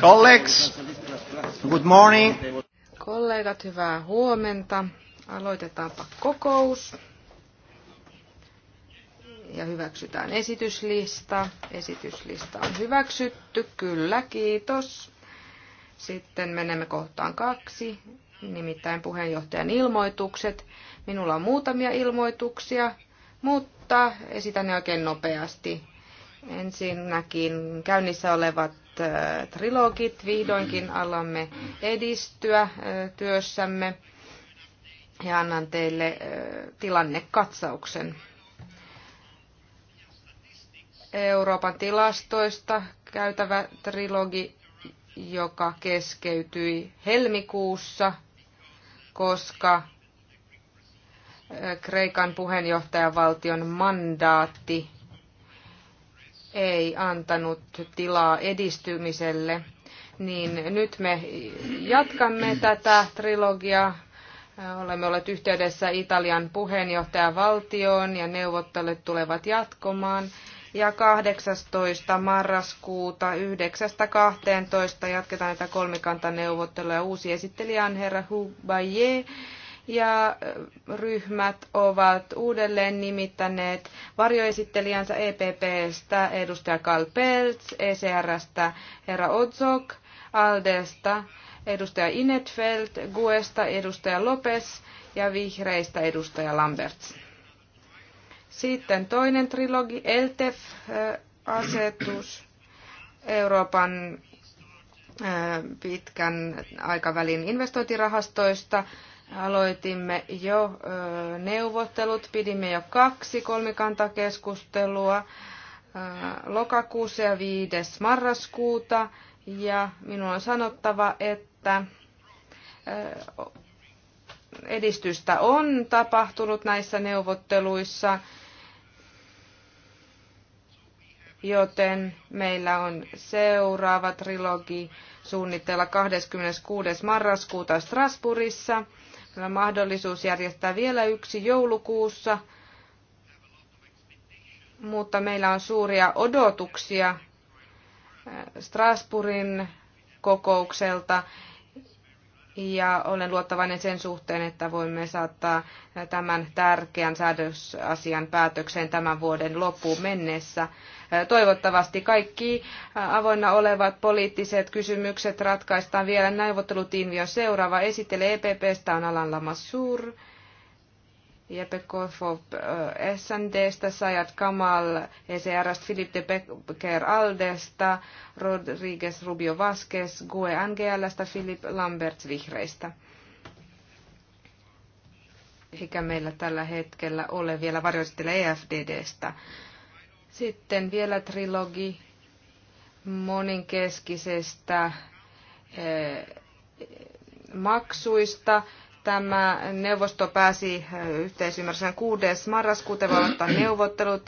colleagues. Good morning. Kollegat, hyvää huomenta. Aloitetaanpa kokous. Ja hyväksytään esityslista. Esityslista on hyväksytty. Kyllä, kiitos. Sitten menemme kohtaan kaksi, nimittäin puheenjohtajan ilmoitukset. Minulla on muutamia ilmoituksia, mutta esitän ne oikein nopeasti. Ensinnäkin käynnissä olevat trilogit. Vihdoinkin alamme edistyä työssämme ja annan teille tilannekatsauksen. Euroopan tilastoista käytävä trilogi, joka keskeytyi helmikuussa, koska Kreikan puheenjohtajavaltion mandaatti ei antanut tilaa edistymiselle, niin nyt me jatkamme tätä trilogiaa. Olemme olleet yhteydessä Italian puheenjohtajavaltioon ja neuvottelut tulevat jatkomaan ja 18. marraskuuta 9.12. jatketaan näitä kolmikantaneuvotteluja. Uusi esittelijä on herra Hubaye ja ryhmät ovat uudelleen nimittäneet varjoesittelijänsä EPPstä edustaja Karl Peltz, ECRstä herra Otsok, Aldesta edustaja Inetfeld, Guesta edustaja Lopes ja Vihreistä edustaja Lamberts. Sitten toinen trilogi, ELTEF-asetus, Euroopan pitkän aikavälin investointirahastoista, Aloitimme jo neuvottelut, pidimme jo kaksi kolmikantakeskustelua lokakuussa ja 5. marraskuuta. Ja minun on sanottava, että edistystä on tapahtunut näissä neuvotteluissa, joten meillä on seuraava trilogi suunnitella 26. marraskuuta Strasbourgissa järjestöllä mahdollisuus järjestää vielä yksi joulukuussa, mutta meillä on suuria odotuksia äh, Strasbourgin kokoukselta ja olen luottavainen sen suhteen, että voimme saattaa tämän tärkeän säädösasian päätökseen tämän vuoden loppuun mennessä. Toivottavasti kaikki äh, avoinna olevat poliittiset kysymykset ratkaistaan vielä. Neuvottelutiimi on seuraava. Esittelee EPPstä on Alan Lamassur. Jeppe Kofo äh, SNDstä, Sayat Kamal, ECRstä Philippe de Becker Aldesta, Rodriguez Rubio Vasquez, Gue NGLstä, Philip Lamberts Vihreistä. Eikä meillä tällä hetkellä ole vielä varjoistele EFDDstä. Sitten vielä trilogi moninkeskisestä eh, maksuista. Tämä neuvosto pääsi eh, yhteisymmärrykseen 6. marraskuuta valottaa neuvottelut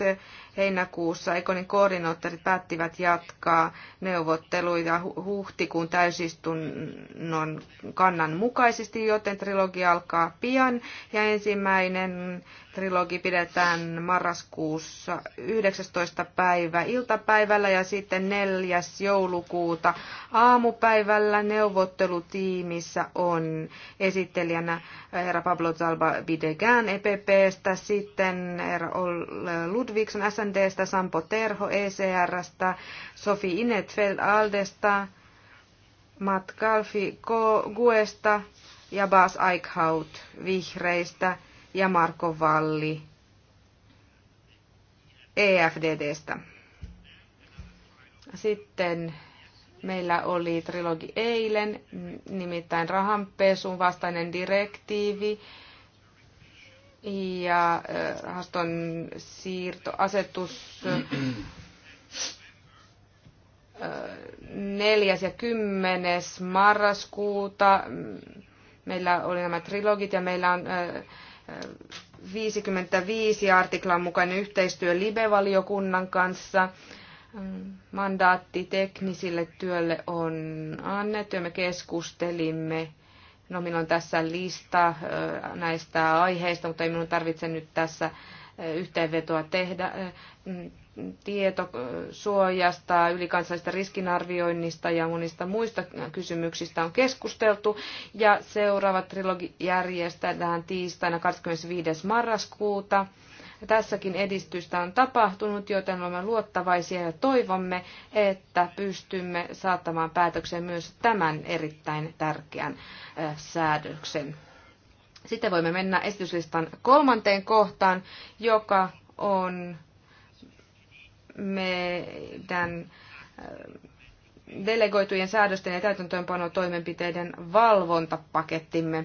Heinäkuussa Ekonin koordinaattorit päättivät jatkaa neuvotteluita huhtikuun täysistunnon kannan mukaisesti, joten trilogi alkaa pian ja ensimmäinen trilogi pidetään marraskuussa 19. päivä iltapäivällä ja sitten 4. joulukuuta aamupäivällä neuvottelutiimissä on esittelijänä herra Pablo Zalba Videgan EPPstä, sitten herra Ludvigson SN SNDstä, Sampo Terho ECRstä, Sofi Inetfeld Aldesta, Matt Kalfi Guesta ja Bas Eichhout Vihreistä ja Marko Valli EFDDstä. Sitten meillä oli trilogi eilen, nimittäin rahanpesun vastainen direktiivi ja rahaston siirtoasetus neljäs ja kymmenes marraskuuta. Meillä oli nämä trilogit ja meillä on 55 artiklan mukainen yhteistyö Libe-valiokunnan kanssa. Mandaatti teknisille työlle on annettu ja me keskustelimme No minulla on tässä lista näistä aiheista, mutta ei minun tarvitse nyt tässä yhteenvetoa tehdä mm, tietosuojasta, ylikansallisesta riskinarvioinnista ja monista muista kysymyksistä on keskusteltu. Ja seuraava trilogi järjestetään tiistaina 25. marraskuuta. Tässäkin edistystä on tapahtunut, joten olemme luottavaisia ja toivomme, että pystymme saattamaan päätökseen myös tämän erittäin tärkeän säädöksen. Sitten voimme mennä esityslistan kolmanteen kohtaan, joka on meidän delegoitujen säädösten ja täytäntöönpanotoimenpiteiden valvontapakettimme.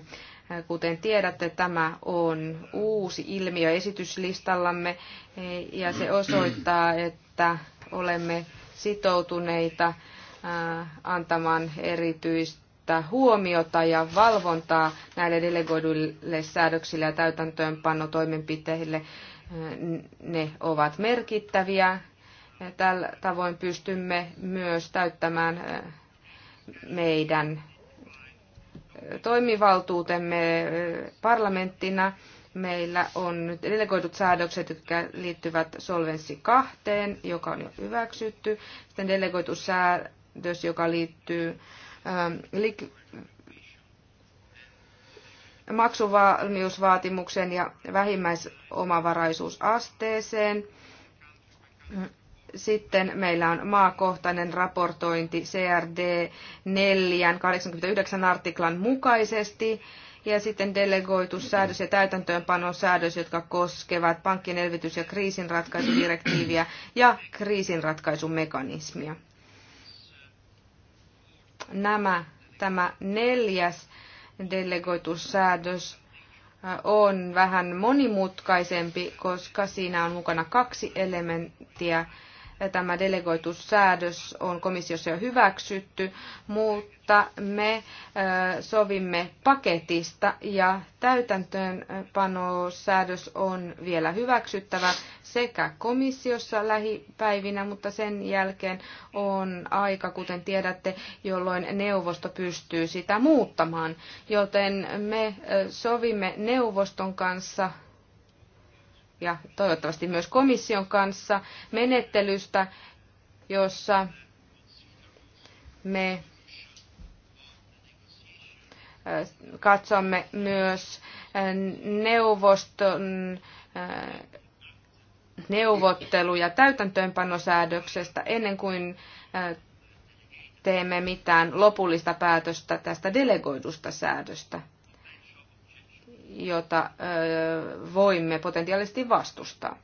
Kuten tiedätte, tämä on uusi ilmiö esityslistallamme ja se osoittaa, että olemme sitoutuneita äh, antamaan erityistä huomiota ja valvontaa näille delegoiduille säädöksille ja täytäntöönpannotoimenpiteille. Äh, ne ovat merkittäviä. Tällä tavoin pystymme myös täyttämään äh, meidän toimivaltuutemme parlamenttina. Meillä on nyt delegoidut säädökset, jotka liittyvät solvenssi kahteen, joka on jo hyväksytty. Sitten delegoitu säädös, joka liittyy ähm, maksuvalmiusvaatimukseen ja vähimmäisomavaraisuusasteeseen. Sitten meillä on maakohtainen raportointi CRD 4 89 artiklan mukaisesti ja sitten delegoitus säädös ja täytäntöönpanon säädös, jotka koskevat pankkien elvytys- ja kriisinratkaisudirektiiviä ja kriisinratkaisumekanismia. Nämä, tämä neljäs delegoitussäädös äh, on vähän monimutkaisempi, koska siinä on mukana kaksi elementtiä, Tämä delegoitussäädös on komissiossa jo hyväksytty, mutta me sovimme paketista ja täytäntöönpanosäädös on vielä hyväksyttävä sekä komissiossa lähipäivinä, mutta sen jälkeen on aika, kuten tiedätte, jolloin neuvosto pystyy sitä muuttamaan. Joten me sovimme neuvoston kanssa ja toivottavasti myös komission kanssa menettelystä, jossa me katsomme myös neuvoston neuvotteluja täytäntöönpanosäädöksestä ennen kuin teemme mitään lopullista päätöstä tästä delegoidusta säädöstä jota voimme potentiaalisesti vastustaa.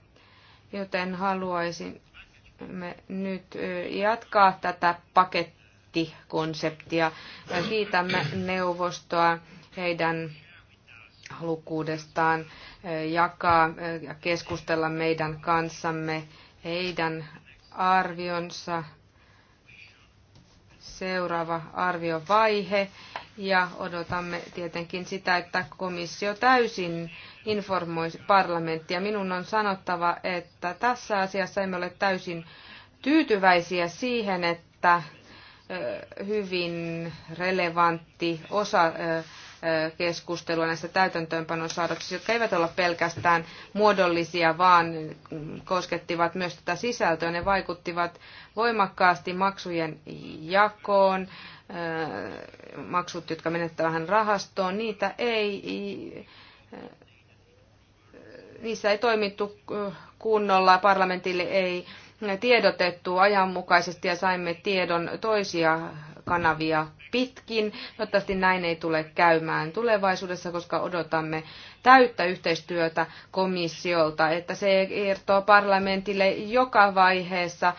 Joten haluaisin me nyt jatkaa tätä pakettikonseptia. Kiitämme neuvostoa heidän halukkuudestaan jakaa ja keskustella meidän kanssamme heidän arvionsa. Seuraava arviovaihe ja odotamme tietenkin sitä, että komissio täysin informoi parlamenttia. Minun on sanottava, että tässä asiassa emme ole täysin tyytyväisiä siihen, että hyvin relevantti osa keskustelua näistä täytäntöönpanosäädöksistä, jotka eivät ole pelkästään muodollisia, vaan koskettivat myös tätä sisältöä. Ne vaikuttivat voimakkaasti maksujen jakoon, maksut, jotka menettävät vähän rahastoon, niitä ei niissä ei toimittu kunnolla, parlamentille ei tiedotettu ajanmukaisesti ja saimme tiedon toisia kanavia pitkin. Toivottavasti näin ei tule käymään tulevaisuudessa, koska odotamme täyttä yhteistyötä komissiolta, että se kertoo parlamentille joka vaiheessa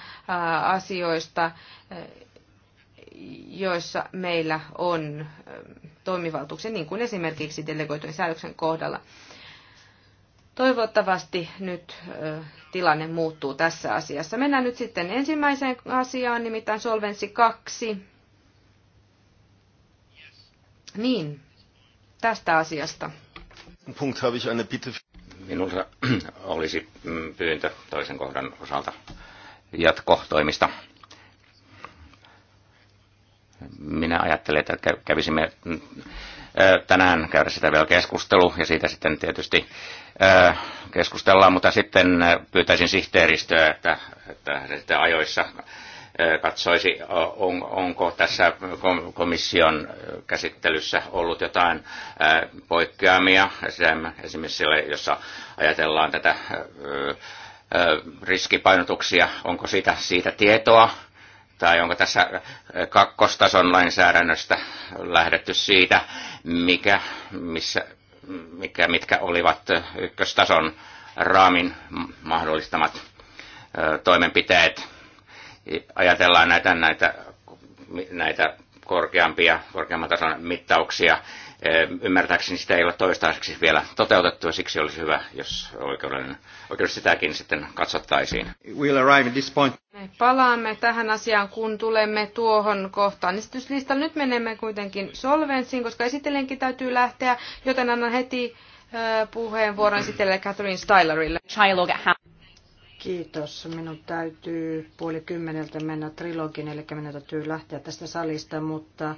asioista, joissa meillä on toimivaltuuksia, niin kuin esimerkiksi delegoitujen säädöksen kohdalla. Toivottavasti nyt tilanne muuttuu tässä asiassa. Mennään nyt sitten ensimmäiseen asiaan, nimittäin Solvenssi 2. Niin, tästä asiasta. Punkt habe ich eine Bitte. Minulta olisi mm, pyyntö toisen kohdan osalta jatkotoimista. Minä ajattelen, että kävisimme tänään käydä sitä vielä keskustelu ja siitä sitten tietysti keskustellaan, mutta sitten pyytäisin sihteeristöä, että, että se sitten ajoissa katsoisi, on, onko tässä komission käsittelyssä ollut jotain poikkeamia, esimerkiksi sille, jossa ajatellaan tätä riskipainotuksia, onko siitä, siitä tietoa, tai onko tässä äh, kakkostason lainsäädännöstä lähdetty siitä, mikä, missä, mikä, mitkä olivat äh, ykköstason raamin mahdollistamat äh, toimenpiteet. Ajatellaan näitä, näitä, näitä korkeampia, korkeamman tason mittauksia Eh, ymmärtääkseni sitä ei ole toistaiseksi vielä toteutettu ja siksi olisi hyvä, jos oikeudellinen oikeus sitäkin sitten katsottaisiin. We'll arrive at this point. Me palaamme tähän asiaan, kun tulemme tuohon kohtaan esityslistalla. Nyt menemme kuitenkin solvenssiin, koska esitellenkin täytyy lähteä, joten annan heti eh, puheenvuoron esitellä Catherine Stylerille. Kiitos. Minun täytyy puoli kymmeneltä mennä trilogiin, eli minun täytyy lähteä tästä salista, mutta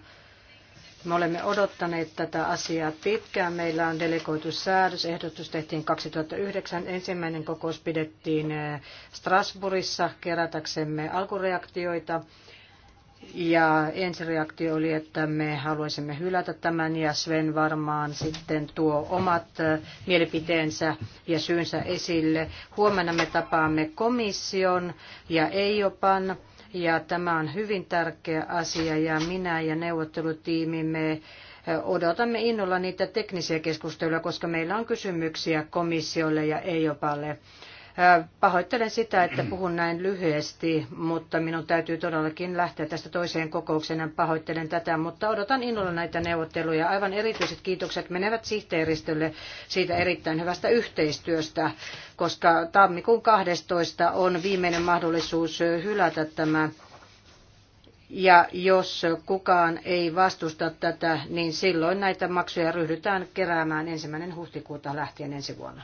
me olemme odottaneet tätä asiaa pitkään. Meillä on delegoitu säädösehdotus. tehtiin 2009. Ensimmäinen kokous pidettiin eh, Strasbourgissa kerätäksemme alkureaktioita. Ja ensireaktio oli, että me haluaisimme hylätä tämän ja Sven varmaan sitten tuo omat eh, mielipiteensä ja syynsä esille. Huomenna me tapaamme komission ja EIOPan ja tämä on hyvin tärkeä asia ja minä ja neuvottelutiimimme odotamme innolla niitä teknisiä keskusteluja, koska meillä on kysymyksiä komissiolle ja EIOPalle. Pahoittelen sitä, että puhun näin lyhyesti, mutta minun täytyy todellakin lähteä tästä toiseen kokoukseen. Pahoittelen tätä, mutta odotan innolla näitä neuvotteluja. Aivan erityiset kiitokset menevät sihteeristölle siitä erittäin hyvästä yhteistyöstä, koska tammikuun 12 on viimeinen mahdollisuus hylätä tämä ja jos kukaan ei vastusta tätä, niin silloin näitä maksuja ryhdytään keräämään ensimmäinen huhtikuuta lähtien ensi vuonna.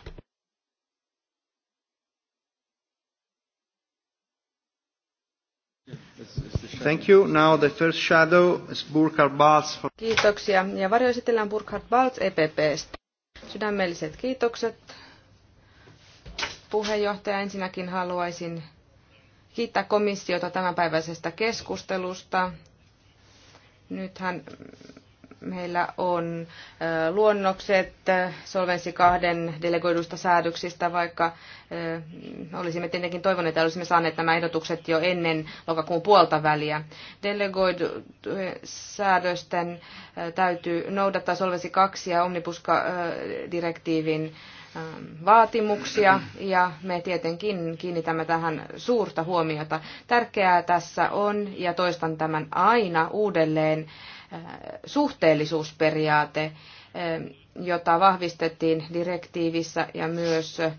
Thank you. Now the first shadow is Burkhard Balz. Kiitoksia. Ja varjoesitellään Burkhard Balz EPPstä. Sydämelliset kiitokset. Puheenjohtaja, ensinnäkin haluaisin kiittää komissiota tämänpäiväisestä keskustelusta. Nythän meillä on luonnokset Solvenssi kahden delegoidusta säädöksistä, vaikka olisimme tietenkin toivoneet, että olisimme saaneet nämä ehdotukset jo ennen lokakuun puolta väliä. Delegoidu säädösten täytyy noudattaa Solvenssi 2 ja Omnipuska-direktiivin vaatimuksia ja me tietenkin kiinnitämme tähän suurta huomiota. Tärkeää tässä on, ja toistan tämän aina uudelleen, suhteellisuusperiaate, eh, jota vahvistettiin direktiivissä ja myös eh,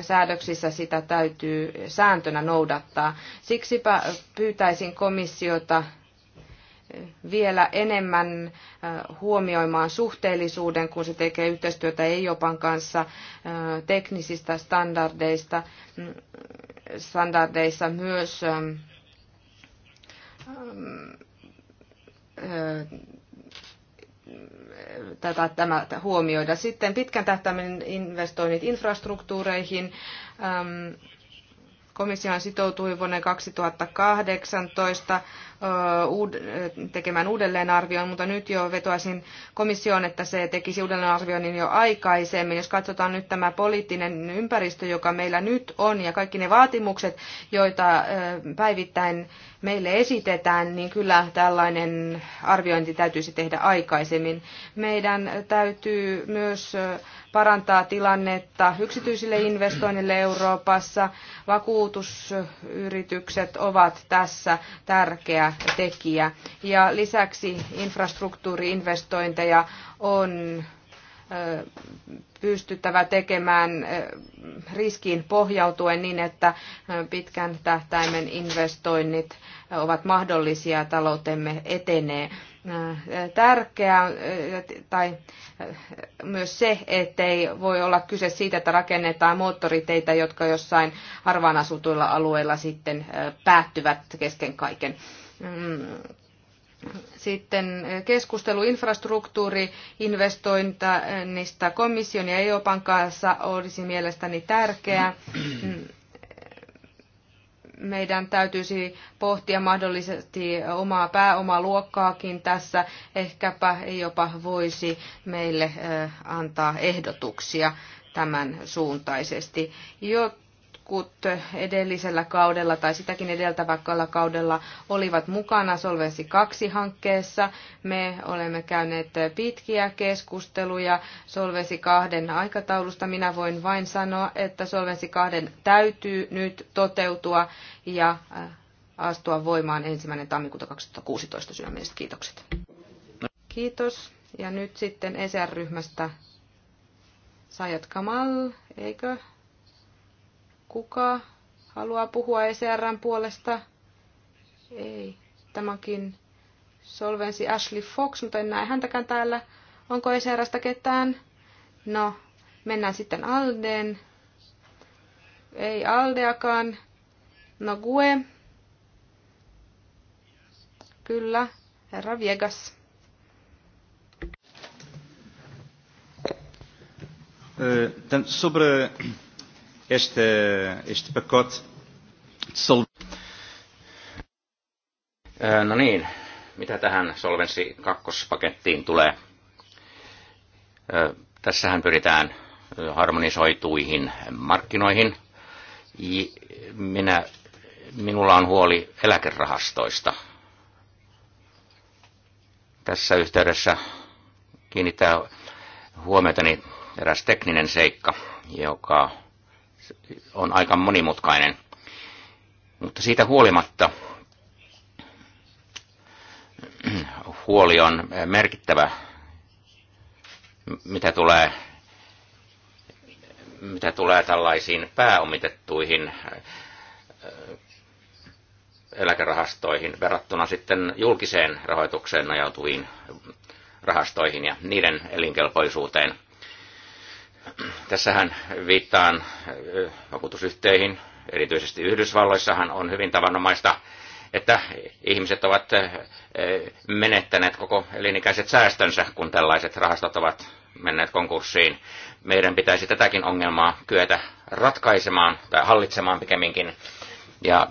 säädöksissä sitä täytyy sääntönä noudattaa. Siksipä pyytäisin komissiota eh, vielä enemmän huomioimaan suhteellisuuden, kun se tekee yhteistyötä EIOPan kanssa teknisistä standardeista, mm, standardeissa myös mm, tätä, tämä huomioida. Sitten pitkän tähtäimen investoinnit infrastruktuureihin. Komissio sitoutui vuonna 2018 tekemään uudelleenarvion, mutta nyt jo vetoaisin komissioon, että se tekisi uudelleenarvioinnin jo aikaisemmin. Jos katsotaan nyt tämä poliittinen ympäristö, joka meillä nyt on, ja kaikki ne vaatimukset, joita päivittäin meille esitetään, niin kyllä tällainen arviointi täytyisi tehdä aikaisemmin. Meidän täytyy myös parantaa tilannetta yksityisille investoinnille Euroopassa. Vakuutusyritykset ovat tässä tärkeä tekijä. Ja lisäksi infrastruktuuriinvestointeja on pystyttävä tekemään riskiin pohjautuen niin, että pitkän tähtäimen investoinnit ovat mahdollisia ja taloutemme etenee. Tärkeää tai myös se, ettei voi olla kyse siitä, että rakennetaan moottoriteitä, jotka jossain harvaan asutuilla alueilla sitten päättyvät kesken kaiken. Sitten keskustelu infrastruktuuriinvestoinnista komission ja EUPan kanssa olisi mielestäni tärkeää. Meidän täytyisi pohtia mahdollisesti omaa pääomaluokkaakin tässä. Ehkäpä jopa voisi meille eh, antaa ehdotuksia tämän suuntaisesti, jotta jotkut edellisellä kaudella tai sitäkin edeltävällä kaudella olivat mukana Solvensi 2-hankkeessa. Me olemme käyneet pitkiä keskusteluja Solvensi 2 aikataulusta. Minä voin vain sanoa, että Solvensi 2 täytyy nyt toteutua ja äh, astua voimaan ensimmäinen tammikuuta 2016. Sydämelliset kiitokset. Kiitos. Ja nyt sitten ESR-ryhmästä Sajat Kamal, eikö? Kuka haluaa puhua ECRn puolesta? Ei. Tämäkin solvensi Ashley Fox, mutta en näe häntäkään täällä. Onko ECRstä ketään? No, mennään sitten Aldeen. Ei Aldeakaan. No Gue. Kyllä, herra Viegas. Sobre este este pacote de solvência. No niin, mitä tähän Solvenssi kakkospakettiin tulee? Tässähän pyritään harmonisoituihin markkinoihin. Minä, minulla on huoli eläkerahastoista. Tässä yhteydessä kiinnittää huomiotani eräs tekninen seikka, joka on aika monimutkainen. Mutta siitä huolimatta huoli on merkittävä, mitä tulee, mitä tulee tällaisiin pääomitettuihin äh, eläkerahastoihin verrattuna sitten julkiseen rahoitukseen nojautuviin rahastoihin ja niiden elinkelpoisuuteen – Tässähän viittaan vakuutusyhteihin, erityisesti Yhdysvalloissahan on hyvin tavanomaista, että ihmiset ovat menettäneet koko elinikäiset säästönsä, kun tällaiset rahastot ovat menneet konkurssiin. Meidän pitäisi tätäkin ongelmaa kyetä ratkaisemaan tai hallitsemaan pikemminkin. Ja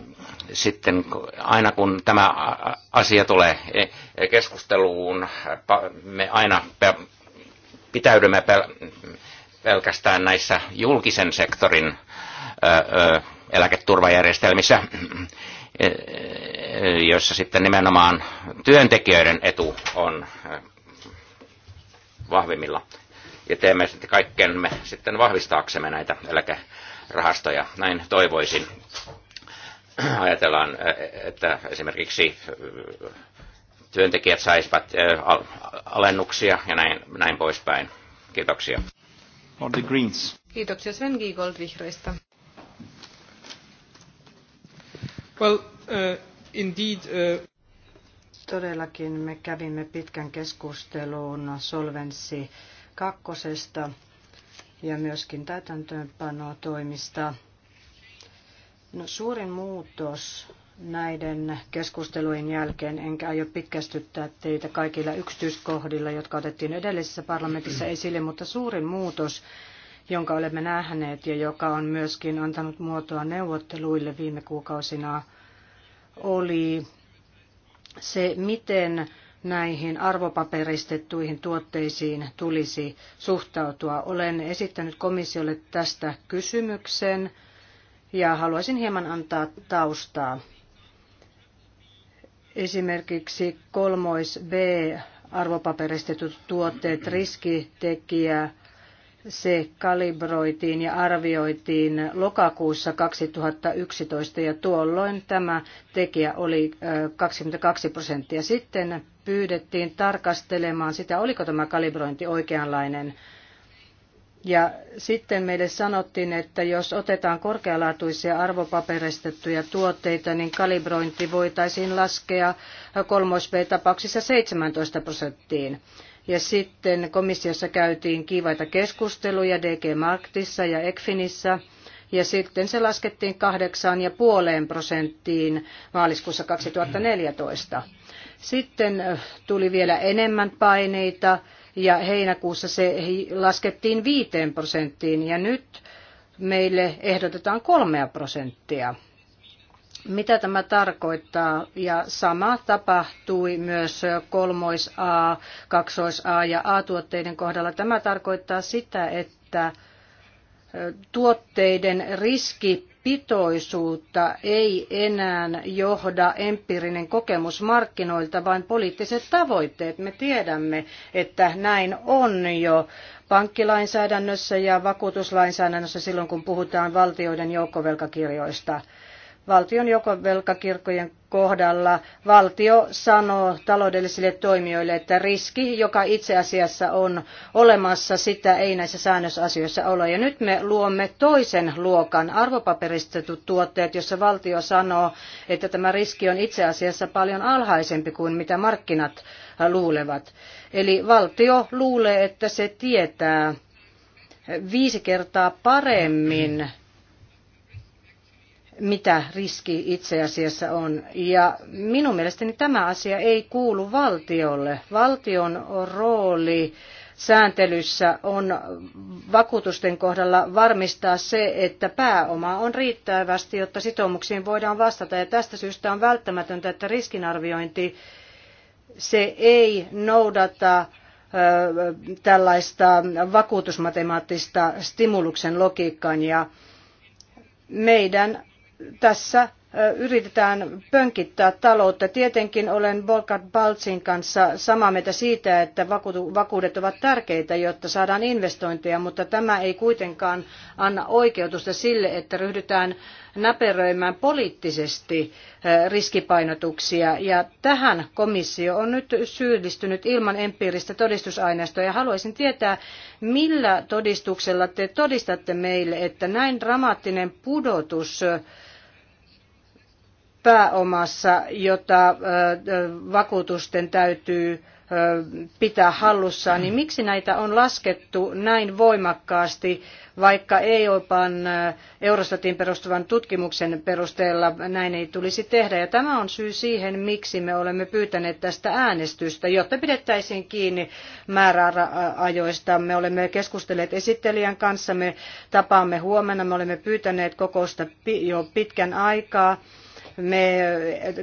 sitten aina kun tämä asia tulee e, e, keskusteluun, me aina pitäydymme pelkästään näissä julkisen sektorin eläketurvajärjestelmissä, e, joissa sitten nimenomaan työntekijöiden etu on vahvimmilla. Ja teemme sitten kaikkemme sitten vahvistaaksemme näitä eläkerahastoja. Näin toivoisin. Ajatellaan, että esimerkiksi työntekijät saisivat alennuksia ja näin, näin poispäin. Kiitoksia on the Greens. Kiitoksia Sven Giegold vihreistä. Well, uh, indeed, uh... Todellakin me kävimme pitkän keskustelun solvenssi kakkosesta ja myöskin täytäntöönpanotoimista. No, suurin muutos näiden keskustelujen jälkeen, enkä aio pitkästyttää teitä kaikilla yksityiskohdilla, jotka otettiin edellisessä parlamentissa esille, mutta suurin muutos, jonka olemme nähneet ja joka on myöskin antanut muotoa neuvotteluille viime kuukausina, oli se, miten näihin arvopaperistettuihin tuotteisiin tulisi suhtautua. Olen esittänyt komissiolle tästä kysymyksen ja haluaisin hieman antaa taustaa Esimerkiksi kolmois B arvopaperistetut tuotteet, riskitekijä, se kalibroitiin ja arvioitiin lokakuussa 2011 ja tuolloin tämä tekijä oli 22 prosenttia. Sitten pyydettiin tarkastelemaan sitä, oliko tämä kalibrointi oikeanlainen ja sitten meille sanottiin, että jos otetaan korkealaatuisia arvopaperistettuja tuotteita, niin kalibrointi voitaisiin laskea 3B-tapauksissa 17 prosenttiin. Ja sitten komissiossa käytiin kiivaita keskusteluja DG Marktissa ja ECFINissä, ja sitten se laskettiin 8,5 prosenttiin maaliskuussa 2014. Sitten tuli vielä enemmän paineita ja heinäkuussa se laskettiin 5 prosenttiin ja nyt meille ehdotetaan 3 prosenttia. Mitä tämä tarkoittaa? Ja sama tapahtui myös kolmois A, kaksois A ja A-tuotteiden kohdalla. Tämä tarkoittaa sitä, että tuotteiden riski pitoisuutta ei enää johda empiirinen kokemus markkinoilta, vaan poliittiset tavoitteet. Me tiedämme, että näin on jo pankkilainsäädännössä ja vakuutuslainsäädännössä silloin, kun puhutaan valtioiden joukkovelkakirjoista valtion joko velkakirkkojen kohdalla valtio sanoo taloudellisille toimijoille, että riski, joka itse asiassa on olemassa, sitä ei näissä säännösasioissa ole. Ja nyt me luomme toisen luokan arvopaperistetut tuotteet, jossa valtio sanoo, että tämä riski on itse asiassa paljon alhaisempi kuin mitä markkinat luulevat. Eli valtio luulee, että se tietää viisi kertaa paremmin mitä riski itse asiassa on. Ja minun mielestäni tämä asia ei kuulu valtiolle. Valtion rooli sääntelyssä on vakuutusten kohdalla varmistaa se, että pääoma on riittävästi, jotta sitoumuksiin voidaan vastata. Ja tästä syystä on välttämätöntä, että riskinarviointi se ei noudata tällaista vakuutusmatemaattista stimuluksen logiikkaa ja meidän tässä yritetään pönkittää taloutta. Tietenkin olen Volkan Baltsin kanssa samaa mieltä siitä, että vakuudet ovat tärkeitä, jotta saadaan investointeja, mutta tämä ei kuitenkaan anna oikeutusta sille, että ryhdytään näperöimään poliittisesti riskipainotuksia. Ja tähän komissio on nyt syyllistynyt ilman empiiristä todistusaineistoa. Ja haluaisin tietää, millä todistuksella te todistatte meille, että näin dramaattinen pudotus pääomassa, jota vakuutusten täytyy pitää hallussaan, niin miksi näitä on laskettu näin voimakkaasti, vaikka EUPan Eurostatin perustuvan tutkimuksen perusteella näin ei tulisi tehdä. Ja tämä on syy siihen, miksi me olemme pyytäneet tästä äänestystä, jotta pidettäisiin kiinni määräajoista. Me olemme keskustelleet esittelijän kanssa, me tapaamme huomenna, me olemme pyytäneet kokousta jo pitkän aikaa. Me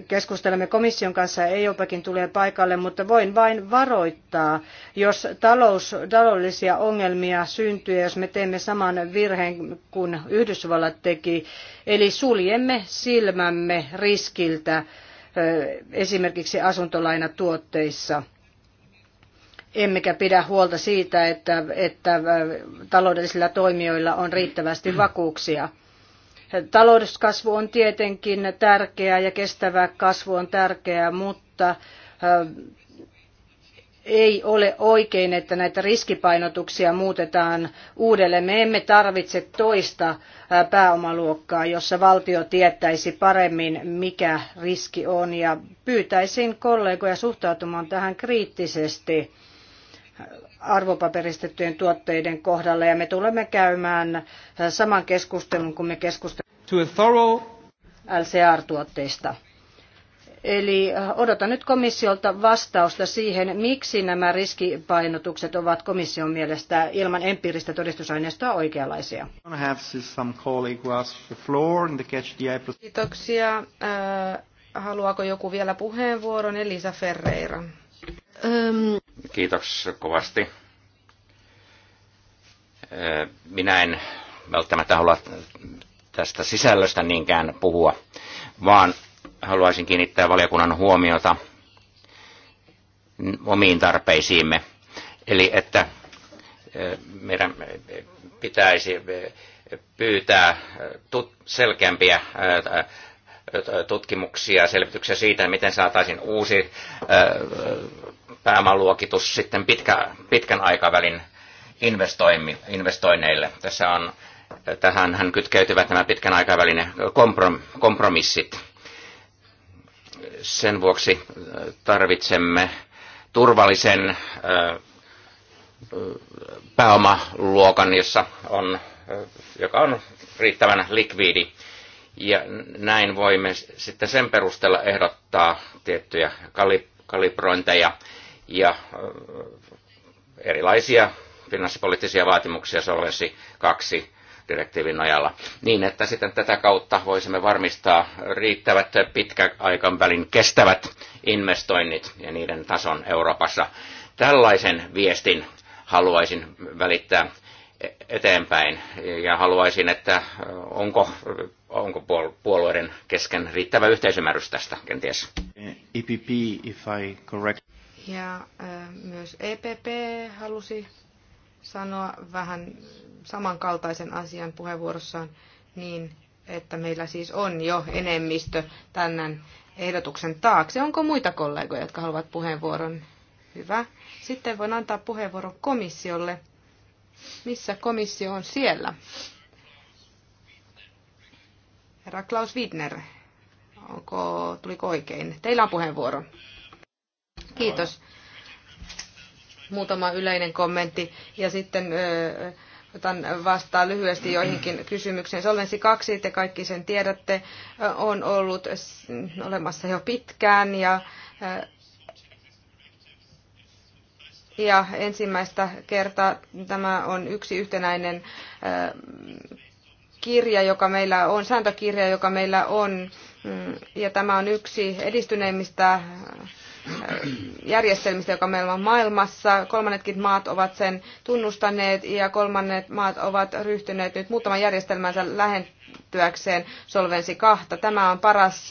keskustelemme komission kanssa, EUPakin tulee paikalle, mutta voin vain varoittaa, jos talous, taloudellisia ongelmia syntyy, jos me teemme saman virheen kuin Yhdysvallat teki, eli suljemme silmämme riskiltä esimerkiksi asuntolainatuotteissa emmekä pidä huolta siitä, että, että taloudellisilla toimijoilla on riittävästi vakuuksia. Talouskasvu on tietenkin tärkeää ja kestävä kasvu on tärkeää, mutta ei ole oikein, että näitä riskipainotuksia muutetaan uudelleen. Me emme tarvitse toista pääomaluokkaa, jossa valtio tietäisi paremmin, mikä riski on, ja pyytäisin kollegoja suhtautumaan tähän kriittisesti arvopaperistettujen tuotteiden kohdalla ja me tulemme käymään äh, saman keskustelun, kuin me keskustelemme thorough... LCR-tuotteista. Eli äh, odotan nyt komissiolta vastausta siihen, miksi nämä riskipainotukset ovat komission mielestä ilman empiiristä todistusaineistoa oikeanlaisia. Kiitoksia. Äh, haluaako joku vielä puheenvuoron? Elisa Ferreira. Um. Kiitos kovasti. Minä en välttämättä halua tästä sisällöstä niinkään puhua, vaan haluaisin kiinnittää valiokunnan huomiota omiin tarpeisiimme. Eli että e, meidän pitäisi pyytää selkeämpiä e, tutkimuksia, selvityksiä siitä, miten saataisiin uusi e, pääomaluokitus sitten pitkä, pitkän aikavälin investoinneille. Tässä on, tähän hän kytkeytyvät nämä pitkän aikavälin kompromissit. Sen vuoksi äh, tarvitsemme turvallisen äh, pääomaluokan, jossa on, äh, joka on riittävän likviidi. Ja näin voimme sitten sen perusteella ehdottaa tiettyjä kalib- kalibrointeja ja äh, erilaisia finanssipoliittisia vaatimuksia Solvensi kaksi direktiivin nojalla, niin että sitten tätä kautta voisimme varmistaa riittävät pitkäaikan välin kestävät investoinnit ja niiden tason Euroopassa. Tällaisen viestin haluaisin välittää eteenpäin. Ja haluaisin, että onko, onko puolueiden kesken riittävä yhteisymmärrys tästä kenties. EPP, if I correct. Ja äh, myös EPP halusi sanoa vähän samankaltaisen asian puheenvuorossaan niin, että meillä siis on jo enemmistö tänään ehdotuksen taakse. Onko muita kollegoja, jotka haluavat puheenvuoron? Hyvä. Sitten voin antaa puheenvuoron komissiolle missä komissio on siellä? Herra Klaus Widner, onko, tuliko oikein? Teillä on puheenvuoro. Kiitos. Muutama yleinen kommentti ja sitten ö, otan vastaan lyhyesti joihinkin kysymyksiin. Solvensi 2, te kaikki sen tiedätte, on ollut olemassa jo pitkään ja ja ensimmäistä kertaa tämä on yksi yhtenäinen kirja, joka meillä on, sääntökirja, joka meillä on, mm, ja tämä on yksi edistyneimmistä järjestelmistä, joka meillä on maailmassa. Kolmannetkin maat ovat sen tunnustaneet ja kolmannet maat ovat ryhtyneet nyt muutaman järjestelmänsä lähentyäkseen solvensi kahta. Tämä on paras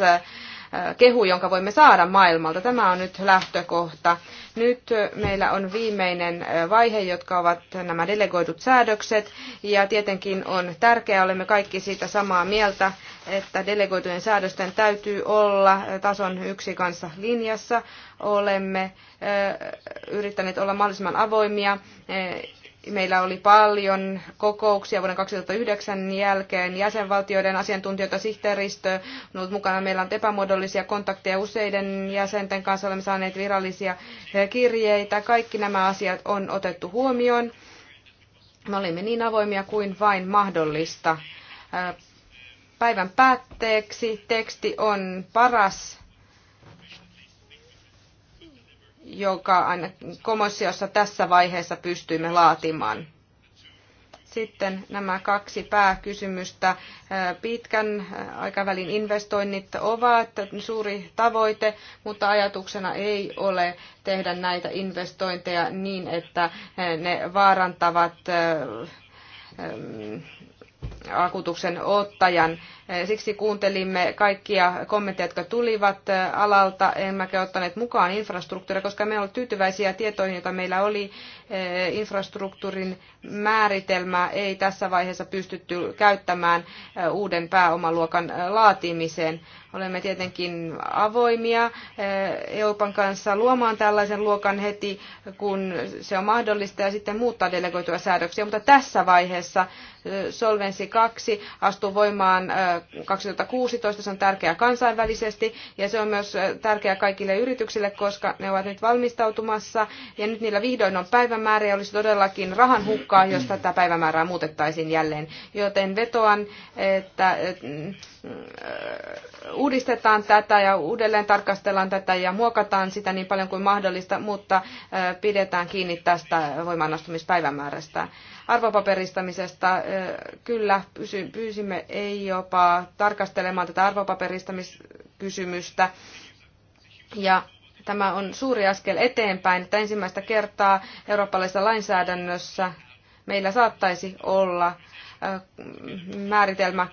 kehu, jonka voimme saada maailmalta. Tämä on nyt lähtökohta. Nyt meillä on viimeinen vaihe, jotka ovat nämä delegoidut säädökset. Ja tietenkin on tärkeää, olemme kaikki siitä samaa mieltä, että delegoitujen säädösten täytyy olla tason yksi kanssa linjassa. Olemme yrittäneet olla mahdollisimman avoimia Meillä oli paljon kokouksia vuoden 2009 jälkeen jäsenvaltioiden asiantuntijoita, sihteeristö on ollut mukana. Meillä on epämuodollisia kontakteja useiden jäsenten kanssa, olemme saaneet virallisia kirjeitä. Kaikki nämä asiat on otettu huomioon. Me olimme niin avoimia kuin vain mahdollista. Päivän päätteeksi teksti on paras joka komissiossa tässä vaiheessa pystyimme laatimaan. Sitten nämä kaksi pääkysymystä. Pitkän aikavälin investoinnit ovat suuri tavoite, mutta ajatuksena ei ole tehdä näitä investointeja niin, että ne vaarantavat akutuksen ottajan Eh, siksi kuuntelimme kaikkia kommentteja, jotka tulivat eh, alalta, emmekä ottaneet mukaan infrastruktuuria, koska me olemme tyytyväisiä tietoihin, joita meillä oli. Eh, infrastruktuurin määritelmää ei tässä vaiheessa pystytty käyttämään uuden pääomaluokan laatimiseen. Olemme tietenkin avoimia Euroopan kanssa luomaan tällaisen luokan heti, kun se on mahdollista, ja sitten muuttaa delegoituja säädöksiä. Mutta tässä vaiheessa Solvensi 2 astuu voimaan 2016. Se on tärkeää kansainvälisesti ja se on myös tärkeää kaikille yrityksille, koska ne ovat nyt valmistautumassa ja nyt niillä vihdoin on päivämäärä ja olisi todellakin rahan hukkaa, jos tätä päivämäärää muutettaisiin jälleen. Joten vetoan, että mm, uudistetaan tätä ja uudelleen tarkastellaan tätä ja muokataan sitä niin paljon kuin mahdollista, mutta pidetään kiinni tästä voimaanastumispäivämäärästä arvopaperistamisesta. Kyllä, pyysimme ei jopa tarkastelemaan tätä arvopaperistamiskysymystä. Ja tämä on suuri askel eteenpäin, että ensimmäistä kertaa eurooppalaisessa lainsäädännössä meillä saattaisi olla määritelmä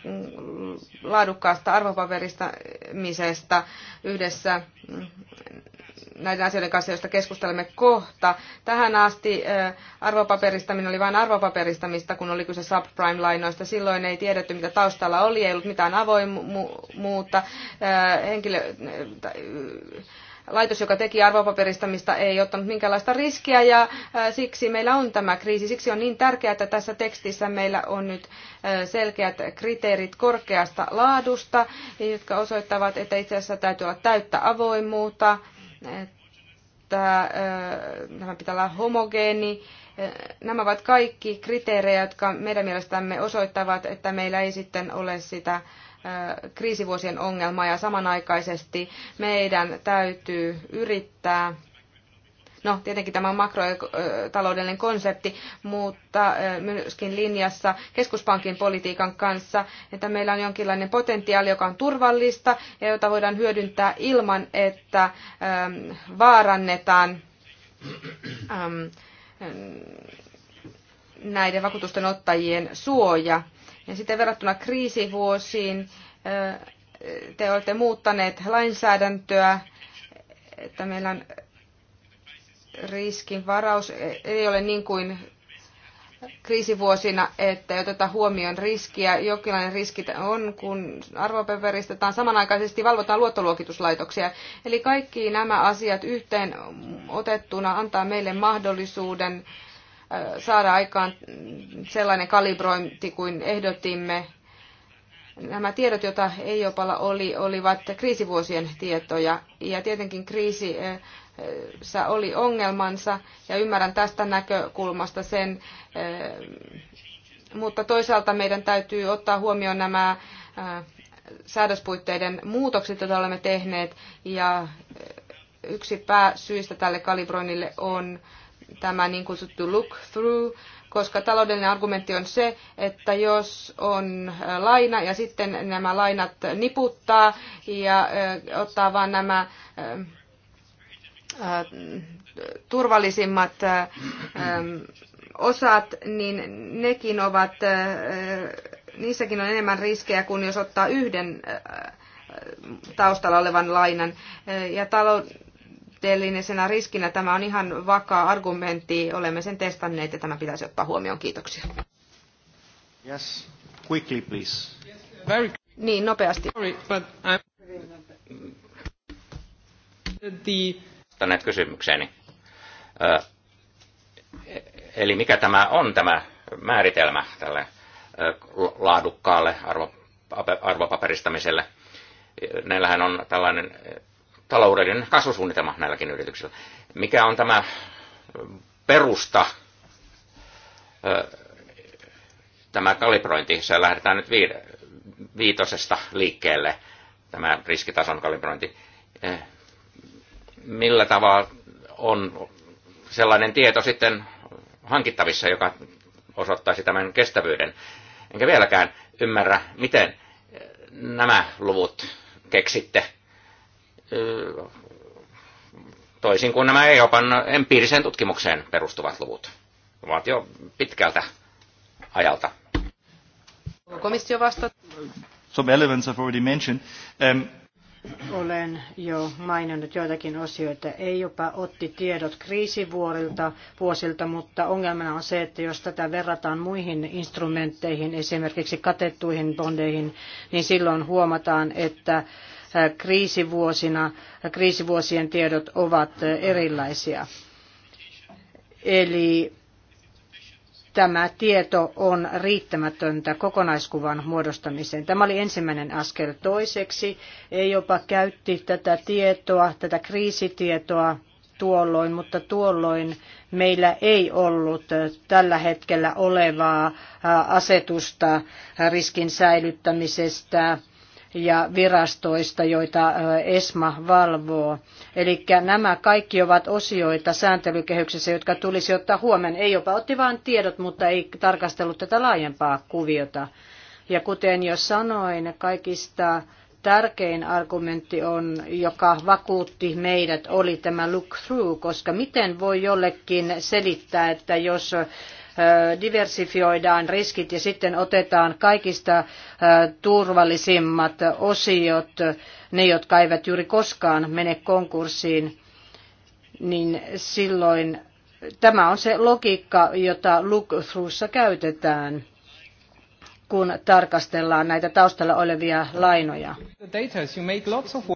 laadukkaasta arvopaperistamisesta yhdessä näiden asioiden kanssa, joista keskustelemme kohta. Tähän asti arvopaperistaminen oli vain arvopaperistamista, kun oli kyse subprime-lainoista. Silloin ei tiedetty, mitä taustalla oli, ei ollut mitään avoimuutta. Henkilö, laitos, joka teki arvopaperistamista, ei ottanut minkäänlaista riskiä ja siksi meillä on tämä kriisi. Siksi on niin tärkeää, että tässä tekstissä meillä on nyt selkeät kriteerit korkeasta laadusta, jotka osoittavat, että itse asiassa täytyy olla täyttä avoimuutta, että tämä äh, pitää olla homogeeni. Äh, nämä ovat kaikki kriteerejä, jotka meidän mielestämme osoittavat, että meillä ei sitten ole sitä äh, kriisivuosien ongelmaa ja samanaikaisesti meidän täytyy yrittää No, tietenkin tämä on makrotaloudellinen konsepti, mutta myöskin linjassa keskuspankin politiikan kanssa, että meillä on jonkinlainen potentiaali, joka on turvallista ja jota voidaan hyödyntää ilman, että vaarannetaan näiden vakuutusten ottajien suoja. Ja sitten verrattuna kriisivuosiin te olette muuttaneet lainsäädäntöä, että meillä on riskin varaus e- ei ole niin kuin kriisivuosina, että ei oteta huomioon riskiä. Jokinlainen riski on, kun arvopaperistetaan. Samanaikaisesti valvotaan luottoluokituslaitoksia. Eli kaikki nämä asiat yhteen otettuna antaa meille mahdollisuuden saada aikaan sellainen kalibrointi kuin ehdotimme Nämä tiedot, joita ei opalla oli, olivat kriisivuosien tietoja ja tietenkin kriisi eh, eh, oli ongelmansa ja ymmärrän tästä näkökulmasta sen, eh, mutta toisaalta meidän täytyy ottaa huomioon nämä säädöspuitteiden muutokset, joita olemme tehneet ja yksi pääsyistä tälle kalibroinnille on tämä niin kutsuttu look-through koska taloudellinen argumentti on se, että jos on äh, laina ja sitten nämä lainat niputtaa ja äh, ottaa vain nämä äh, turvallisimmat osat, niin nekin ovat, niissäkin on enemmän riskejä kuin jos ottaa yhden taustalla olevan lainan. Ja talou- suhteellisena riskinä. Tämä on ihan vakaa argumentti. Olemme sen testanneet ja tämä pitäisi ottaa huomioon. Kiitoksia. Yes, quickly please. Very... Niin, nopeasti. Sorry, but I'm... The... Tänneet kysymykseeni. Ö, eli mikä tämä on tämä määritelmä tälle ö, laadukkaalle arvo, arvopaperistamiselle? Näillähän on tällainen taloudellinen kasvusuunnitelma näilläkin yrityksillä. Mikä on tämä perusta, tämä kalibrointi, se lähdetään nyt viitosesta liikkeelle, tämä riskitason kalibrointi. Millä tavalla on sellainen tieto sitten hankittavissa, joka osoittaisi tämän kestävyyden? Enkä vieläkään ymmärrä, miten nämä luvut keksitte toisin kuin nämä Euroopan empiiriseen tutkimukseen perustuvat luvut ovat jo pitkältä ajalta. Komissio vastaa. Some elements I've already mentioned. Um, olen jo maininnut joitakin osioita. Ei jopa otti tiedot kriisivuorilta vuosilta, mutta ongelmana on se, että jos tätä verrataan muihin instrumentteihin, esimerkiksi katettuihin bondeihin, niin silloin huomataan, että kriisivuosina, kriisivuosien tiedot ovat erilaisia. Eli tämä tieto on riittämätöntä kokonaiskuvan muodostamiseen. Tämä oli ensimmäinen askel. Toiseksi ei jopa käytti tätä tietoa, tätä kriisitietoa tuolloin, mutta tuolloin meillä ei ollut tällä hetkellä olevaa asetusta riskin säilyttämisestä ja virastoista, joita ESMA valvoo. Eli nämä kaikki ovat osioita sääntelykehyksessä, jotka tulisi ottaa huomioon. Ei jopa otti vain tiedot, mutta ei tarkastellut tätä laajempaa kuviota. Ja kuten jo sanoin, kaikista tärkein argumentti on, joka vakuutti meidät, oli tämä look through, koska miten voi jollekin selittää, että jos diversifioidaan riskit ja sitten otetaan kaikista turvallisimmat osiot, ne jotka eivät juuri koskaan mene konkurssiin, niin silloin tämä on se logiikka, jota look-throughssa käytetään kun tarkastellaan näitä taustalla olevia lainoja.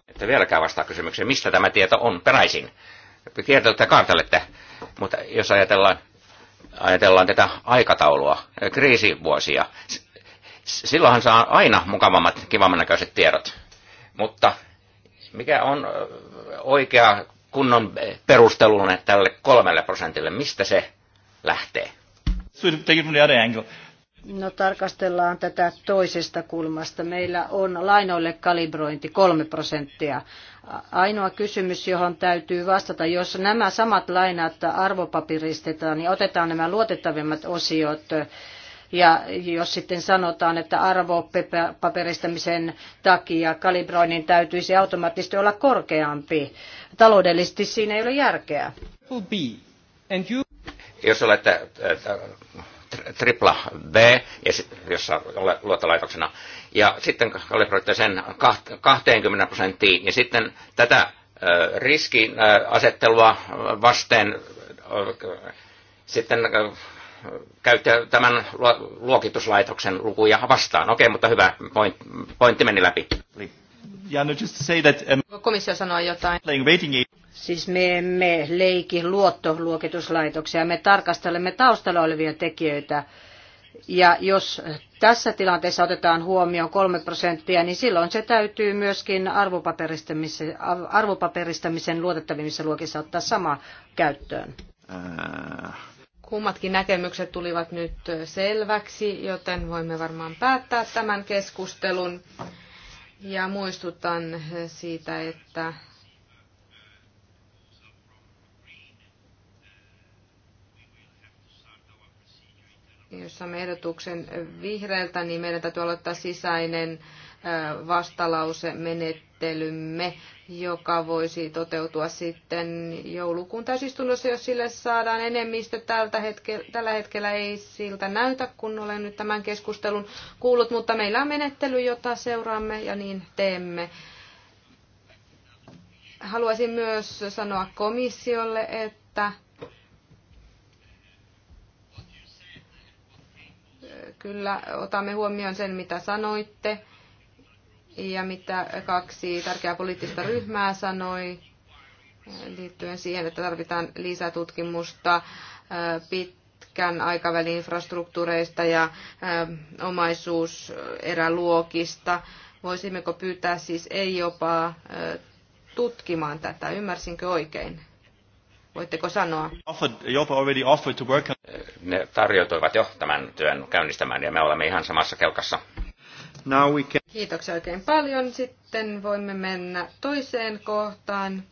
Että vieläkään vastaa kysymykseen, mistä tämä tieto on peräisin. Tietoa te kartallette, mutta jos ajatellaan ajatellaan tätä aikataulua, eh, kriisivuosia, silloinhan saa aina mukavammat, kivamman näköiset tiedot. Mutta mikä on eh, oikea kunnon perusteluna tälle kolmelle prosentille? Mistä se lähtee? Take it from the other angle. No tarkastellaan tätä toisesta kulmasta. Meillä on lainoille kalibrointi 3 prosenttia. Ainoa kysymys, johon täytyy vastata, jos nämä samat lainat arvopapiristetaan, niin otetaan nämä luotettavimmat osiot ja jos sitten sanotaan, että arvopaperistämisen takia kalibroinnin täytyisi automaattisesti olla korkeampi, taloudellisesti siinä ei ole järkeä. Jos olette äh, tripla B, jossa luottolaitoksena, ja sitten kalibroitte sen 20 prosenttiin, ja niin sitten tätä riskiasettelua vasten sitten käytte tämän luokituslaitoksen lukuja vastaan. Okei, mutta hyvä, point, pointti meni läpi. Yeah, no, just to say that, um, Komissio sanoi jotain. Siis me emme leiki luottoluokituslaitoksia, me tarkastelemme taustalla olevia tekijöitä. Ja jos tässä tilanteessa otetaan huomioon kolme prosenttia, niin silloin se täytyy myöskin arvopaperistamisen, arvopaperistamisen luotettavimmissa luokissa ottaa sama käyttöön. Äh. Kummatkin näkemykset tulivat nyt selväksi, joten voimme varmaan päättää tämän keskustelun. Ja muistutan siitä, että jos saamme ehdotuksen vihreältä, niin meidän täytyy aloittaa sisäinen vastalause menettelymme, joka voisi toteutua sitten joulukuun täysistunnossa, jos sille saadaan enemmistö. Tältä hetkellä, tällä hetkellä ei siltä näytä, kun olen nyt tämän keskustelun kuullut, mutta meillä on menettely, jota seuraamme ja niin teemme. Haluaisin myös sanoa komissiolle, että Kyllä otamme huomioon sen, mitä sanoitte ja mitä kaksi tärkeää poliittista ryhmää sanoi liittyen siihen, että tarvitaan lisätutkimusta pitkän aikavälin infrastruktuureista ja omaisuuseräluokista. Voisimmeko pyytää siis ei jopa tutkimaan tätä? Ymmärsinkö oikein? Voitteko sanoa? Ne tarjoutuivat jo tämän työn käynnistämään ja me olemme ihan samassa kelkassa. Now we can... Kiitoksia oikein paljon. Sitten voimme mennä toiseen kohtaan,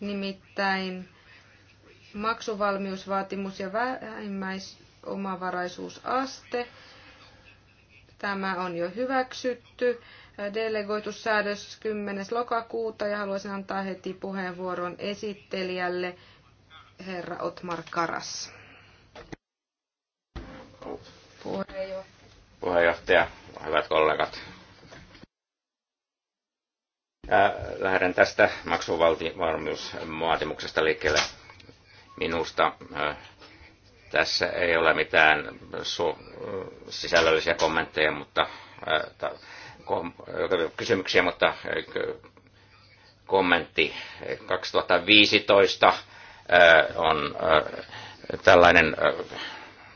nimittäin maksuvalmiusvaatimus ja vähimmäisomavaraisuusaste. Tämä on jo hyväksytty. Delegoitussäädös 10. lokakuuta ja haluaisin antaa heti puheenvuoron esittelijälle herra Otmar Karas. Puheenjohtaja. Puheenjohtaja, hyvät kollegat. Lähden tästä maksuvalmiusvaatimuksesta liikkeelle. Minusta tässä ei ole mitään sisällöllisiä kommentteja, mutta kysymyksiä, mutta kommentti 2015 on tällainen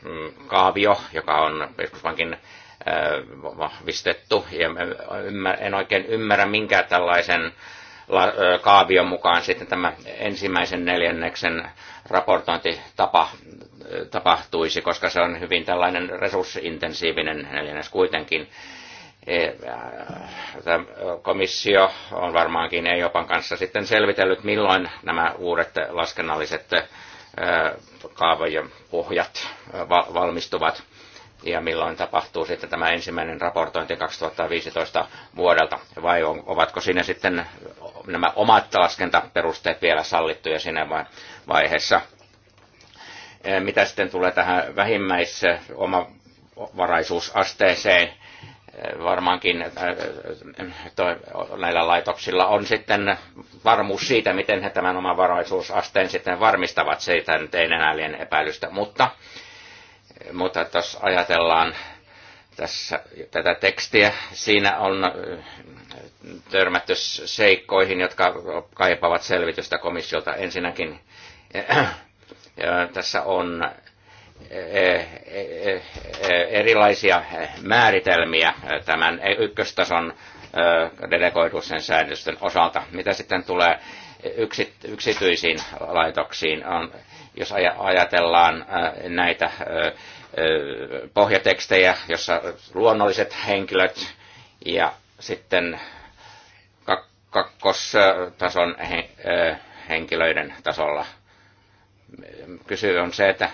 mm, kaavio, joka on keskuspankin vahvistettu. Ja en oikein ymmärrä, minkä tällaisen kaavion mukaan sitten tämä ensimmäisen neljänneksen raportointi tapa, tapahtuisi, koska se on hyvin tällainen resurssiintensiivinen neljännes kuitenkin komissio on varmaankin EIOPan kanssa sitten selvitellyt, milloin nämä uudet laskennalliset kaavojen pohjat valmistuvat ja milloin tapahtuu sitten tämä ensimmäinen raportointi 2015 vuodelta, vai on, ovatko sinne sitten nämä omat laskentaperusteet vielä sallittuja siinä vaiheessa. Mitä sitten tulee tähän vähimmäisomavaraisuusasteeseen, varmaankin äh, näillä laitoksilla on sitten varmuus siitä, miten he tämän oman varaisuusasteen sitten varmistavat. Siitä nyt ei enää liian epäilystä, mutta, mutta jos ajatellaan tässä tätä tekstiä, siinä on äh, törmätty seikkoihin, jotka kaipaavat selvitystä komissiolta. Ensinnäkin äh, tässä on E, e, e, erilaisia määritelmiä tämän ykköstason delegoidusten säädösten osalta. Mitä sitten tulee yksityisiin laitoksiin, on, jos ajatellaan näitä pohjatekstejä, jossa luonnolliset henkilöt ja sitten kakkostason henkilöiden tasolla. Kysy on se, että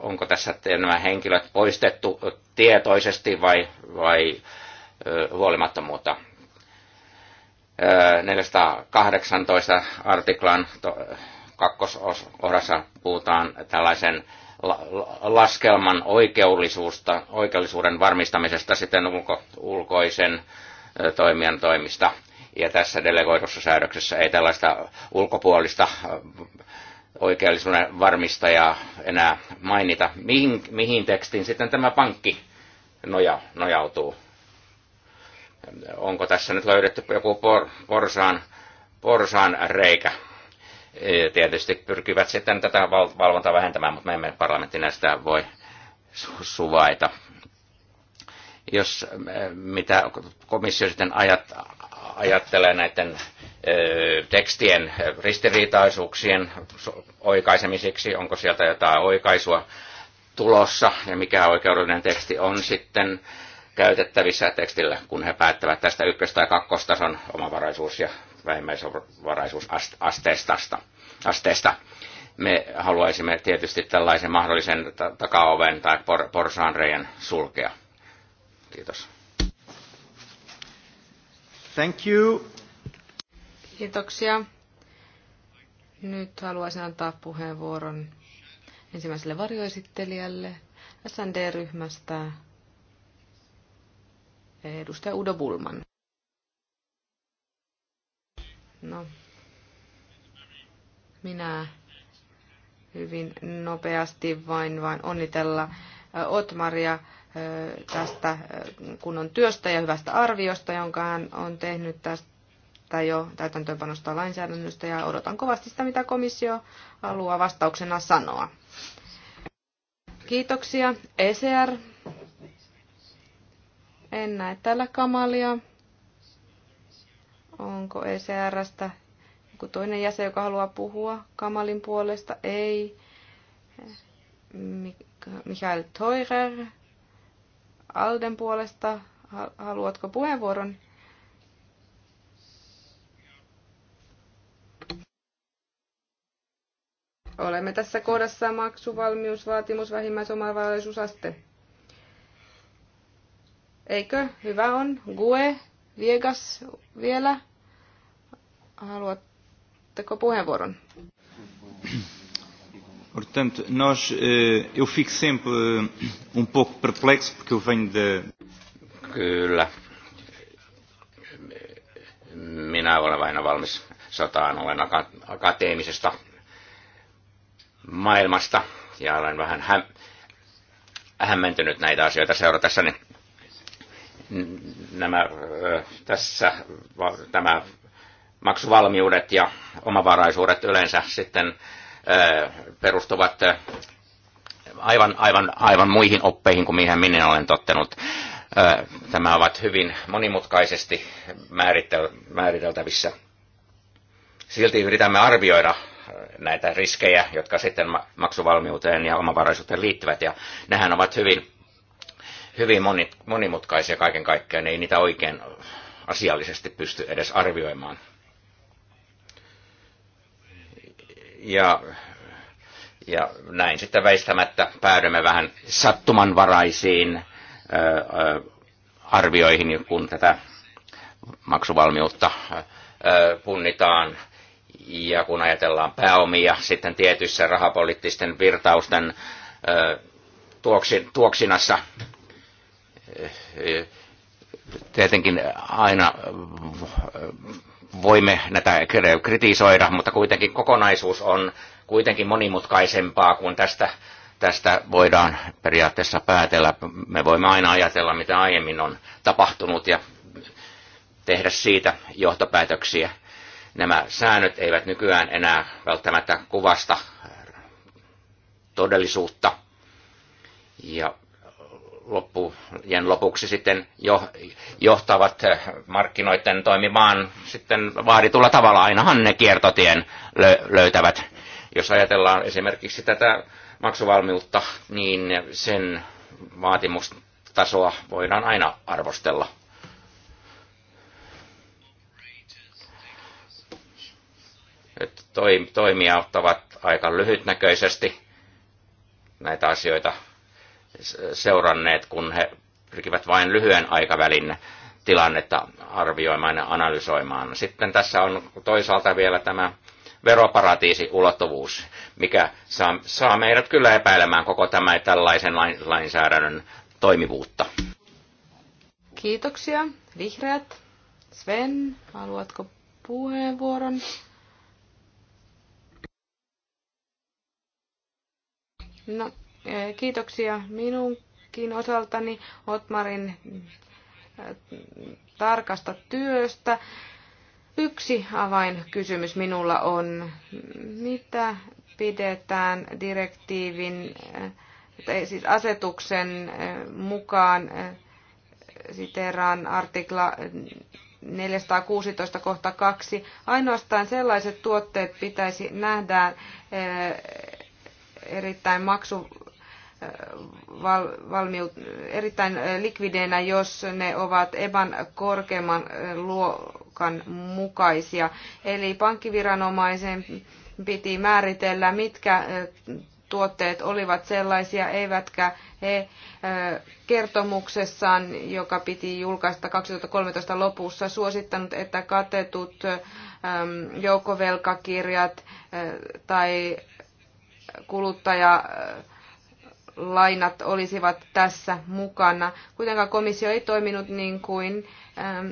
onko tässä nämä henkilöt poistettu tietoisesti vai, vai huolimattomuutta. 418 artiklan kakkososassa puhutaan tällaisen laskelman oikeellisuusta, oikeellisuuden varmistamisesta sitten ulko, ulkoisen toimijan toimista. Ja tässä delegoidussa säädöksessä ei tällaista ulkopuolista oikeellisuuden varmistajaa enää mainita. Mihin, mihin tekstiin sitten tämä pankki noja, nojautuu? Onko tässä nyt löydetty joku por, porsaan, porsaan reikä? E, tietysti pyrkivät sitten tätä valvontaa vähentämään, mutta me emme parlamenttina sitä voi suvaita. Jos e, mitä komissio sitten ajat, ajattelee näiden tekstien ristiriitaisuuksien oikaisemiseksi, onko sieltä jotain oikaisua tulossa ja mikä oikeudellinen teksti on sitten käytettävissä tekstillä, kun he päättävät tästä ykkös- tai kakkostason omavaraisuus- ja vähimmäisvaraisuusasteesta. Me haluaisimme tietysti tällaisen mahdollisen takaoven tai por- porsaanreijän sulkea. Kiitos. Thank you. Kiitoksia. Nyt haluaisin antaa puheenvuoron ensimmäiselle varjoesittelijälle SND-ryhmästä edustaja Udo Bulman. No, minä hyvin nopeasti vain, vain onnitella Otmaria tästä kunnon työstä ja hyvästä arviosta, jonka hän on tehnyt tästä päättää jo täytäntöönpanosta lainsäädännöstä ja odotan kovasti sitä, mitä komissio haluaa vastauksena sanoa. Kiitoksia. ECR. En näe täällä kamalia. Onko ECRstä joku toinen jäsen, joka haluaa puhua kamalin puolesta? Ei. Michael Teurer. Alden puolesta. Haluatko puheenvuoron? Olemme tässä kohdassa maksuvalmiusvaatimus, vähimmäisomavaraisuusaste. Eikö? Hyvä on. Gue, Viegas vielä. Haluatteko puheenvuoron? Portanto, nós, eh, eu fico sempre eh, um pouco perplexo porque eu venho de... Kyllä. Minä olen aina valmis sotaan, olen akateemisesta maailmasta ja olen vähän hä- hämmentynyt näitä asioita niin Nämä, tässä, tämä maksuvalmiudet ja omavaraisuudet yleensä sitten perustuvat aivan, aivan, aivan muihin oppeihin kuin mihin minä olen tottunut. Tämä ovat hyvin monimutkaisesti määriteltävissä. Silti yritämme arvioida näitä riskejä, jotka sitten maksuvalmiuteen ja omavaraisuuteen liittyvät. Ja nehän ovat hyvin, hyvin monimutkaisia kaiken kaikkiaan, ei niitä oikein asiallisesti pysty edes arvioimaan. Ja, ja näin sitten väistämättä päädymme vähän sattumanvaraisiin ö, ö, arvioihin, kun tätä maksuvalmiutta punnitaan ja kun ajatellaan pääomia sitten tietyissä rahapoliittisten virtausten tuoksinassa, tietenkin aina voimme näitä kritisoida, mutta kuitenkin kokonaisuus on kuitenkin monimutkaisempaa kuin tästä, tästä voidaan periaatteessa päätellä. Me voimme aina ajatella, mitä aiemmin on tapahtunut ja tehdä siitä johtopäätöksiä. Nämä säännöt eivät nykyään enää välttämättä kuvasta todellisuutta. Ja loppujen lopuksi sitten jo, johtavat markkinoiden toimimaan sitten vaaditulla tavalla. Ainahan ne kiertotien lö, löytävät. Jos ajatellaan esimerkiksi tätä maksuvalmiutta, niin sen vaatimustasoa voidaan aina arvostella. toi, toimia ottavat aika lyhytnäköisesti näitä asioita seuranneet, kun he pyrkivät vain lyhyen aikavälin tilannetta arvioimaan ja analysoimaan. Sitten tässä on toisaalta vielä tämä veroparatiisi ulottuvuus mikä saa, saa meidät kyllä epäilemään koko tämä tällaisen lainsäädännön toimivuutta. Kiitoksia. Vihreät. Sven, haluatko puheenvuoron? No, eh, kiitoksia minunkin osaltani Otmarin eh, tarkasta työstä. Yksi avainkysymys minulla on, mitä pidetään direktiivin, eh, tai siis asetuksen mukaan, siteraan artikla 416 kohta 2, ainoastaan sellaiset tuotteet pitäisi nähdä erittäin maksu val, valmiut, erittäin likvideinä, jos ne ovat EBAN korkeimman luokan mukaisia. Eli pankkiviranomaisen piti määritellä, mitkä tuotteet olivat sellaisia, eivätkä he kertomuksessaan, joka piti julkaista 2013 lopussa, suosittanut, että katetut joukkovelkakirjat tai kuluttaja lainat olisivat tässä mukana. Kuitenkaan komissio ei toiminut niin kuin ähm,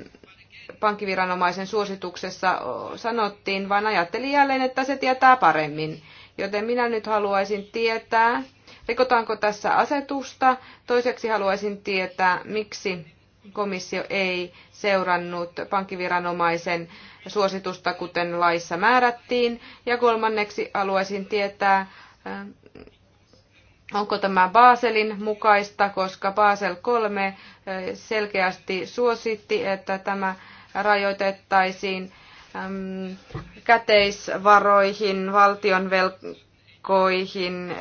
pankkiviranomaisen suosituksessa sanottiin, vaan ajatteli jälleen, että se tietää paremmin. Joten minä nyt haluaisin tietää, rikotaanko tässä asetusta. Toiseksi haluaisin tietää, miksi komissio ei seurannut pankkiviranomaisen suositusta, kuten laissa määrättiin. Ja kolmanneksi haluaisin tietää, onko tämä Baselin mukaista, koska Basel 3 selkeästi suositti, että tämä rajoitettaisiin käteisvaroihin, valtion velkoihin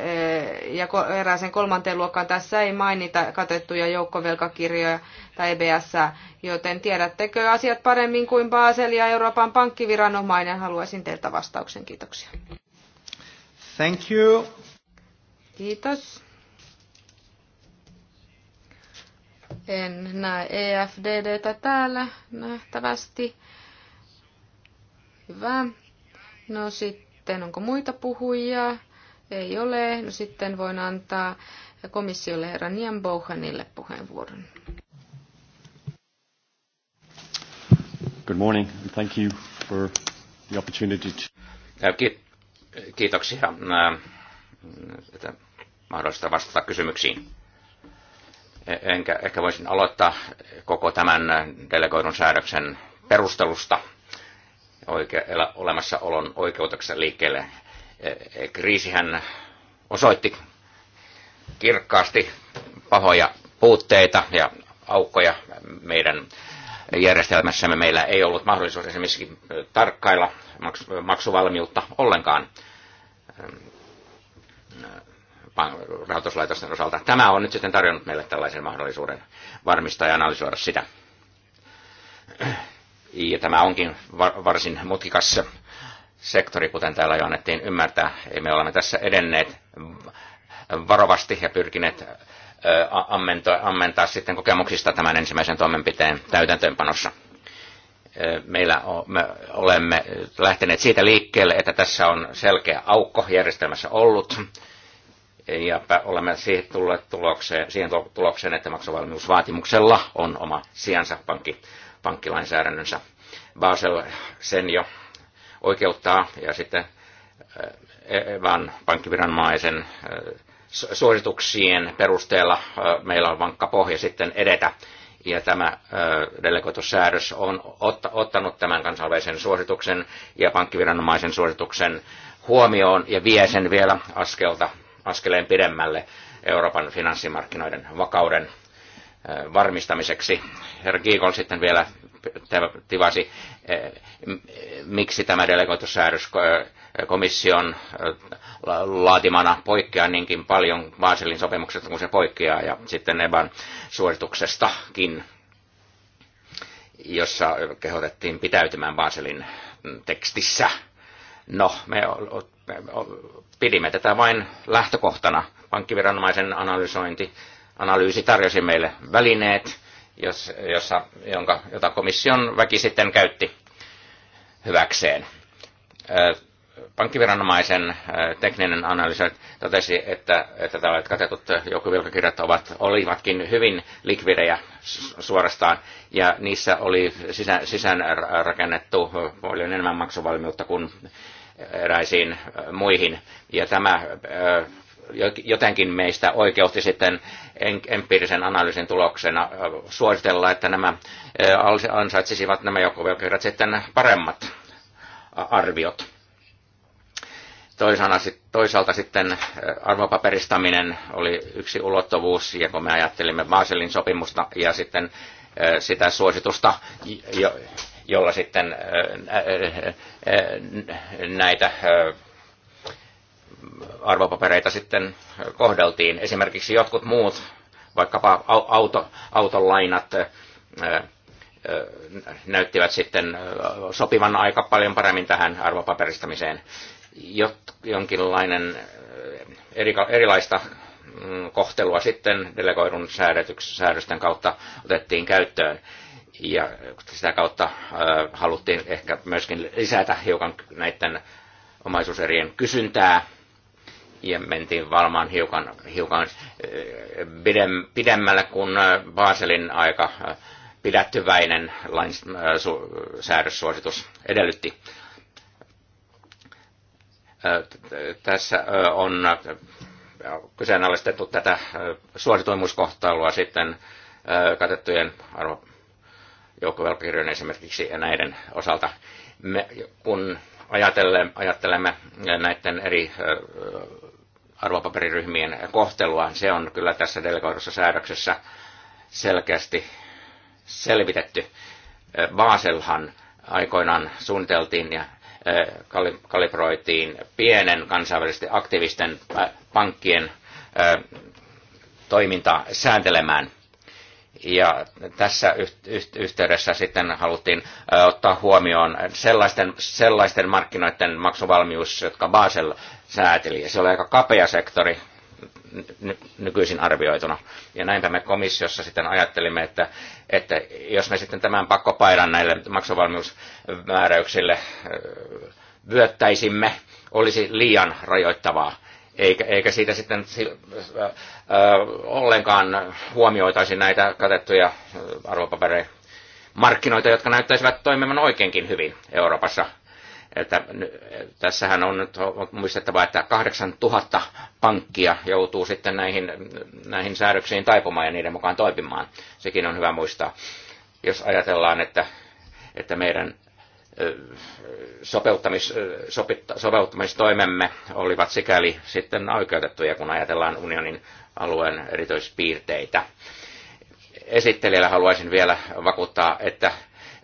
ja erääseen kolmanteen luokkaan. Tässä ei mainita katettuja joukkovelkakirjoja tai EBS, joten tiedättekö asiat paremmin kuin Basel ja Euroopan pankkiviranomainen? Haluaisin teiltä vastauksen. Kiitoksia. Thank you. Kiitos. En näe EFDDtä täällä nähtävästi. Hyvä. No sitten, onko muita puhujia? Ei ole. No sitten voin antaa komissiolle herran Nian Bohanille puheenvuoron. Good morning and thank you for the opportunity to... Kiitos Kiitoksia että mahdollista vastata kysymyksiin. E, enkä, ehkä voisin aloittaa koko tämän delegoidun säädöksen perustelusta oikea, olemassaolon oikeutuksen liikkeelle. E, e, kriisihän osoitti kirkkaasti pahoja puutteita ja aukkoja meidän järjestelmässämme meillä ei ollut mahdollisuus esimerkiksi äh, tarkkailla äh, maksuvalmiutta ollenkaan ähm, äh, rahoituslaitosten osalta. Tämä on nyt sitten tarjonnut meille tällaisen mahdollisuuden varmistaa ja analysoida sitä. Ja tämä onkin varsin mutkikas sektori, kuten täällä jo annettiin ymmärtää. Me olemme tässä edenneet varovasti ja pyrkineet ammentaa, ammentaa sitten kokemuksista tämän ensimmäisen toimenpiteen täytäntöönpanossa. Meillä on, me olemme lähteneet siitä liikkeelle, että tässä on selkeä aukko järjestelmässä ollut, ja olemme siihen tulleet tulokseen, siihen tulokseen, että maksuvalmiusvaatimuksella on oma sijansa pankki, pankkilainsäädännönsä. Basel sen jo oikeuttaa, ja sitten vaan pankkiviranomaisen suosituksien perusteella meillä on vankka pohja sitten edetä. Ja tämä delegoitussäädös on ottanut tämän kansainvälisen suosituksen ja pankkiviranomaisen suosituksen huomioon ja vie sen vielä askelta, askeleen pidemmälle Euroopan finanssimarkkinoiden vakauden varmistamiseksi. Herra Kiikol sitten vielä tivasi, eh, miksi tämä delegoitussäädös eh, komission eh, laatimana poikkeaa niinkin paljon Baselin sopimuksesta kuin se poikkeaa ja sitten EBAN suorituksestakin, jossa kehotettiin pitäytymään Baselin tekstissä. No, me pidimme tätä vain lähtökohtana. Pankkiviranomaisen analysointi, analyysi tarjosi meille välineet, jos, jossa, jonka, jota komission väki sitten käytti hyväkseen. Pankkiviranomaisen tekninen analyysi totesi, että, että tällaiset katetut joukkovelkakirjat ovat, olivatkin hyvin likvidejä suorastaan, ja niissä oli sisään, sisään rakennettu paljon enemmän maksuvalmiutta kuin eräisiin muihin. Ja tämä jotenkin meistä oikeutti sitten empiirisen analyysin tuloksena suositella, että nämä ansaitsisivat nämä joukkovelkakirjat sitten paremmat arviot. Toisaalta sitten arvopaperistaminen oli yksi ulottuvuus, ja kun me ajattelimme Baselin sopimusta ja sitten sitä suositusta, jolla sitten näitä arvopapereita sitten kohdeltiin. Esimerkiksi jotkut muut, vaikkapa auto, autolainat, näyttivät sitten sopivan aika paljon paremmin tähän arvopaperistamiseen. Jot, jonkinlainen eri, erilaista mm, kohtelua sitten delegoidun säädösten kautta otettiin käyttöön. Ja sitä kautta haluttiin ehkä myöskin lisätä hiukan näiden omaisuuserien kysyntää ja mentiin varmaan hiukan, hiukan äh, pidemmälle kuin äh, Baselin aika äh, pidättyväinen säädössuositus edellytti. Tässä on kyseenalaistettu tätä suosituimuskohtailua sitten katettujen arvo, joukkovelkakirjojen esimerkiksi ja näiden osalta. Me, kun ajatellen, ajattelemme näiden eri arvopaperiryhmien kohtelua, se on kyllä tässä delegoidussa säädöksessä selkeästi selvitetty. Baselhan aikoinaan suunniteltiin ja kalibroitiin pienen kansainvälisesti aktiivisten pankkien toimintaa sääntelemään. Ja tässä yhteydessä sitten haluttiin ottaa huomioon sellaisten, sellaisten markkinoiden maksuvalmius, jotka Basel sääteli. Ja se oli aika kapea sektori nykyisin arvioituna. Ja näinpä me komissiossa sitten ajattelimme, että, että jos me sitten tämän pakkopaidan näille maksuvalmiusmääräyksille vyöttäisimme, olisi liian rajoittavaa eikä, eikä siitä sitten äh, ollenkaan huomioitaisi näitä katettuja arvopapereja markkinoita, jotka näyttäisivät toimivan oikeinkin hyvin Euroopassa. Että, tässähän on nyt muistettava, että 8000 pankkia joutuu sitten näihin, näihin säädöksiin taipumaan ja niiden mukaan toimimaan. Sekin on hyvä muistaa, jos ajatellaan, että, että meidän sopeuttamis, sopitta, sopeuttamistoimemme olivat sikäli sitten oikeutettuja, kun ajatellaan unionin alueen erityispiirteitä. Esittelijällä haluaisin vielä vakuuttaa, että,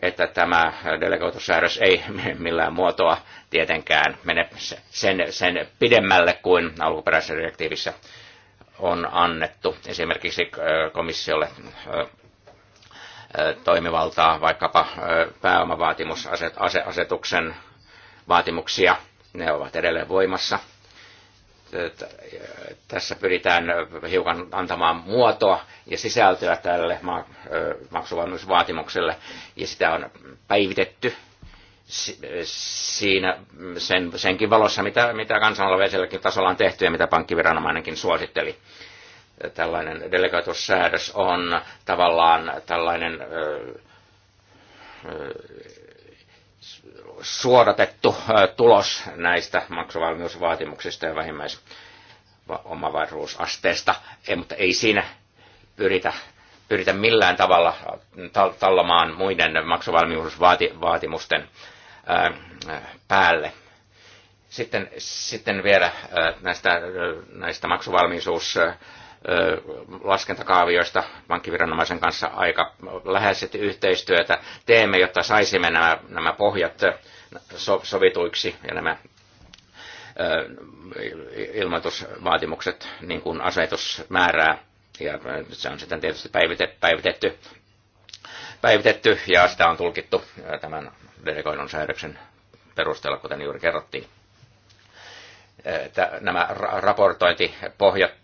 että tämä delegoitussäädös ei millään muotoa tietenkään mene sen, sen pidemmälle kuin alkuperäisessä direktiivissä on annettu. Esimerkiksi komissiolle toimivaltaa, vaikkapa pääomavaatimusasetuksen vaatimuksia. Ne ovat edelleen voimassa. Tässä pyritään hiukan antamaan muotoa ja sisältöä tälle maksuvalmiusvaatimukselle, ja sitä on päivitetty siinä sen, senkin valossa, mitä, mitä kansanvalveiselläkin tasolla on tehty ja mitä pankkiviranomainenkin suositteli tällainen delegoitussäädös on tavallaan tällainen suodatettu tulos näistä maksuvalmiusvaatimuksista ja vähimmäisomavaruusasteesta, ei, mutta ei siinä pyritä, pyritä millään tavalla tallamaan muiden maksuvalmiusvaatimusten päälle. Sitten, sitten vielä näistä, näistä maksuvalmiusvaatimuksista laskentakaavioista pankkiviranomaisen kanssa aika läheisesti yhteistyötä teemme, jotta saisimme nämä, nämä pohjat so, sovituiksi ja nämä ilmoitusvaatimukset niin kuin asetus määrää. Ja se on sitten tietysti päivitetty, päivitetty ja sitä on tulkittu tämän delegoidun säädöksen perusteella, kuten juuri kerrottiin nämä raportointipohjat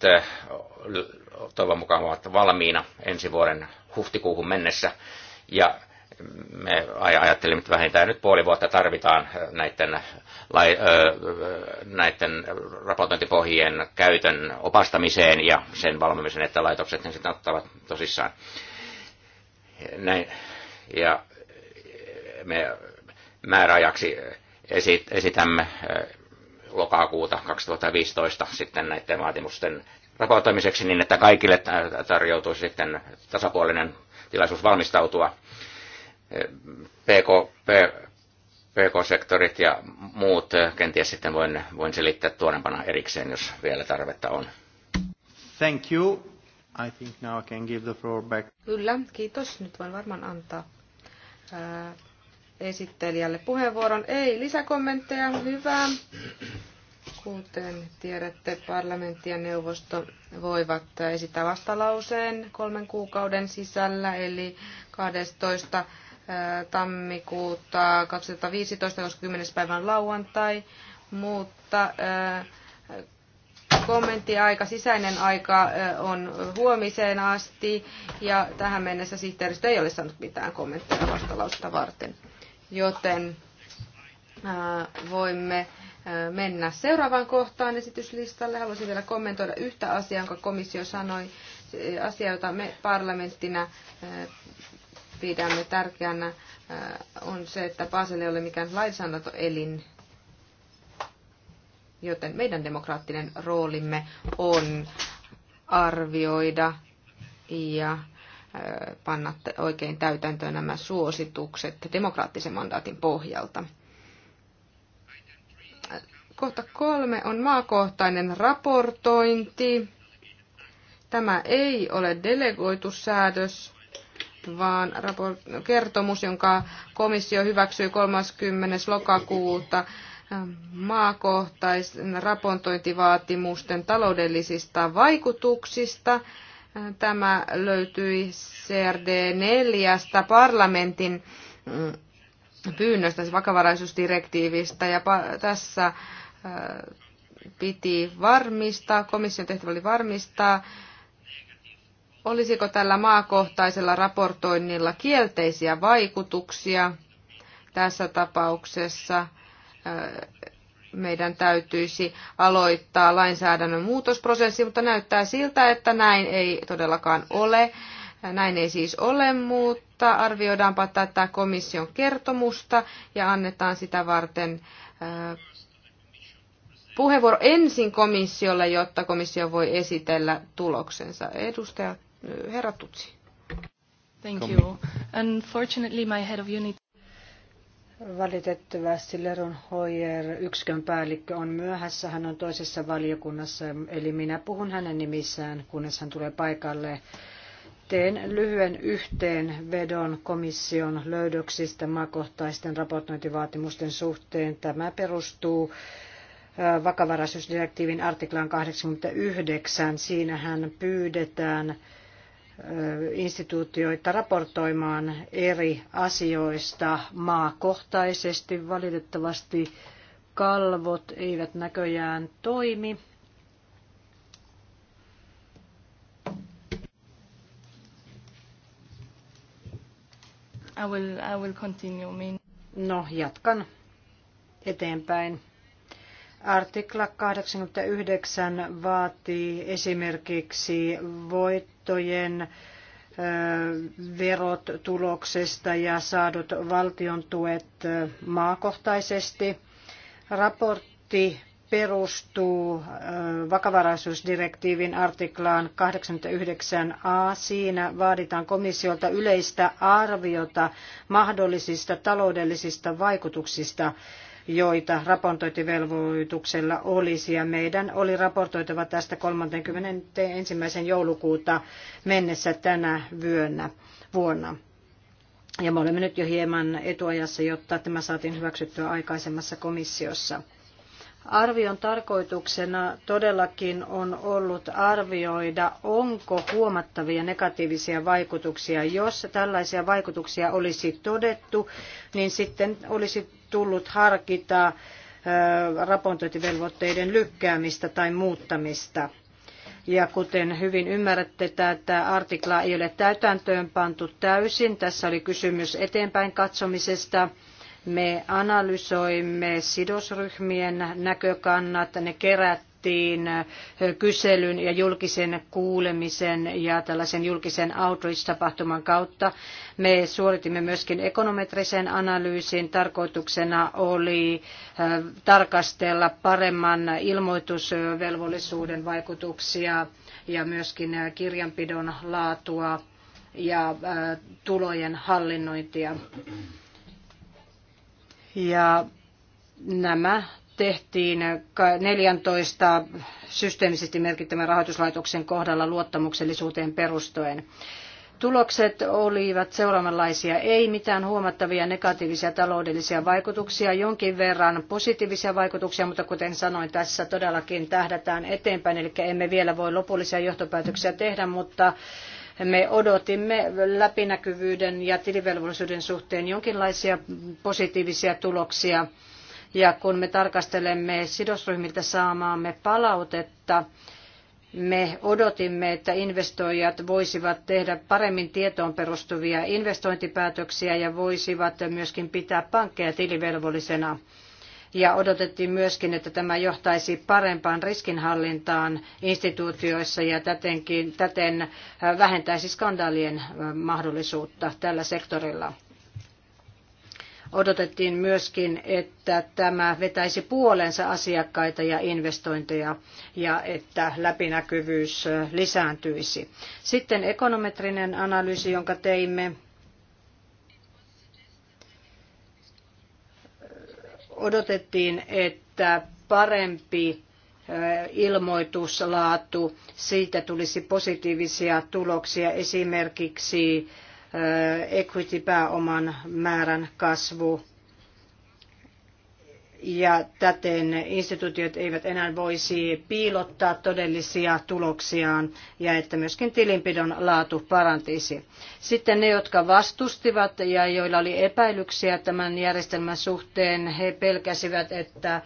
toivon mukaan ovat valmiina ensi vuoden huhtikuuhun mennessä. Ja me ajattelimme, että vähintään nyt puoli vuotta tarvitaan näiden, näiden raportointipohjien käytön opastamiseen ja sen valmimiseen, että laitokset ne sitten ottavat tosissaan. Näin. Ja me määräajaksi esitämme lokakuuta 2015 sitten näiden vaatimusten raportoimiseksi niin, että kaikille tarjoutui sitten tasapuolinen tilaisuus valmistautua. PK, PK-sektorit ja muut kenties sitten voin, voin selittää tuonempana erikseen, jos vielä tarvetta on. Thank you. I think now I can give the floor back. Kyllä, kiitos. Nyt voin varmaan antaa esittelijälle puheenvuoron. Ei lisäkommentteja, hyvä. Kuten tiedätte, parlamentti ja neuvosto voivat esittää vastalauseen kolmen kuukauden sisällä, eli 12 äh, tammikuuta 2015, koska 10. päivän lauantai, mutta äh, kommenttiaika, sisäinen aika äh, on huomiseen asti ja tähän mennessä sihteeristö ei ole saanut mitään kommentteja vastalausta varten joten voimme mennä seuraavaan kohtaan esityslistalle. Haluaisin vielä kommentoida yhtä asiaa, jonka komissio sanoi, asia, jota me parlamenttina pidämme tärkeänä, on se, että Basel ei ole mikään lainsäädäntöelin, joten meidän demokraattinen roolimme on arvioida ja panna oikein täytäntöön nämä suositukset demokraattisen mandaatin pohjalta. Kohta kolme on maakohtainen raportointi. Tämä ei ole delegoitu säädös, vaan kertomus, jonka komissio hyväksyi 30. lokakuuta maakohtaisen raportointivaatimusten taloudellisista vaikutuksista – Tämä löytyi CRD 4 parlamentin mm, pyynnöstä, siis vakavaraisuusdirektiivistä, ja tässä äh, piti varmistaa, komission tehtävä oli varmistaa, olisiko tällä maakohtaisella raportoinnilla kielteisiä vaikutuksia tässä tapauksessa äh, meidän täytyisi aloittaa lainsäädännön muutosprosessi, mutta näyttää siltä, että näin ei todellakaan ole. Näin ei siis ole, mutta arvioidaanpa tätä komission kertomusta ja annetaan sitä varten äh, puheenvuoro ensin komissiolle, jotta komissio voi esitellä tuloksensa. Edustaja äh, Herra Tutsi. Thank you. Unfortunately, my head of unit... Valitettavasti Leron Hoyer, yksikön päällikkö, on myöhässä. Hän on toisessa valiokunnassa, eli minä puhun hänen nimissään, kunnes hän tulee paikalle. Teen lyhyen yhteenvedon komission löydöksistä maakohtaisten raportointivaatimusten suhteen. Tämä perustuu vakavaraisuusdirektiivin artiklaan 89. Siinähän pyydetään instituutioita raportoimaan eri asioista maakohtaisesti. Valitettavasti kalvot eivät näköjään toimi. I will, I will continue. No, jatkan eteenpäin. Artikla 89 vaatii esimerkiksi voittojen verot tuloksesta ja saadut valtion tuet maakohtaisesti. Raportti perustuu vakavaraisuusdirektiivin artiklaan 89a. Siinä vaaditaan komissiolta yleistä arviota mahdollisista taloudellisista vaikutuksista joita raportointivelvoituksella olisi, ja meidän oli raportoitava tästä 31. joulukuuta mennessä tänä vuonna. Ja me olemme nyt jo hieman etuajassa, jotta tämä saatiin hyväksyttyä aikaisemmassa komissiossa. Arvion tarkoituksena todellakin on ollut arvioida, onko huomattavia negatiivisia vaikutuksia. Jos tällaisia vaikutuksia olisi todettu, niin sitten olisi tullut harkita raportointivelvoitteiden lykkäämistä tai muuttamista. Ja kuten hyvin ymmärrätte, tämä artikla ei ole täytäntöön pantu täysin. Tässä oli kysymys eteenpäin katsomisesta. Me analysoimme sidosryhmien näkökannat, ne kerättiin kyselyn ja julkisen kuulemisen ja tällaisen julkisen outreach-tapahtuman kautta. Me suoritimme myöskin ekonometrisen analyysin. Tarkoituksena oli tarkastella paremman ilmoitusvelvollisuuden vaikutuksia ja myöskin kirjanpidon laatua ja tulojen hallinnointia. Ja nämä tehtiin 14 systeemisesti merkittävän rahoituslaitoksen kohdalla luottamuksellisuuteen perustuen. Tulokset olivat seuraavanlaisia. Ei mitään huomattavia negatiivisia taloudellisia vaikutuksia, jonkin verran positiivisia vaikutuksia, mutta kuten sanoin, tässä todellakin tähdätään eteenpäin, eli emme vielä voi lopullisia johtopäätöksiä tehdä, mutta me odotimme läpinäkyvyyden ja tilivelvollisuuden suhteen jonkinlaisia positiivisia tuloksia. Ja kun me tarkastelemme sidosryhmiltä saamaamme palautetta, me odotimme, että investoijat voisivat tehdä paremmin tietoon perustuvia investointipäätöksiä ja voisivat myöskin pitää pankkeja tilivelvollisena ja odotettiin myöskin, että tämä johtaisi parempaan riskinhallintaan instituutioissa ja tätenkin, täten äh, vähentäisi skandaalien äh, mahdollisuutta tällä sektorilla. Odotettiin myöskin, että tämä vetäisi puolensa asiakkaita ja investointeja ja että läpinäkyvyys äh, lisääntyisi. Sitten ekonometrinen analyysi, jonka teimme, odotettiin, että parempi ilmoituslaatu, siitä tulisi positiivisia tuloksia, esimerkiksi equity-pääoman määrän kasvu ja täten instituutiot eivät enää voisi piilottaa todellisia tuloksiaan ja että myöskin tilinpidon laatu parantisi. Sitten ne, jotka vastustivat ja joilla oli epäilyksiä tämän järjestelmän suhteen, he pelkäsivät, että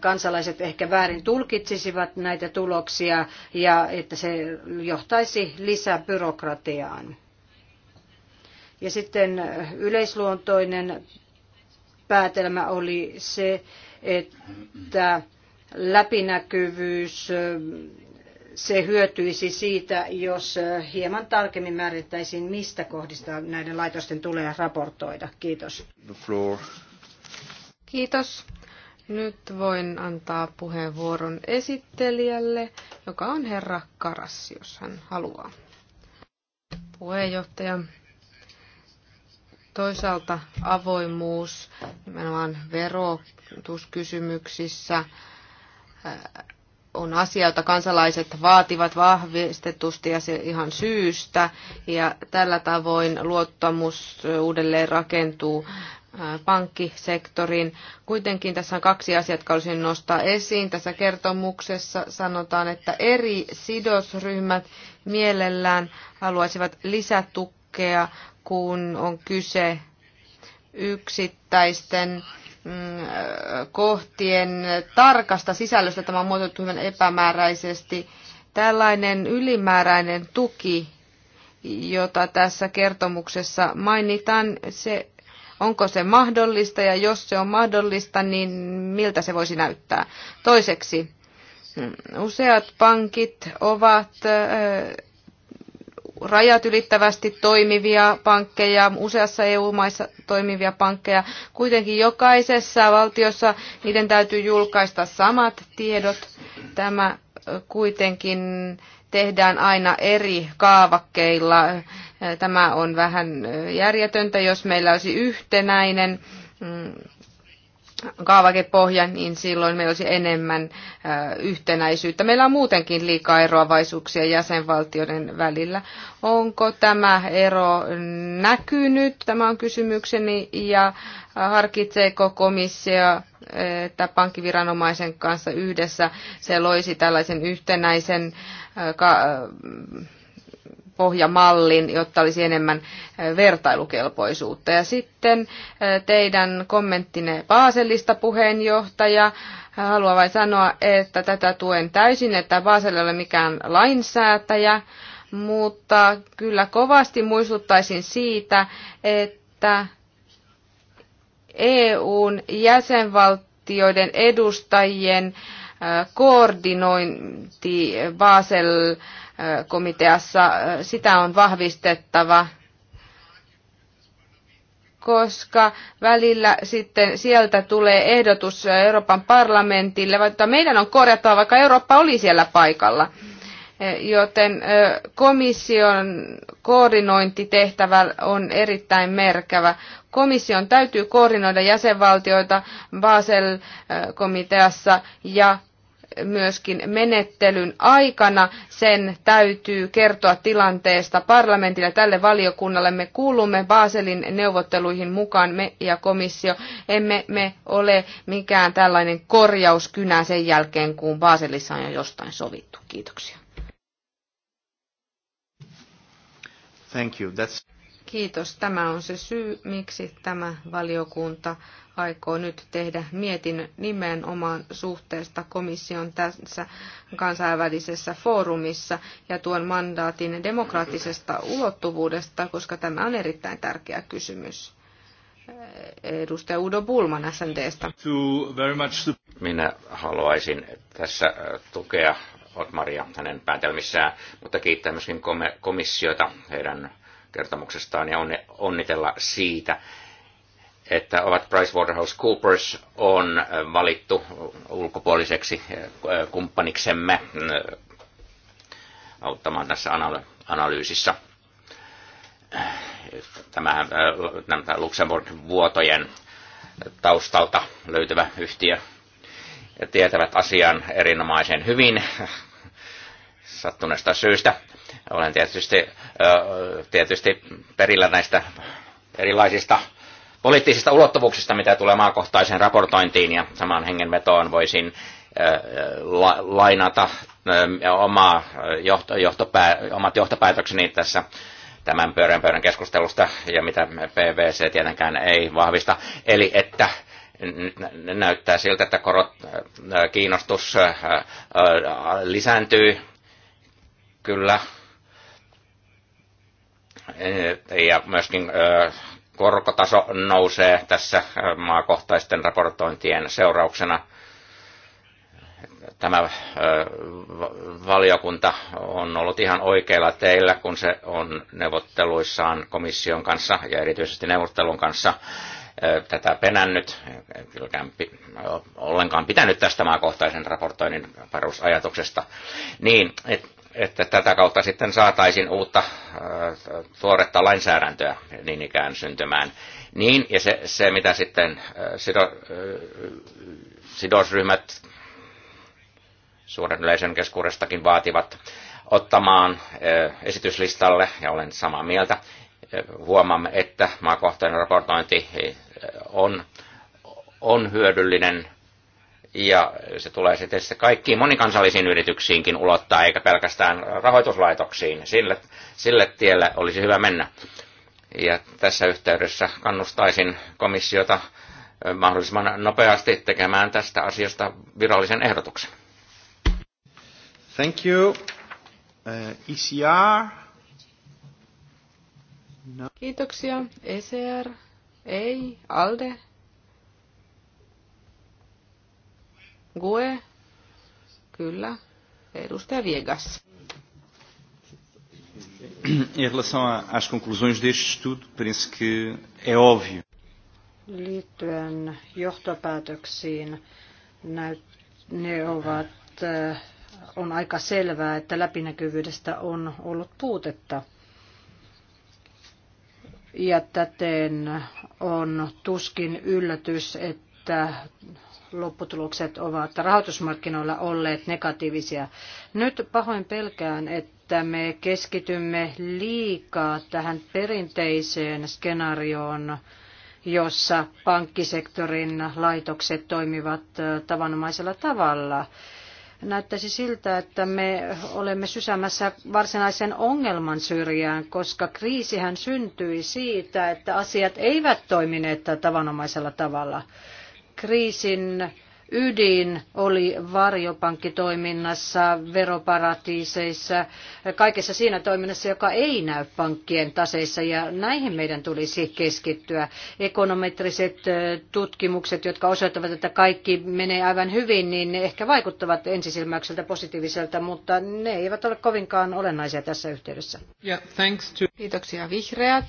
kansalaiset ehkä väärin tulkitsisivat näitä tuloksia ja että se johtaisi lisäbyrokratiaan. Ja sitten yleisluontoinen päätelmä oli se, että läpinäkyvyys se hyötyisi siitä, jos hieman tarkemmin määrittäisiin, mistä kohdista näiden laitosten tulee raportoida. Kiitos. Kiitos. Nyt voin antaa puheenvuoron esittelijälle, joka on herra Karas, jos hän haluaa. Puheenjohtaja, Toisaalta avoimuus nimenomaan verotuskysymyksissä äh, on asia, jota kansalaiset vaativat vahvistetusti ja se ihan syystä. Ja tällä tavoin luottamus äh, uudelleen rakentuu äh, pankkisektorin, Kuitenkin tässä on kaksi asiaa, jotka olisin nostaa esiin. Tässä kertomuksessa sanotaan, että eri sidosryhmät mielellään haluaisivat lisätukea kun on kyse yksittäisten mm, kohtien tarkasta sisällöstä. Tämä on muotoiltu hyvin epämääräisesti. Tällainen ylimääräinen tuki, jota tässä kertomuksessa mainitaan, se, onko se mahdollista ja jos se on mahdollista, niin miltä se voisi näyttää. Toiseksi, mm, useat pankit ovat rajat ylittävästi toimivia pankkeja, useassa EU-maissa toimivia pankkeja. Kuitenkin jokaisessa valtiossa niiden täytyy julkaista samat tiedot. Tämä kuitenkin tehdään aina eri kaavakkeilla. Tämä on vähän järjetöntä, jos meillä olisi yhtenäinen mm, kaavakepohja, niin silloin meillä olisi enemmän yhtenäisyyttä. Meillä on muutenkin liikaa eroavaisuuksia jäsenvaltioiden välillä. Onko tämä ero näkynyt? Tämä on kysymykseni. Ja harkitseeko komissio, että pankkiviranomaisen kanssa yhdessä se loisi tällaisen yhtenäisen pohjamallin, jotta olisi enemmän vertailukelpoisuutta. Ja sitten teidän kommenttinne Baselista puheenjohtaja. Haluan vain sanoa, että tätä tuen täysin, että Basel ei ole mikään lainsäätäjä, mutta kyllä kovasti muistuttaisin siitä, että EUn jäsenvaltioiden edustajien koordinointi Basel komiteassa. Sitä on vahvistettava, koska välillä sitten sieltä tulee ehdotus Euroopan parlamentille, vaikka meidän on korjattava, vaikka Eurooppa oli siellä paikalla. Joten komission koordinointitehtävä on erittäin merkävä. Komission täytyy koordinoida jäsenvaltioita Basel-komiteassa ja myöskin menettelyn aikana. Sen täytyy kertoa tilanteesta parlamentille tälle valiokunnalle. Me kuulumme Baselin neuvotteluihin mukaan me ja komissio. Emme me ole mikään tällainen korjauskynä sen jälkeen, kun Baselissa on jo jostain sovittu. Kiitoksia. Thank you. That's... Kiitos. Tämä on se syy, miksi tämä valiokunta aikoo nyt tehdä mietinnön nimenomaan suhteesta komission tässä kansainvälisessä foorumissa ja tuon mandaatin demokraattisesta ulottuvuudesta, koska tämä on erittäin tärkeä kysymys. Edustaja Udo Bulman SNDstä. Minä haluaisin tässä äh, tukea Otmaria hänen päätelmissään, mutta kiittää myöskin komissiota heidän kertomuksestaan ja onnitella siitä, että ovat PricewaterhouseCoopers on äh, valittu ulkopuoliseksi äh, kumppaniksemme äh, auttamaan tässä analyysissä. Tämähän tämä Luxemburg-vuotojen taustalta löytyvä yhtiö ja tietävät asian erinomaisen hyvin sattuneesta syystä. Olen tietysti, tietysti perillä näistä erilaisista poliittisista ulottuvuuksista, mitä tulee maakohtaiseen raportointiin ja samaan hengenvetoon voisin lainata omaa johto, johtopää, omat johtopäätökseni tässä tämän pyörän pöydän keskustelusta ja mitä PVC tietenkään ei vahvista. Eli että näyttää siltä, että korot, kiinnostus lisääntyy kyllä Eh, ja myöskin eh, korkotaso nousee tässä eh, maakohtaisten raportointien seurauksena. Tämä valiokunta on ollut ihan oikeilla teillä, kun se on neuvotteluissaan komission kanssa ja erityisesti neuvottelun kanssa tätä penännyt, kylläkään ollenkaan pitänyt tästä maakohtaisen raportoinnin perusajatuksesta, niin että että tätä kautta sitten saataisiin uutta äh, tuoretta lainsäädäntöä niin ikään syntymään. Niin, ja se, se mitä sitten äh, sido, äh, sidosryhmät suuren yleisön keskuudestakin vaativat ottamaan esityslistalle, ja olen samaa mieltä, huomaamme, että maakohtainen raportointi on, on hyödyllinen ja se tulee sitten se kaikkiin monikansallisiin yrityksiinkin ulottaa, eikä pelkästään rahoituslaitoksiin. Sille, sille tielle olisi hyvä mennä. Ja tässä yhteydessä kannustaisin komissiota mahdollisimman nopeasti tekemään tästä asiasta virallisen ehdotuksen. Thank you. Uh, ECR. No. Kiitoksia. ECR. Ei. ALDE. GUE, kyllä, edustaja Viegas. Em relação às conclusões deste estudo, penso que é óbvio. Liittyen johtopäätöksiin, ne ovat, eh, on aika selvää, että läpinäkyvyydestä on ollut puutetta. Ja täten on tuskin yllätys, että lopputulokset ovat rahoitusmarkkinoilla olleet negatiivisia. Nyt pahoin pelkään, että me keskitymme liikaa tähän perinteiseen skenaarioon, jossa pankkisektorin laitokset toimivat tavanomaisella tavalla näyttäisi siltä, että me olemme sysämässä varsinaisen ongelman syrjään, koska kriisihän syntyi siitä, että asiat eivät toimineet tavanomaisella tavalla kriisin ydin oli varjopankkitoiminnassa, veroparatiiseissa, kaikessa siinä toiminnassa, joka ei näy pankkien taseissa ja näihin meidän tulisi keskittyä. Ekonometriset tutkimukset, jotka osoittavat, että kaikki menee aivan hyvin, niin ne ehkä vaikuttavat ensisilmäykseltä positiiviselta, mutta ne eivät ole kovinkaan olennaisia tässä yhteydessä. Yeah, thanks to... Kiitoksia vihreät.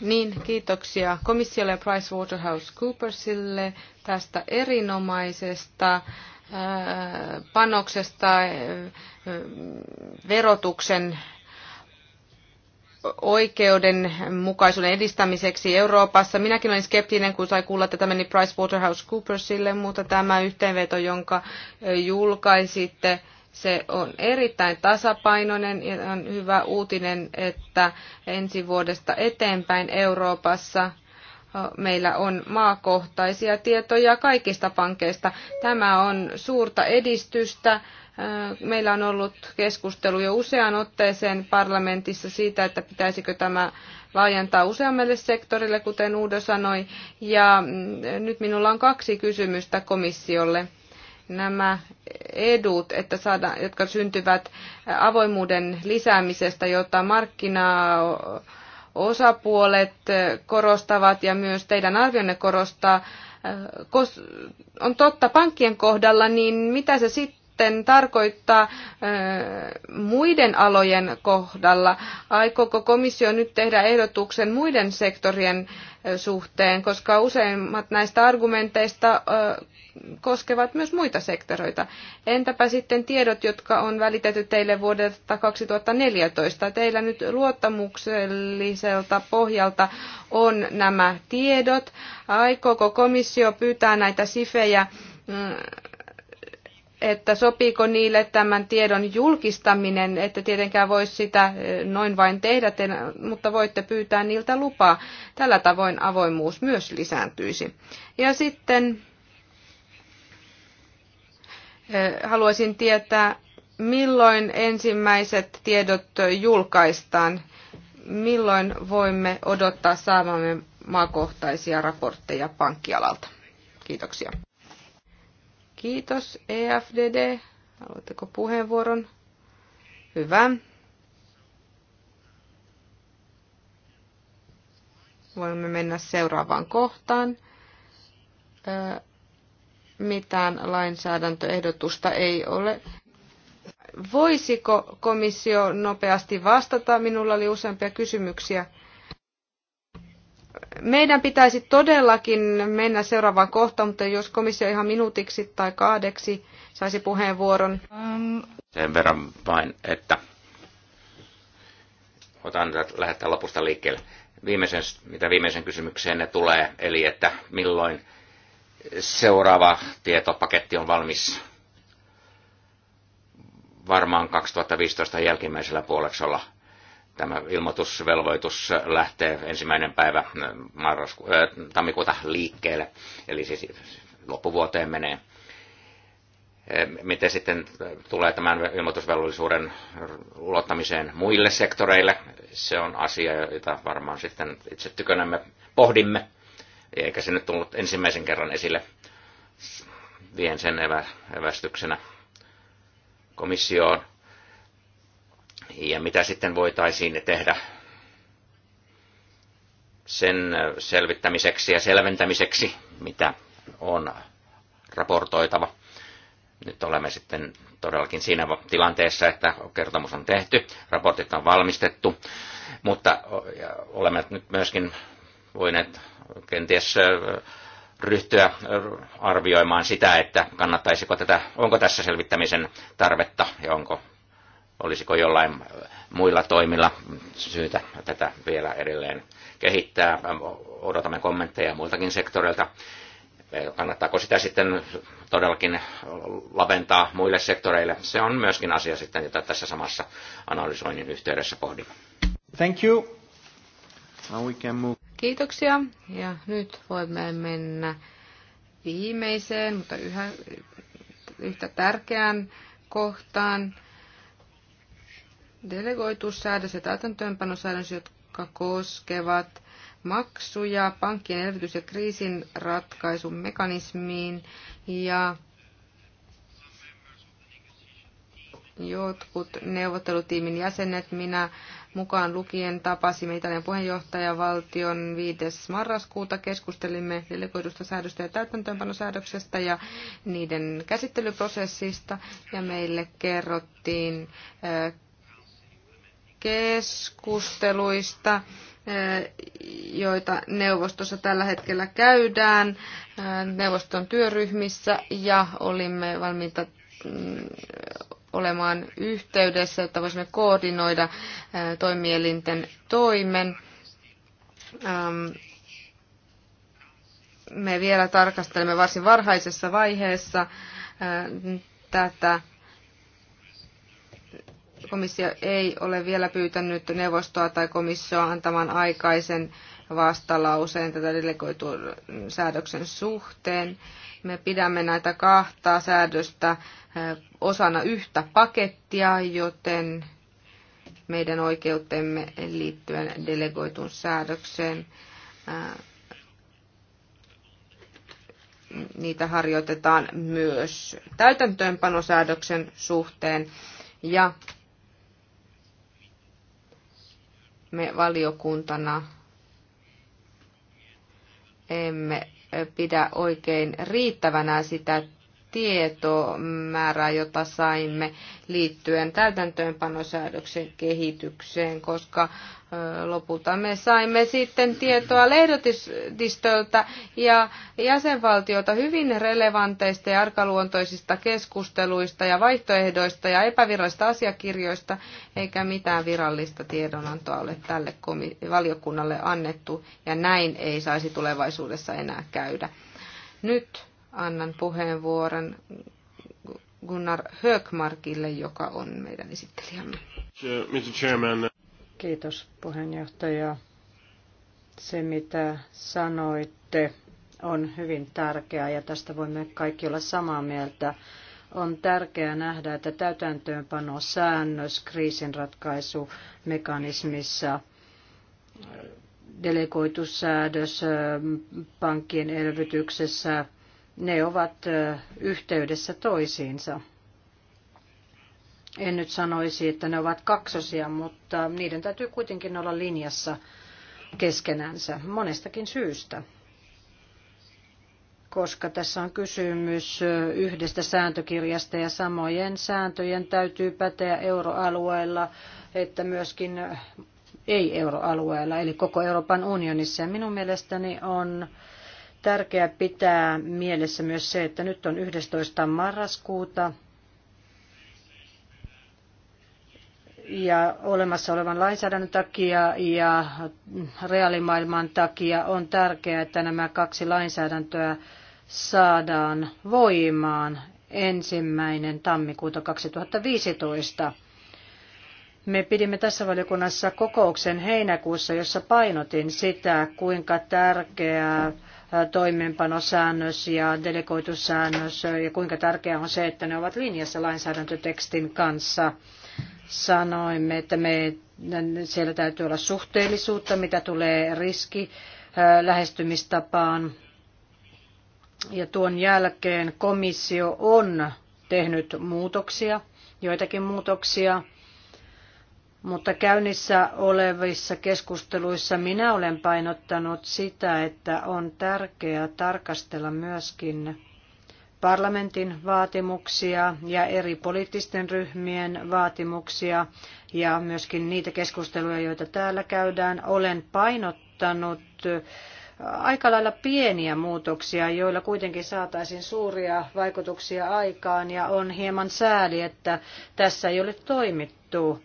Niin, kiitoksia komissiolle ja PricewaterhouseCoopersille tästä erinomaisesta äh, panoksesta äh, verotuksen oikeudenmukaisuuden edistämiseksi Euroopassa. Minäkin olin skeptinen, kun sai kuulla, että tämä meni PricewaterhouseCoopersille, mutta tämä yhteenveto, jonka äh, julkaisitte, se on erittäin tasapainoinen ja on hyvä uutinen, että ensi vuodesta eteenpäin Euroopassa meillä on maakohtaisia tietoja kaikista pankeista. Tämä on suurta edistystä. Meillä on ollut keskustelu jo useaan otteeseen parlamentissa siitä, että pitäisikö tämä laajentaa useammalle sektorille, kuten Uudo sanoi. Ja nyt minulla on kaksi kysymystä komissiolle nämä edut, että saada, jotka syntyvät avoimuuden lisäämisestä, jota markkinaosapuolet korostavat ja myös teidän arvionne korostaa, kos on totta pankkien kohdalla, niin mitä se sitten tarkoittaa eh, muiden alojen kohdalla? Aikooko komissio nyt tehdä ehdotuksen muiden sektorien eh, suhteen, koska useimmat näistä argumenteista eh, koskevat myös muita sektoreita. Entäpä sitten tiedot, jotka on välitetty teille vuodelta 2014? Teillä nyt luottamukselliselta pohjalta on nämä tiedot. Aikooko komissio pyytää näitä sifejä mm, että sopiiko niille tämän tiedon julkistaminen, että tietenkään voisi sitä eh, noin vain tehdä, mutta voitte pyytää niiltä lupaa. Tällä tavoin avoimuus myös lisääntyisi. Ja sitten Eh, haluaisin tietää, milloin ensimmäiset tiedot julkaistaan? Milloin voimme odottaa saavamme maakohtaisia raportteja pankkialalta? Kiitoksia. Kiitos EFDD. Haluatteko puheenvuoron? Hyvä. Voimme mennä seuraavaan kohtaan. Eh, mitään lainsäädäntöehdotusta ei ole. Voisiko komissio nopeasti vastata? Minulla oli useampia kysymyksiä. Meidän pitäisi todellakin mennä seuraavaan kohtaan, mutta jos komissio ihan minuutiksi tai kahdeksi saisi puheenvuoron. Ähm. Sen verran vain, että otan lähettää lopusta liikkeelle. Viimeisen, mitä viimeisen kysymykseen ne tulee, eli että milloin seuraava tietopaketti on valmis varmaan 2015 jälkimmäisellä puoleksolla. Tämä ilmoitusvelvoitus lähtee ensimmäinen päivä äh, marrasku- äh, tammikuuta liikkeelle, eli siis loppuvuoteen menee. Äh, miten sitten tulee tämän ilmoitusvelvollisuuden ulottamiseen muille sektoreille? Se on asia, jota varmaan sitten itse tykönämme pohdimme eikä se nyt tullut ensimmäisen kerran esille. Vien sen evä, evästyksenä komissioon. Ja mitä sitten voitaisiin tehdä sen selvittämiseksi ja selventämiseksi, mitä on raportoitava. Nyt olemme sitten todellakin siinä tilanteessa, että kertomus on tehty, raportit on valmistettu, mutta olemme nyt myöskin voineet kenties ryhtyä arvioimaan sitä, että kannattaisiko tätä, onko tässä selvittämisen tarvetta ja onko, olisiko jollain muilla toimilla syytä tätä vielä edelleen kehittää. Odotamme kommentteja muiltakin sektoreilta. Kannattaako sitä sitten todellakin laventaa muille sektoreille? Se on myöskin asia sitten, jota tässä samassa analysoinnin yhteydessä pohdimme. Thank you. Now we can move. Kiitoksia. Ja nyt voimme mennä viimeiseen, mutta yhä yhtä tärkeään kohtaan. Delegoitussäädös ja täytäntöönpanosäädös, jotka koskevat maksuja pankkien elvytys- ja kriisin ja Jotkut neuvottelutiimin jäsenet, minä mukaan lukien, tapasimme Italian valtion 5. marraskuuta. Keskustelimme delegoidusta säädöstä ja täytäntöönpanosäädöksestä ja niiden käsittelyprosessista. Ja meille kerrottiin äh, keskusteluista, äh, joita neuvostossa tällä hetkellä käydään äh, neuvoston työryhmissä ja olimme valmiita mm, olemaan yhteydessä, jotta voisimme koordinoida toimielinten toimen. Ähm, me vielä tarkastelemme varsin varhaisessa vaiheessa tätä. Komissio ei ole vielä pyytänyt neuvostoa tai komissioa antamaan aikaisen vastalauseen tätä delegoitun säädöksen suhteen. Me pidämme näitä kahta säädöstä osana yhtä pakettia, joten meidän oikeutemme liittyen delegoitun säädökseen niitä harjoitetaan myös täytäntöönpanosäädöksen suhteen ja me valiokuntana emme pidä oikein riittävänä sitä tietomäärää, jota saimme liittyen täytäntöönpanosäädöksen kehitykseen, koska lopulta me saimme sitten tietoa lehdotistöltä ja jäsenvaltiota hyvin relevanteista ja arkaluontoisista keskusteluista ja vaihtoehdoista ja epävirallisista asiakirjoista, eikä mitään virallista tiedonantoa ole tälle valiokunnalle annettu, ja näin ei saisi tulevaisuudessa enää käydä. Nyt annan puheenvuoron Gunnar Högmarkille, joka on meidän esittelijämme. Mr. Chairman. Kiitos puheenjohtaja. Se mitä sanoitte on hyvin tärkeää ja tästä voimme kaikki olla samaa mieltä. On tärkeää nähdä, että täytäntöönpano säännös kriisinratkaisumekanismissa delegoitussäädös pankkien elvytyksessä ne ovat yhteydessä toisiinsa. En nyt sanoisi, että ne ovat kaksosia, mutta niiden täytyy kuitenkin olla linjassa keskenänsä monestakin syystä koska tässä on kysymys yhdestä sääntökirjasta ja samojen sääntöjen täytyy päteä euroalueella, että myöskin ei-euroalueella, eli koko Euroopan unionissa. Ja minun mielestäni on tärkeää pitää mielessä myös se, että nyt on 11. marraskuuta ja olemassa olevan lainsäädännön takia ja reaalimaailman takia on tärkeää, että nämä kaksi lainsäädäntöä saadaan voimaan ensimmäinen tammikuuta 2015. Me pidimme tässä valiokunnassa kokouksen heinäkuussa, jossa painotin sitä, kuinka tärkeää toimeenpanosäännös ja delegoitussäännös ja kuinka tärkeää on se, että ne ovat linjassa lainsäädäntötekstin kanssa. Sanoimme, että me, siellä täytyy olla suhteellisuutta, mitä tulee riski lähestymistapaan. Ja tuon jälkeen komissio on tehnyt muutoksia, joitakin muutoksia mutta käynnissä olevissa keskusteluissa minä olen painottanut sitä, että on tärkeää tarkastella myöskin parlamentin vaatimuksia ja eri poliittisten ryhmien vaatimuksia ja myöskin niitä keskusteluja, joita täällä käydään. Olen painottanut äh, aika lailla pieniä muutoksia, joilla kuitenkin saataisiin suuria vaikutuksia aikaan ja on hieman sääli, että tässä ei ole toimittu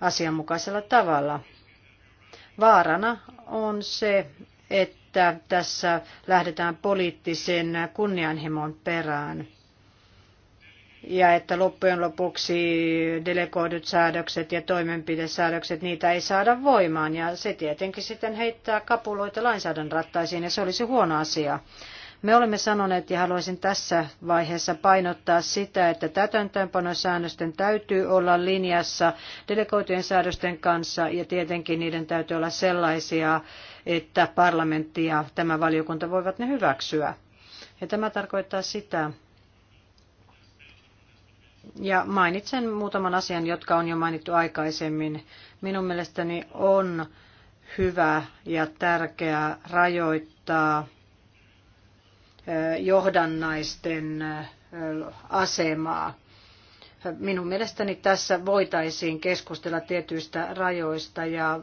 asianmukaisella tavalla. Vaarana on se, että tässä lähdetään poliittisen kunnianhimon perään ja että loppujen lopuksi delegoidut säädökset ja toimenpidesäädökset, niitä ei saada voimaan ja se tietenkin sitten heittää kapuloita lainsäädännön rattaisiin ja se olisi huono asia. Me olemme sanoneet ja haluaisin tässä vaiheessa painottaa sitä, että täytäntöönpanosäännösten täytyy olla linjassa delegoitujen säädösten kanssa ja tietenkin niiden täytyy olla sellaisia, että parlamentti ja tämä valiokunta voivat ne hyväksyä. Ja tämä tarkoittaa sitä, ja mainitsen muutaman asian, jotka on jo mainittu aikaisemmin. Minun mielestäni on hyvä ja tärkeää rajoittaa johdannaisten asemaa. Minun mielestäni tässä voitaisiin keskustella tietyistä rajoista ja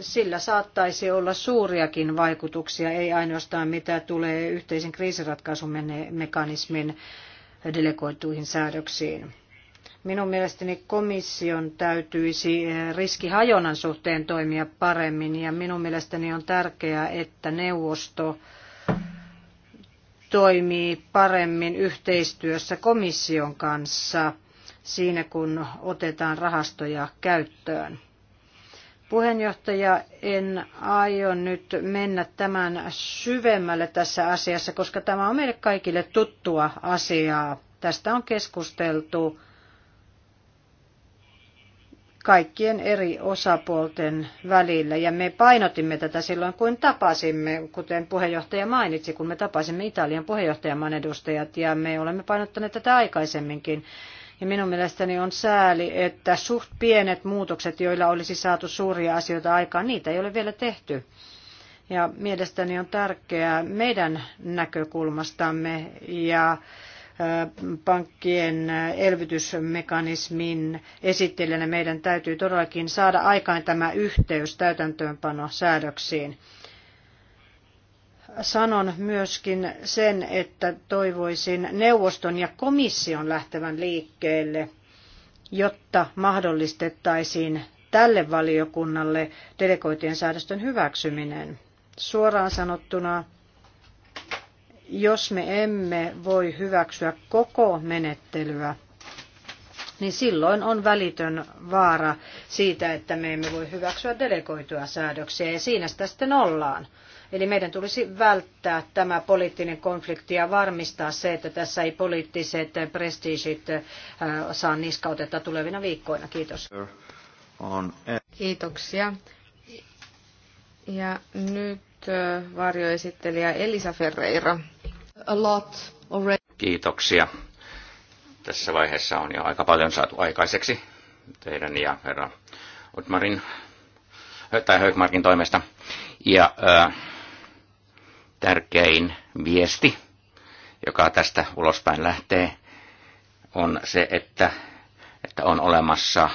sillä saattaisi olla suuriakin vaikutuksia, ei ainoastaan mitä tulee yhteisen kriisiratkaisumekanismin delegoituihin säädöksiin. Minun mielestäni komission täytyisi riskihajonnan suhteen toimia paremmin ja minun mielestäni on tärkeää, että neuvosto toimii paremmin yhteistyössä komission kanssa siinä, kun otetaan rahastoja käyttöön. Puheenjohtaja, en aio nyt mennä tämän syvemmälle tässä asiassa, koska tämä on meille kaikille tuttua asiaa. Tästä on keskusteltu kaikkien eri osapuolten välillä. Ja me painotimme tätä silloin, kun tapasimme, kuten puheenjohtaja mainitsi, kun me tapasimme Italian puheenjohtajamaan edustajat, ja me olemme painottaneet tätä aikaisemminkin. Ja minun mielestäni on sääli, että suht pienet muutokset, joilla olisi saatu suuria asioita aikaan, niitä ei ole vielä tehty. Ja mielestäni on tärkeää meidän näkökulmastamme ja pankkien elvytysmekanismin esittelijänä meidän täytyy todellakin saada aikaan tämä yhteys täytäntöönpano Sanon myöskin sen, että toivoisin neuvoston ja komission lähtevän liikkeelle, jotta mahdollistettaisiin tälle valiokunnalle delegoitujen säädösten hyväksyminen. Suoraan sanottuna jos me emme voi hyväksyä koko menettelyä, niin silloin on välitön vaara siitä, että me emme voi hyväksyä delegoituja säädöksiä, ja siinä sitä sitten ollaan. Eli meidän tulisi välttää tämä poliittinen konflikti ja varmistaa se, että tässä ei poliittiset prestiisit äh, saa niskautetta tulevina viikkoina. Kiitos. Kiitoksia. Ja nyt äh, varjoesittelijä Elisa Ferreira a lot already. Kiitoksia. Tässä vaiheessa on jo aika paljon saatu aikaiseksi teidän ja herra Otmarin tai Högmarkin toimesta. Ja ää, äh, tärkein viesti, joka tästä ulospäin lähtee, on se, että, että on olemassa äh,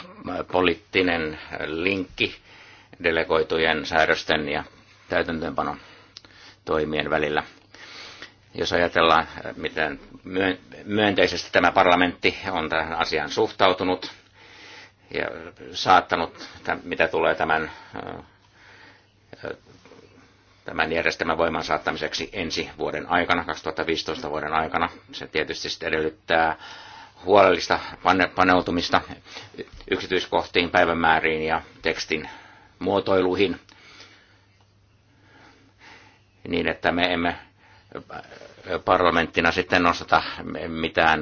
poliittinen linkki delegoitujen säädösten ja täytäntöönpanon toimien välillä – jos ajatellaan, miten myönteisesti tämä parlamentti on tähän asiaan suhtautunut ja saattanut, mitä tulee tämän, tämän järjestelmän voiman saattamiseksi ensi vuoden aikana, 2015 vuoden aikana, se tietysti edellyttää huolellista paneutumista yksityiskohtiin, päivämääriin ja tekstin muotoiluihin, niin että me emme parlamenttina sitten nostata mitään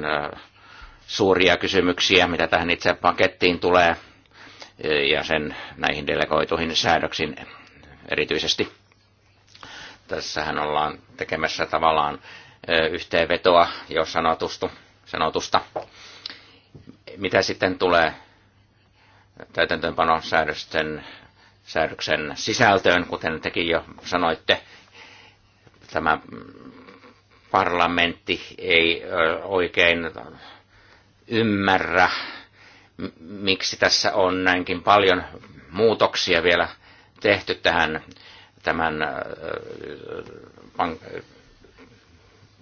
suuria kysymyksiä, mitä tähän itse pakettiin tulee ja sen näihin delegoituihin säädöksiin erityisesti. Tässähän ollaan tekemässä tavallaan yhteenvetoa jo sanotustu, sanotusta. Mitä sitten tulee täytäntöönpanosäädösten säädöksen sisältöön, kuten tekin jo sanoitte, tämä parlamentti ei oikein ymmärrä, miksi tässä on näinkin paljon muutoksia vielä tehty tähän tämän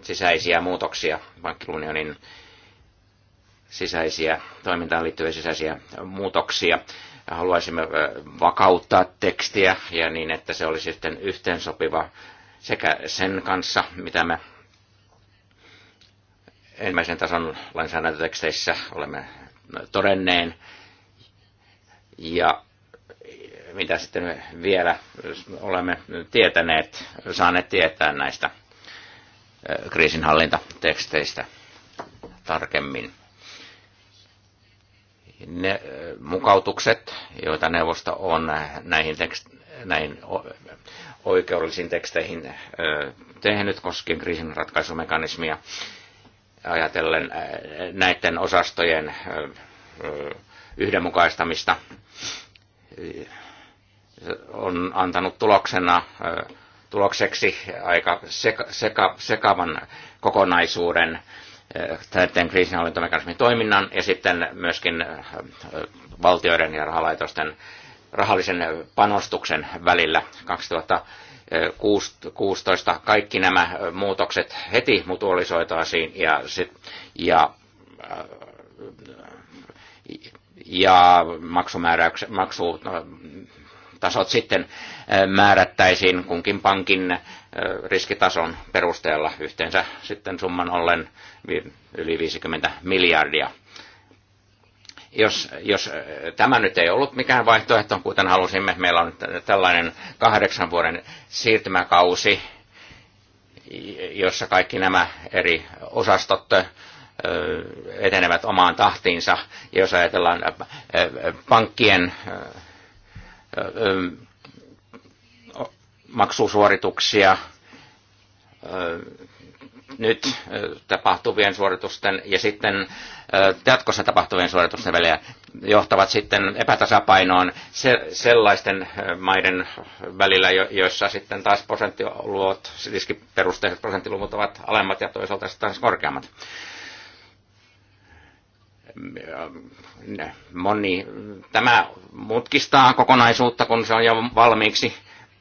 sisäisiä muutoksia, pankkiunionin sisäisiä, toimintaan liittyviä sisäisiä muutoksia. Haluaisimme vakauttaa tekstiä ja niin, että se olisi sitten yhteensopiva sekä sen kanssa, mitä me ensimmäisen tason lainsäädäntöteksteissä olemme todenneen. Ja mitä sitten vielä olemme tietäneet, saaneet tietää näistä kriisinhallintateksteistä tarkemmin. Ne mukautukset, joita neuvosto on näihin, tekst- näihin oikeudellisiin teksteihin tehnyt koskien kriisinratkaisumekanismia, ajatellen äh, näiden osastojen äh, yhdenmukaistamista äh, on antanut tuloksena, tulokseksi aika seka, seka, sekavan kokonaisuuden tämän kriisinhallintamekanismin toiminnan ja sitten myöskin valtioiden ja rahalaitosten rahallisen panostuksen välillä 2000 16 kaikki nämä muutokset heti mutualisoitaisiin ja, sit, ja, ja maksutasot sitten määrättäisiin kunkin pankin riskitason perusteella yhteensä sitten summan ollen yli 50 miljardia jos, jos äh, tämä nyt ei ollut mikään vaihtoehto, kuten halusimme, meillä on tällainen kahdeksan vuoden siirtymäkausi, jossa kaikki nämä eri osastot äh, etenevät omaan tahtiinsa. Ja jos ajatellaan äh, pankkien maksusuorituksia, nyt tapahtuvien suoritusten ja sitten jatkossa tapahtuvien suoritusten välillä johtavat sitten epätasapainoon se, sellaisten maiden välillä, joissa sitten taas prosenttiluvut, riskiperusteiset prosenttiluvut ovat alemmat ja toisaalta sitten taas korkeammat. Moni, tämä mutkistaa kokonaisuutta, kun se on jo valmiiksi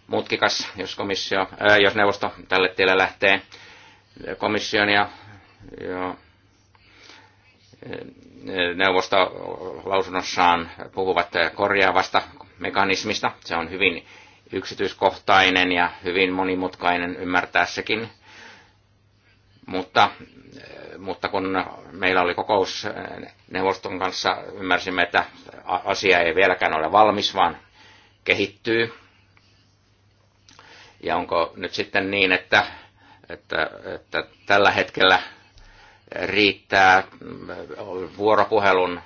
mutkikas, jos komissio, jos neuvosto tälle tielle lähtee komission ja, ja e, neuvosto lausunnossaan puhuvat korjaavasta mekanismista. Se on hyvin yksityiskohtainen ja hyvin monimutkainen ymmärtää sekin. Mutta, e, mutta kun meillä oli kokous neuvoston kanssa, ymmärsimme, että asia ei vieläkään ole valmis, vaan kehittyy. Ja onko nyt sitten niin, että että, että tällä hetkellä riittää mm, vuoropuhelun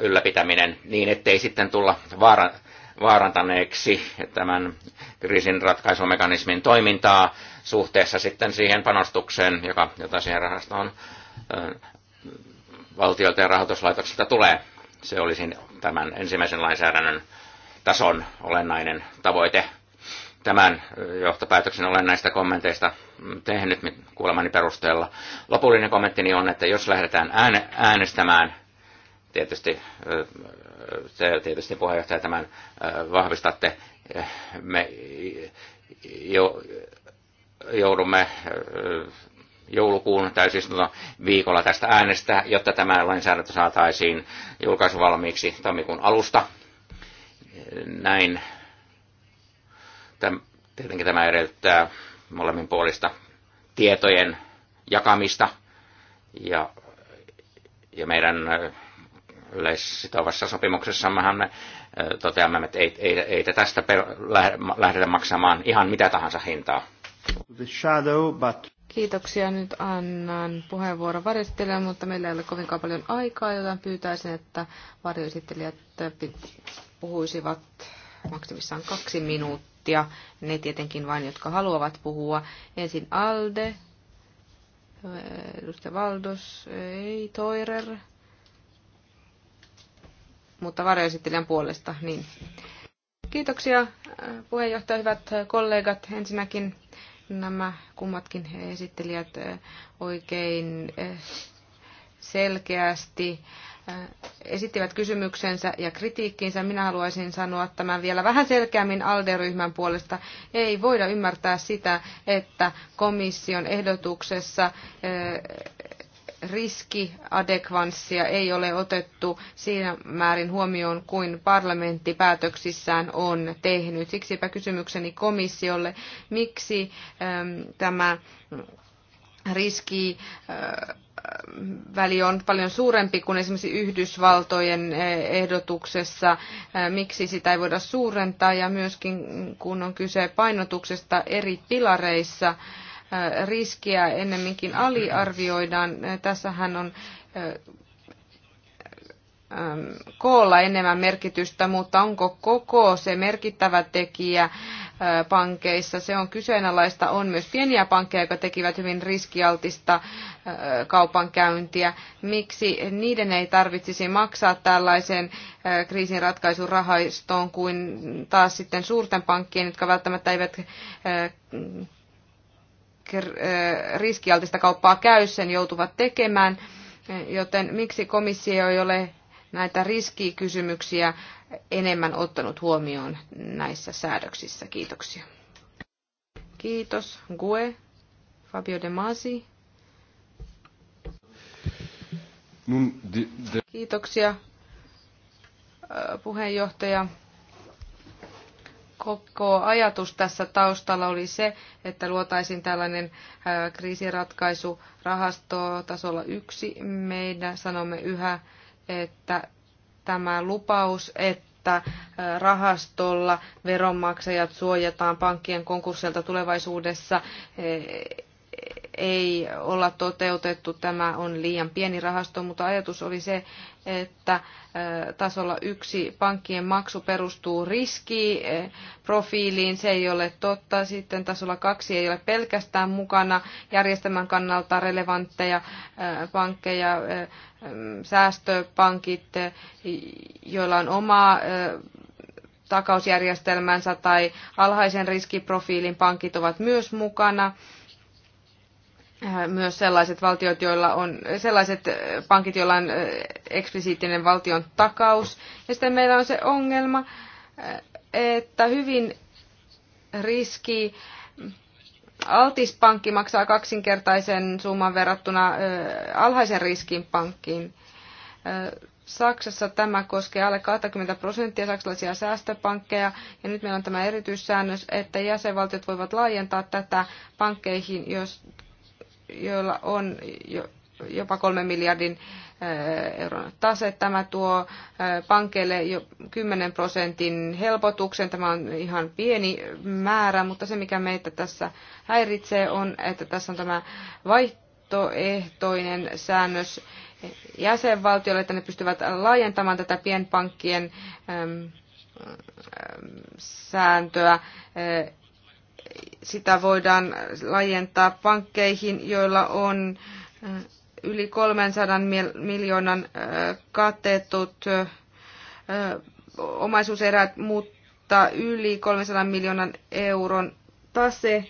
ylläpitäminen niin, ettei sitten tulla vaara, vaarantaneeksi tämän kriisin ratkaisumekanismin toimintaa suhteessa sitten siihen panostukseen, joka, jota siihen rahastoon valtiolta ja rahoituslaitoksilta tulee. Se olisi tämän ensimmäisen lainsäädännön tason olennainen tavoite tämän johtopäätöksen olen näistä kommenteista tehnyt kuulemani perusteella. Lopullinen kommenttini on, että jos lähdetään äänestämään, tietysti, se tietysti puheenjohtaja tämän vahvistatte, me joudumme joulukuun täysistunnon viikolla tästä äänestää, jotta tämä lainsäädäntö saataisiin julkaisuvalmiiksi tammikuun alusta. Näin tietenkin tämä edellyttää molemmin puolista tietojen jakamista ja, ja meidän yleissitovassa sopimuksessammehan me toteamme, että ei, ei, ei tästä lähdetä maksamaan ihan mitä tahansa hintaa. Shadow, but... Kiitoksia. Nyt annan puheenvuoron varjoesittelijälle, mutta meillä ei ole kovinkaan paljon aikaa, joten pyytäisin, että varjoesittelijät puhuisivat maksimissaan kaksi minuuttia. Ne tietenkin vain, jotka haluavat puhua. Ensin Alde, edustaja Valdos, ei, Toirer, mutta varjoesittelijän puolesta, niin. Kiitoksia puheenjohtaja, hyvät kollegat. Ensinnäkin nämä kummatkin esittelijät eh, oikein eh, selkeästi Äh, esittivät kysymyksensä ja kritiikkiinsä. Minä haluaisin sanoa tämän vielä vähän selkeämmin ALDE-ryhmän puolesta. Ei voida ymmärtää sitä, että komission ehdotuksessa äh, riskiadekvanssia ei ole otettu siinä määrin huomioon kuin parlamentti päätöksissään on tehnyt. Siksipä kysymykseni komissiolle, miksi ähm, tämä riski väli on paljon suurempi kuin esimerkiksi Yhdysvaltojen ehdotuksessa, miksi sitä ei voida suurentaa ja myöskin kun on kyse painotuksesta eri pilareissa, riskiä ennemminkin aliarvioidaan. Tässähän on Ähm, koolla enemmän merkitystä, mutta onko koko se merkittävä tekijä äh, pankeissa? Se on kyseenalaista. On myös pieniä pankkeja, jotka tekivät hyvin riskialtista äh, kaupankäyntiä. Miksi niiden ei tarvitsisi maksaa tällaisen äh, kriisinratkaisurahaistoon kuin taas sitten suurten pankkien, jotka välttämättä eivät riskialtista kauppaa käy, sen joutuvat tekemään joten miksi komissio ei ole näitä riskikysymyksiä enemmän ottanut huomioon näissä säädöksissä. Kiitoksia. Kiitos. Gue, Fabio De Masi. Kiitoksia äh, puheenjohtaja. Koko ajatus tässä taustalla oli se, että luotaisiin tällainen äh, kriisiratkaisurahasto tasolla yksi. Meidän sanomme yhä että tämä lupaus, että rahastolla veronmaksajat suojataan pankkien konkursseilta tulevaisuudessa, e, ei olla toteutettu. Tämä on liian pieni rahasto, mutta ajatus oli se, että tasolla yksi pankkien maksu perustuu riskiprofiiliin. Se ei ole totta. Sitten tasolla kaksi ei ole pelkästään mukana järjestelmän kannalta relevantteja pankkeja, säästöpankit, joilla on omaa takausjärjestelmänsä tai alhaisen riskiprofiilin pankit ovat myös mukana. Äh, myös sellaiset valtiot, joilla on, sellaiset äh, pankit, joilla on äh, eksplisiittinen valtion takaus. Ja sitten meillä on se ongelma, että hyvin riski altis pankki maksaa kaksinkertaisen summan verrattuna alhaisen riskin pankkiin. Saksassa tämä koskee alle 20 prosenttia saksalaisia säästöpankkeja, ja nyt meillä on tämä erityissäännös, että jäsenvaltiot voivat laajentaa tätä pankkeihin, jos joilla on jopa kolme miljardin euron tase. Tämä tuo pankeille jo 10 prosentin helpotuksen. Tämä on ihan pieni määrä, mutta se mikä meitä tässä häiritsee on, että tässä on tämä vaihtoehtoinen säännös jäsenvaltiolle, että ne pystyvät laajentamaan tätä pienpankkien sääntöä sitä voidaan laajentaa pankkeihin, joilla on eh, yli 300 miljoonan eh, katetut eh, omaisuuserät, mutta yli 300 miljoonan euron tase.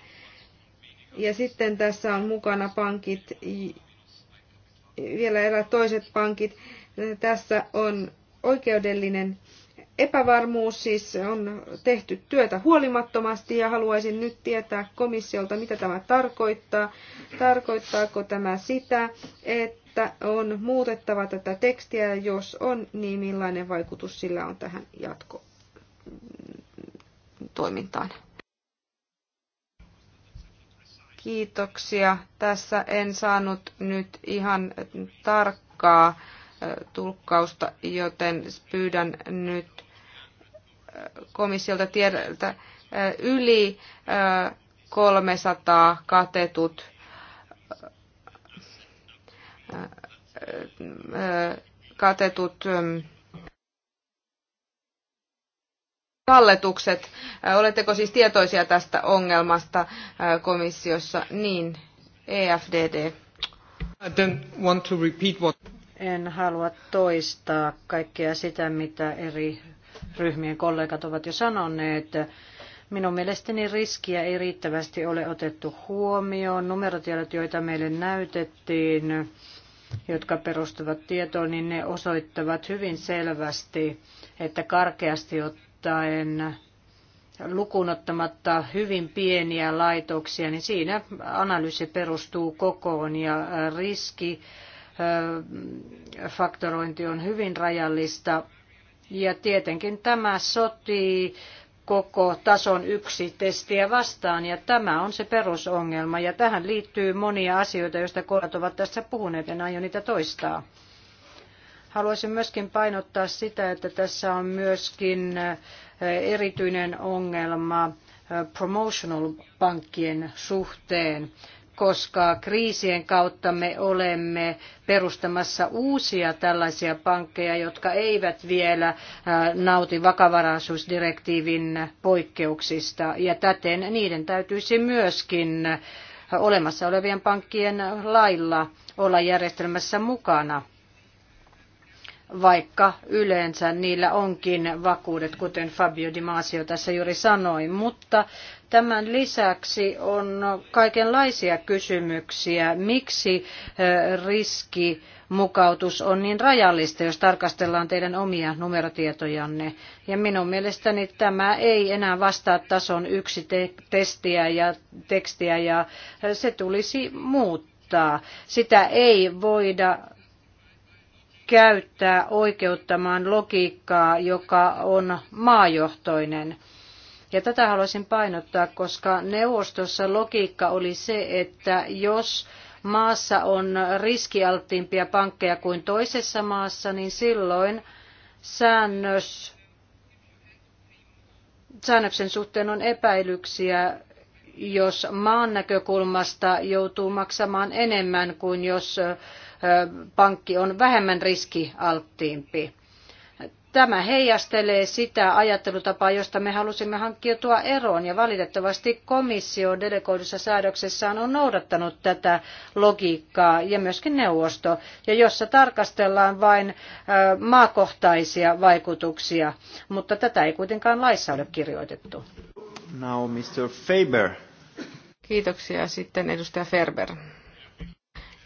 Ja sitten tässä on mukana pankit, vielä erät toiset pankit. Tässä on oikeudellinen epävarmuus siis on tehty työtä huolimattomasti ja haluaisin nyt tietää komissiolta, mitä tämä tarkoittaa. Tarkoittaako tämä sitä, että on muutettava tätä tekstiä jos on, niin millainen vaikutus sillä on tähän jatkotoimintaan? Kiitoksia. Tässä en saanut nyt ihan tarkkaa tulkkausta, joten pyydän nyt komissiolta tiedeltä yli 300 katetut katetut talletukset. Oletteko siis tietoisia tästä ongelmasta komissiossa? Niin, EFDD. En halua toistaa kaikkea sitä, mitä eri ryhmien kollegat ovat jo sanoneet, Minun mielestäni riskiä ei riittävästi ole otettu huomioon. Numerotiedot, joita meille näytettiin, jotka perustuvat tietoon, niin ne osoittavat hyvin selvästi, että karkeasti ottaen lukunottamatta hyvin pieniä laitoksia, niin siinä analyysi perustuu kokoon ja riski faktorointi on hyvin rajallista ja tietenkin tämä sotii koko tason yksi testiä vastaan, ja tämä on se perusongelma. Ja tähän liittyy monia asioita, joista kollegat ovat tässä puhuneet, en aio niitä toistaa. Haluaisin myöskin painottaa sitä, että tässä on myöskin eh, erityinen ongelma eh, promotional pankkien suhteen koska kriisien kautta me olemme perustamassa uusia tällaisia pankkeja, jotka eivät vielä äh, nauti vakavaraisuusdirektiivin poikkeuksista. Ja täten niiden täytyisi myöskin olemassa olevien pankkien lailla olla järjestelmässä mukana vaikka yleensä niillä onkin vakuudet, kuten Fabio Di Masio tässä juuri sanoi. Mutta Tämän lisäksi on kaikenlaisia kysymyksiä. Miksi riski mukautus on niin rajallista, jos tarkastellaan teidän omia numerotietojanne. Ja minun mielestäni tämä ei enää vastaa tason yksi te- testiä ja tekstiä ja se tulisi muuttaa. Sitä ei voida käyttää oikeuttamaan logiikkaa, joka on maajohtoinen. Ja tätä haluaisin painottaa, koska neuvostossa logiikka oli se, että jos maassa on riskialttiimpia pankkeja kuin toisessa maassa, niin silloin säännös, säännöksen suhteen on epäilyksiä, jos maan näkökulmasta joutuu maksamaan enemmän kuin jos pankki on vähemmän riskialttiimpi. Tämä heijastelee sitä ajattelutapaa, josta me halusimme hankkiutua eroon, ja valitettavasti komissio delegoidussa säädöksessään on noudattanut tätä logiikkaa, ja myöskin neuvosto, ja jossa tarkastellaan vain maakohtaisia vaikutuksia, mutta tätä ei kuitenkaan laissa ole kirjoitettu. Now Mr. Faber. Kiitoksia sitten edustaja Ferber.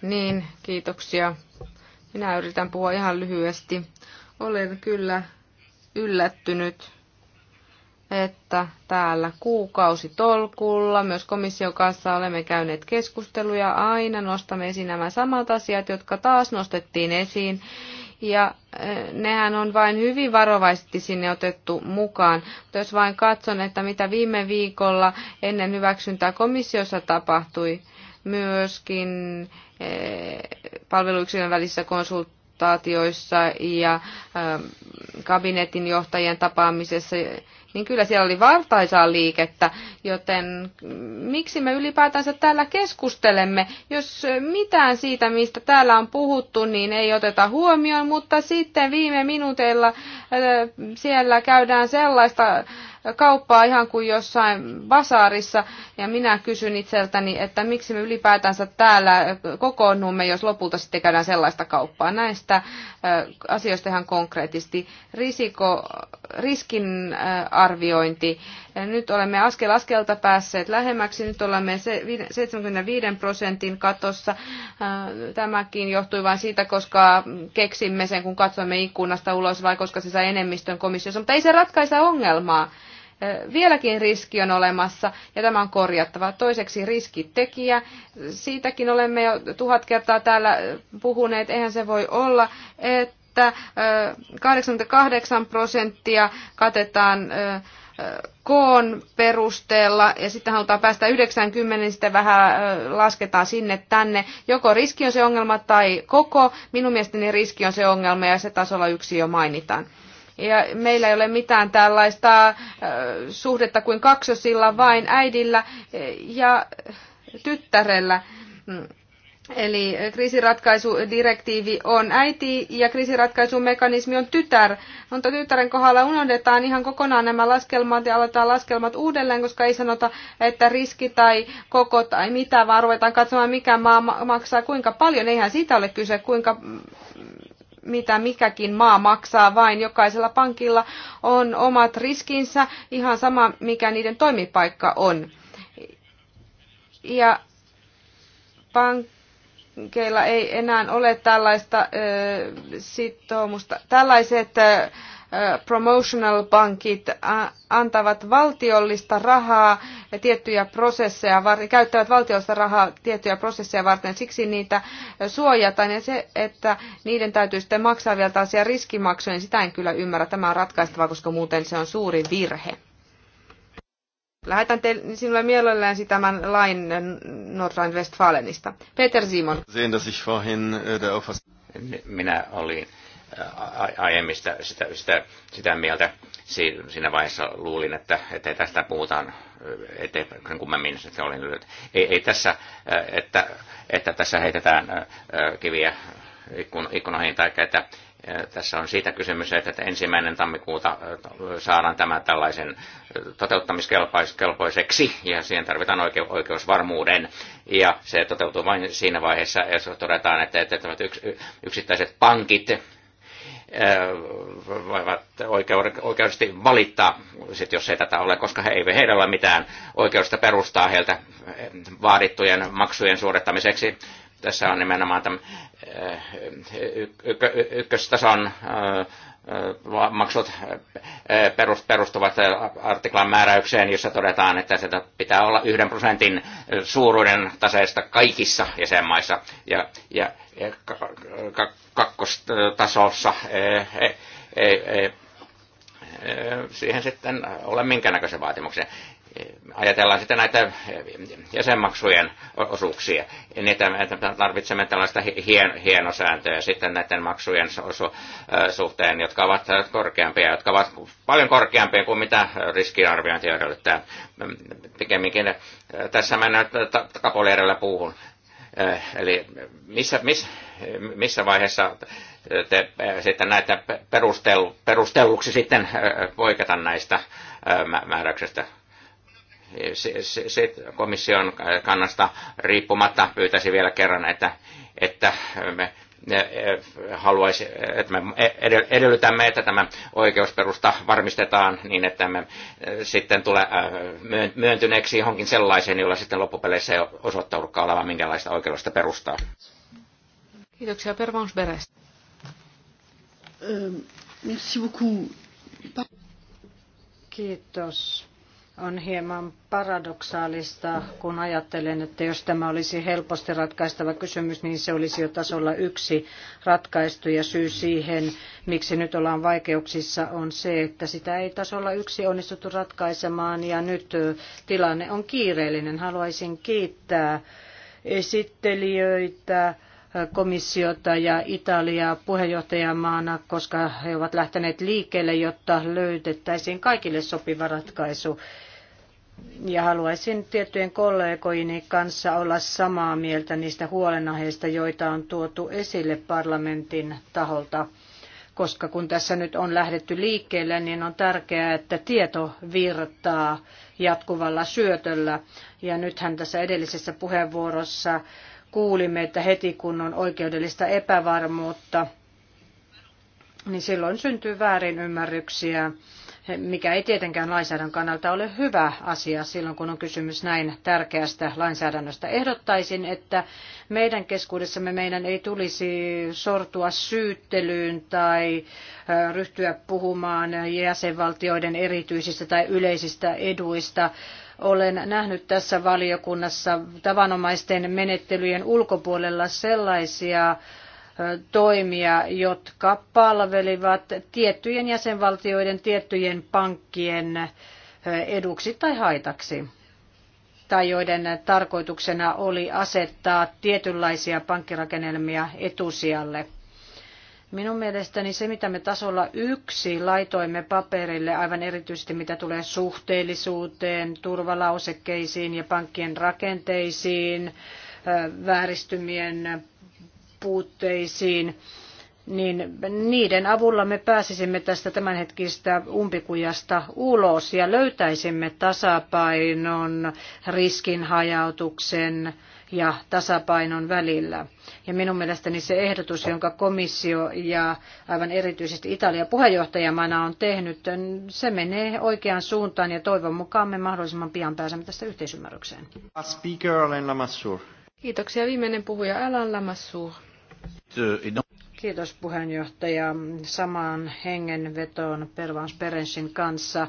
Niin, kiitoksia. Minä yritän puhua ihan lyhyesti olen kyllä yllättynyt, että täällä kuukausi tolkulla myös komission kanssa olemme käyneet keskusteluja. Aina nostamme esiin nämä samat asiat, jotka taas nostettiin esiin. Ja eh, nehän on vain hyvin varovaisesti sinne otettu mukaan. Mutta jos vain katson, että mitä viime viikolla ennen hyväksyntää komissiossa tapahtui, myöskin eh, palveluyksilön välissä konsult konsultaatioissa ja ähm, kabinetin johtajien tapaamisessa niin kyllä siellä oli vartaisaa liikettä, joten miksi me ylipäätänsä täällä keskustelemme, jos mitään siitä, mistä täällä on puhuttu, niin ei oteta huomioon, mutta sitten viime minuuteilla äh, siellä käydään sellaista kauppaa ihan kuin jossain basaarissa, ja minä kysyn itseltäni, että miksi me ylipäätänsä täällä kokoonnumme, jos lopulta sitten käydään sellaista kauppaa. Näistä äh, asioista ihan konkreettisesti risiko, riskin äh, arviointi. Nyt olemme askel askelta päässeet lähemmäksi, nyt olemme 75 prosentin katossa. Äh, tämäkin johtui vain siitä, koska keksimme sen, kun katsoimme ikkunasta ulos vai koska se sai enemmistön komissiossa, mutta ei se ratkaise ongelmaa. Äh, vieläkin riski on olemassa ja tämä on korjattava. Toiseksi riskitekijä. Siitäkin olemme jo tuhat kertaa täällä puhuneet, eihän se voi olla, että että 88 prosenttia katetaan koon perusteella ja sitten halutaan päästä 90, niin sitten vähän lasketaan sinne tänne. Joko riski on se ongelma tai koko. Minun mielestäni riski on se ongelma ja se tasolla yksi jo mainitaan. Ja meillä ei ole mitään tällaista suhdetta kuin kaksosilla, vain äidillä ja tyttärellä. Mm. Eli kriisiratkaisudirektiivi on äiti ja kriisiratkaisumekanismi on tytär, mutta tytären kohdalla unohdetaan ihan kokonaan nämä laskelmat ja aletaan laskelmat uudelleen, koska ei sanota, että riski tai koko tai mitä, vaan ruvetaan katsomaan, mikä maa maksaa kuinka paljon. Eihän siitä ole kyse, kuinka mm, mitä mikäkin maa maksaa, vain jokaisella pankilla on omat riskinsä, ihan sama mikä niiden toimipaikka on. Ja pankki pankeilla ei enää ole tällaista äh, sitoumusta. Tällaiset äh, promotional pankit antavat valtiollista rahaa ja tiettyjä prosesseja varten, käyttävät valtiollista rahaa tiettyjä prosesseja varten, siksi niitä suojataan ja se, että niiden täytyy sitten maksaa vielä taas riskimaksuja, niin sitä en kyllä ymmärrä. Tämä on ratkaistava, koska muuten se on suuri virhe. Lähetän teille, sinulle mielellään tämän lain Nordrhein-Westfalenista. Peter Simon. Sehen, dass ich vorhin äh, der Minä olin äh, aiemmin sitä, sitä, sitä, sitä mieltä siinä vaiheessa luulin, että, että tästä puhutaan äh, eteenpäin kummemmin, että olin lyhyt. Ei, ei tässä, että, että tässä heitetään kiviä ikkun, ikkunoihin tai että, tässä on siitä kysymys, että ensimmäinen tammikuuta saadaan tämä tällaisen toteuttamiskelpoiseksi ja siihen tarvitaan oikeusvarmuuden. Ja se toteutuu vain siinä vaiheessa, jos todetaan, että, että yksittäiset pankit voivat oikeudellisesti valittaa, sit jos ei tätä ole, koska he ei heillä ole mitään oikeusta perustaa heiltä vaadittujen maksujen suorittamiseksi tässä on nimenomaan tämän eh, eh, ykköstason eh, maksut perustuvat artiklan määräykseen, jossa todetaan, että sitä pitää olla yhden prosentin suuruuden taseesta kaikissa jäsenmaissa ja, ja, ja kakkostasossa siihen sitten ole minkäännäköisen vaatimuksen ajatellaan sitten näitä eh, jäsenmaksujen osuuksia, niin että tarvitsemme tällaista hien, hienosääntöä sitten näiden maksujen osu, eh, suhteen, jotka ovat korkeampia, jotka ovat paljon korkeampia kuin mitä riskiarviointi edellyttää. Mm, pikemminkin eh, tässä mennään takapuoli puuhun. Eli missä, missä, missä vaiheessa te sitten näitä perustel, perustelluksi sitten poiketa näistä määräyksistä? komission kannasta riippumatta pyytäisi vielä kerran, että, että me e, haluaisi, että me edellytämme, että tämä oikeusperusta varmistetaan niin, että me e, sitten tule e, myöntyneeksi johonkin sellaiseen, jolla sitten loppupeleissä ei osoittaudukaan olevan minkälaista oikeudellista perustaa. Kiitoksia. Pervans Beres. Euh, Kiitos on hieman paradoksaalista, kun ajattelen, että jos tämä olisi helposti ratkaistava kysymys, niin se olisi jo tasolla yksi ratkaistu. Ja syy siihen, miksi nyt ollaan vaikeuksissa, on se, että sitä ei tasolla yksi onnistuttu ratkaisemaan. Ja nyt tilanne on kiireellinen. Haluaisin kiittää esittelijöitä komissiota ja Italiaa puheenjohtajamaana, koska he ovat lähteneet liikkeelle, jotta löydettäisiin kaikille sopiva ratkaisu ja haluaisin tiettyjen kollegoini kanssa olla samaa mieltä niistä huolenaiheista, joita on tuotu esille parlamentin taholta. Koska kun tässä nyt on lähdetty liikkeelle, niin on tärkeää, että tieto virtaa jatkuvalla syötöllä. Ja nythän tässä edellisessä puheenvuorossa kuulimme, että heti kun on oikeudellista epävarmuutta, niin silloin syntyy väärinymmärryksiä ymmärryksiä mikä ei tietenkään lainsäädännön kannalta ole hyvä asia silloin, kun on kysymys näin tärkeästä lainsäädännöstä. Ehdottaisin, että meidän keskuudessamme meidän ei tulisi sortua syyttelyyn tai ryhtyä puhumaan jäsenvaltioiden erityisistä tai yleisistä eduista olen nähnyt tässä valiokunnassa tavanomaisten menettelyjen ulkopuolella sellaisia toimia, jotka palvelivat tiettyjen jäsenvaltioiden, tiettyjen pankkien eduksi tai haitaksi tai joiden tarkoituksena oli asettaa tietynlaisia pankkirakennelmia etusijalle. Minun mielestäni se, mitä me tasolla yksi laitoimme paperille, aivan erityisesti mitä tulee suhteellisuuteen, turvalausekkeisiin ja pankkien rakenteisiin, vääristymien puutteisiin, niin niiden avulla me pääsisimme tästä tämänhetkistä umpikujasta ulos ja löytäisimme tasapainon riskin hajautuksen ja tasapainon välillä. Ja minun mielestäni se ehdotus, jonka komissio ja aivan erityisesti Italia puheenjohtajamana on tehnyt, se menee oikeaan suuntaan ja toivon mukaan me mahdollisimman pian pääsemme tästä yhteisymmärrykseen. Kiitoksia. Viimeinen puhuja Alan Lamassur. Kiitos puheenjohtaja. Samaan hengenvetoon Pervans Perensin kanssa.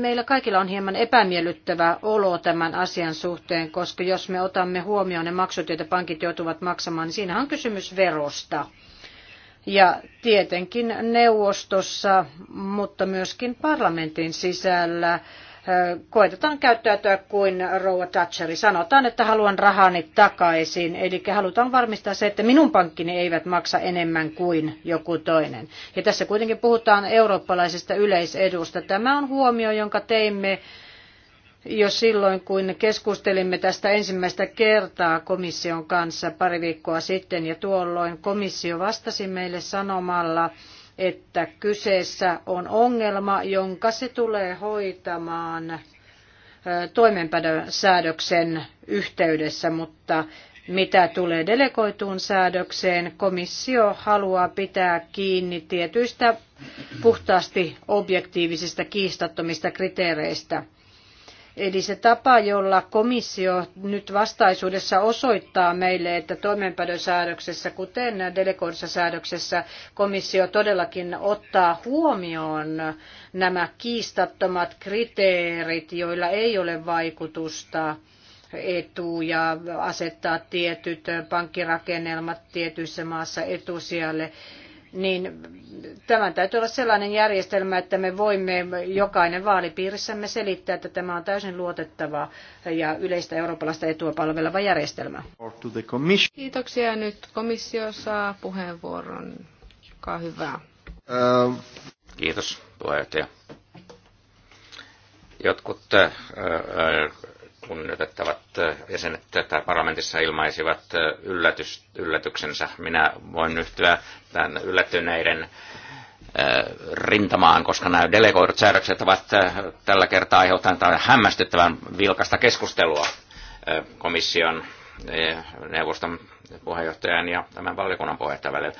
Meillä kaikilla on hieman epämiellyttävä olo tämän asian suhteen, koska jos me otamme huomioon ne maksut, joita pankit joutuvat maksamaan, niin siinähän on kysymys verosta. Ja tietenkin neuvostossa, mutta myöskin parlamentin sisällä koetetaan käyttäytyä kuin rouva Thatcheri. Sanotaan, että haluan rahani takaisin, eli halutaan varmistaa se, että minun pankkini eivät maksa enemmän kuin joku toinen. Ja tässä kuitenkin puhutaan eurooppalaisesta yleisedusta. Tämä on huomio, jonka teimme jo silloin, kun keskustelimme tästä ensimmäistä kertaa komission kanssa pari viikkoa sitten, ja tuolloin komissio vastasi meille sanomalla, että kyseessä on ongelma, jonka se tulee hoitamaan toimenpääsäädöksen yhteydessä, mutta mitä tulee delegoituun säädökseen, komissio haluaa pitää kiinni tietyistä puhtaasti objektiivisista kiistattomista kriteereistä. Eli se tapa, jolla komissio nyt vastaisuudessa osoittaa meille, että toimeenpanosäädöksessä, kuten delegoidussa säädöksessä, komissio todellakin ottaa huomioon nämä kiistattomat kriteerit, joilla ei ole vaikutusta etu ja asettaa tietyt pankkirakennelmat tietyissä maassa etusijalle niin tämän täytyy olla sellainen järjestelmä, että me voimme jokainen vaalipiirissämme selittää, että tämä on täysin luotettava ja yleistä eurooppalaista etua palveleva järjestelmä. Kiitoksia. Nyt komissio saa puheenvuoron. Olkaa hyvä. Ähm. Kiitos puheenjohtaja. Jotkut äh, äh, kunnioitettavat jäsenet tätä parlamentissa ilmaisivat yllätys, yllätyksensä. Minä voin yhtyä tämän yllättyneiden rintamaan, koska nämä delegoidut säädökset ovat tällä kertaa aiheuttaneet hämmästyttävän vilkasta keskustelua komission neuvoston puheenjohtajan ja tämän valiokunnan puheenjohtajan välillä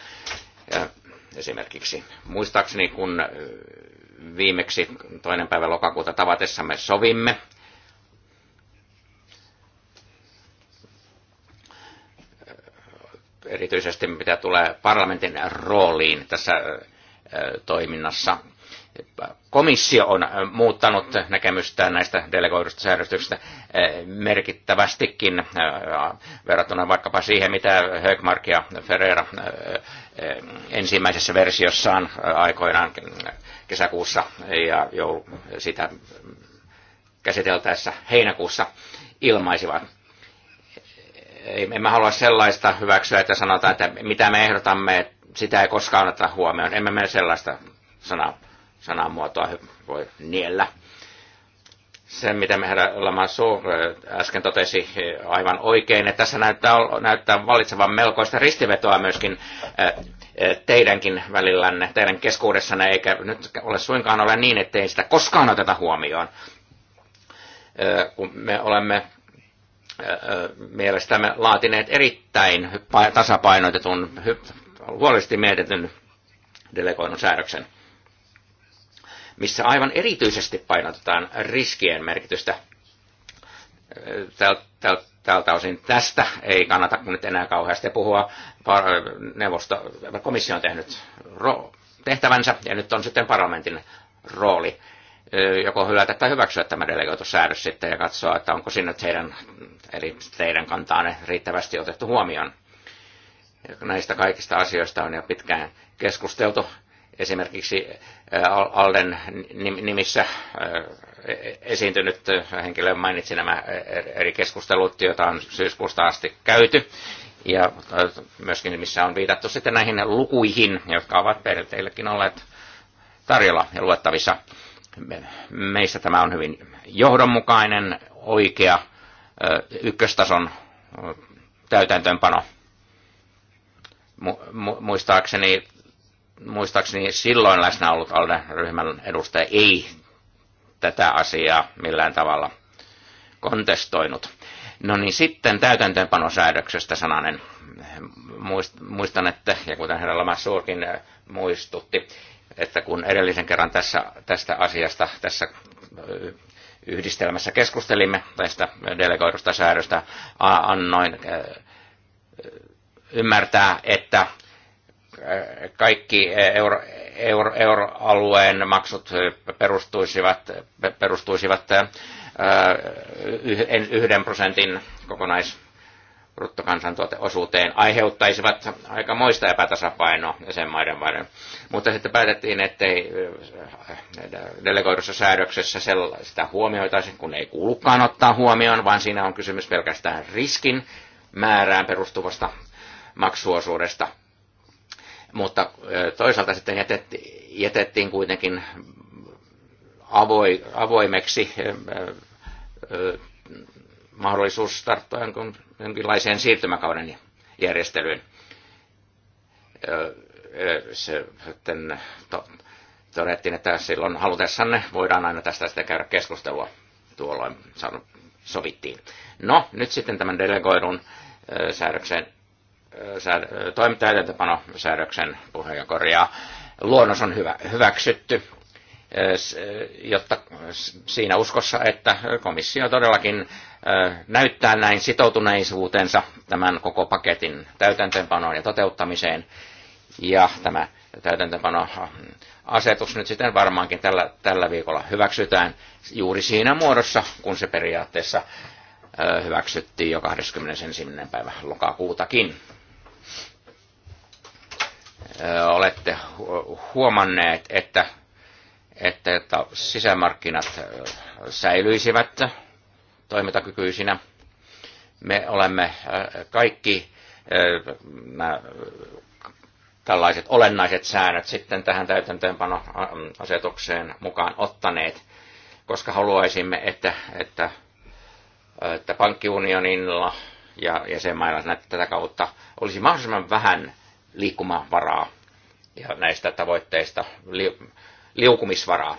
esimerkiksi. Muistaakseni kun viimeksi toinen päivä lokakuuta tavatessamme sovimme erityisesti mitä tulee parlamentin rooliin tässä toiminnassa. Komissio on muuttanut näkemystään näistä delegoidusta säädöstyksistä merkittävästikin verrattuna vaikkapa siihen, mitä Högmark ja Ferreira ensimmäisessä versiossaan aikoinaan kesäkuussa ja joulu, sitä käsiteltäessä heinäkuussa ilmaisivat emme halua sellaista hyväksyä, että sanotaan, että mitä me ehdotamme, sitä ei koskaan oteta huomioon. Emme me sellaista sana, sanamuotoa voi niellä. Se, mitä me herra Lamassu äsken totesi aivan oikein, että tässä näyttää, näyttää valitsevan melkoista ristivetoa myöskin teidänkin välillänne, teidän keskuudessanne, eikä nyt ole suinkaan ole niin, ettei sitä koskaan oteta huomioon. Kun me olemme mielestämme laatineet erittäin tasapainotetun, huolellisesti mietityn delegoinnun säädöksen, missä aivan erityisesti painotetaan riskien merkitystä. Tältä osin tästä ei kannata nyt enää kauheasti puhua. Neuvosto, komissio on tehnyt tehtävänsä ja nyt on sitten parlamentin rooli joko hylätä tai hyväksyä tämä delegoitu säädös sitten ja katsoa, että onko sinne teidän, eli teidän kantaanne riittävästi otettu huomioon. Näistä kaikista asioista on jo pitkään keskusteltu. Esimerkiksi Alden nimissä e-, esiintynyt henkilö mainitsi nämä e-, e-, eri keskustelut, joita on syyskuusta asti käyty. Ja myöskin missä on viitattu sitten näihin lukuihin, jotka ovat teillekin olleet tarjolla ja luettavissa Meistä tämä on hyvin johdonmukainen, oikea ykköstason täytäntöönpano. muistaakseni, muistaakseni silloin läsnä ollut ALDE-ryhmän edustaja ei tätä asiaa millään tavalla kontestoinut. No niin sitten täytäntöönpanosäädöksestä sananen. Muistan, että, ja kuten herra Lama Suurkin muistutti, että kun edellisen kerran tässä, tästä asiasta tässä yhdistelmässä keskustelimme tästä delegoidusta säädöstä, annoin ymmärtää, että kaikki euro, euro, euroalueen maksut perustuisivat, perustuisivat yhden prosentin kokonais bruttokansantuoteosuuteen aiheuttaisivat aika moista epätasapainoa jäsenmaiden välillä. Mutta sitten päätettiin, ettei äh, delegoidussa säädöksessä sellaista huomioitaisi, kun ei kuulukaan ottaa huomioon, vaan siinä on kysymys pelkästään riskin määrään perustuvasta maksuosuudesta. Mutta äh, toisaalta sitten jätettiin, jätettiin kuitenkin avoimeksi äh, mahdollisuus tarttua jonkun jonkinlaiseen siirtymäkauden järjestelyyn. Se, sitten to, todettiin, että silloin halutessanne voidaan aina tästä sitten käydä keskustelua. Tuolloin sovittiin. No, nyt sitten tämän delegoidun säädöksen säädö, täytäntöpanosäädöksen puheenjohtaja korjaa. luonnos on hyvä, hyväksytty jotta siinä uskossa, että komissio todellakin näyttää näin sitoutuneisuutensa tämän koko paketin täytäntöönpanoon ja toteuttamiseen. Ja tämä täytäntöönpanoasetus nyt sitten varmaankin tällä, tällä viikolla hyväksytään juuri siinä muodossa, kun se periaatteessa hyväksyttiin jo 21. päivä lokakuutakin. Olette huomanneet, että että, että sisämarkkinat säilyisivät toimintakykyisinä. Me olemme kaikki nämä tällaiset olennaiset säännöt sitten tähän täytäntöönpanoasetukseen mukaan ottaneet, koska haluaisimme, että, että, että pankkiunionilla ja jäsenmailla tätä kautta olisi mahdollisimman vähän liikkumavaraa ja näistä tavoitteista liukumisvaraa.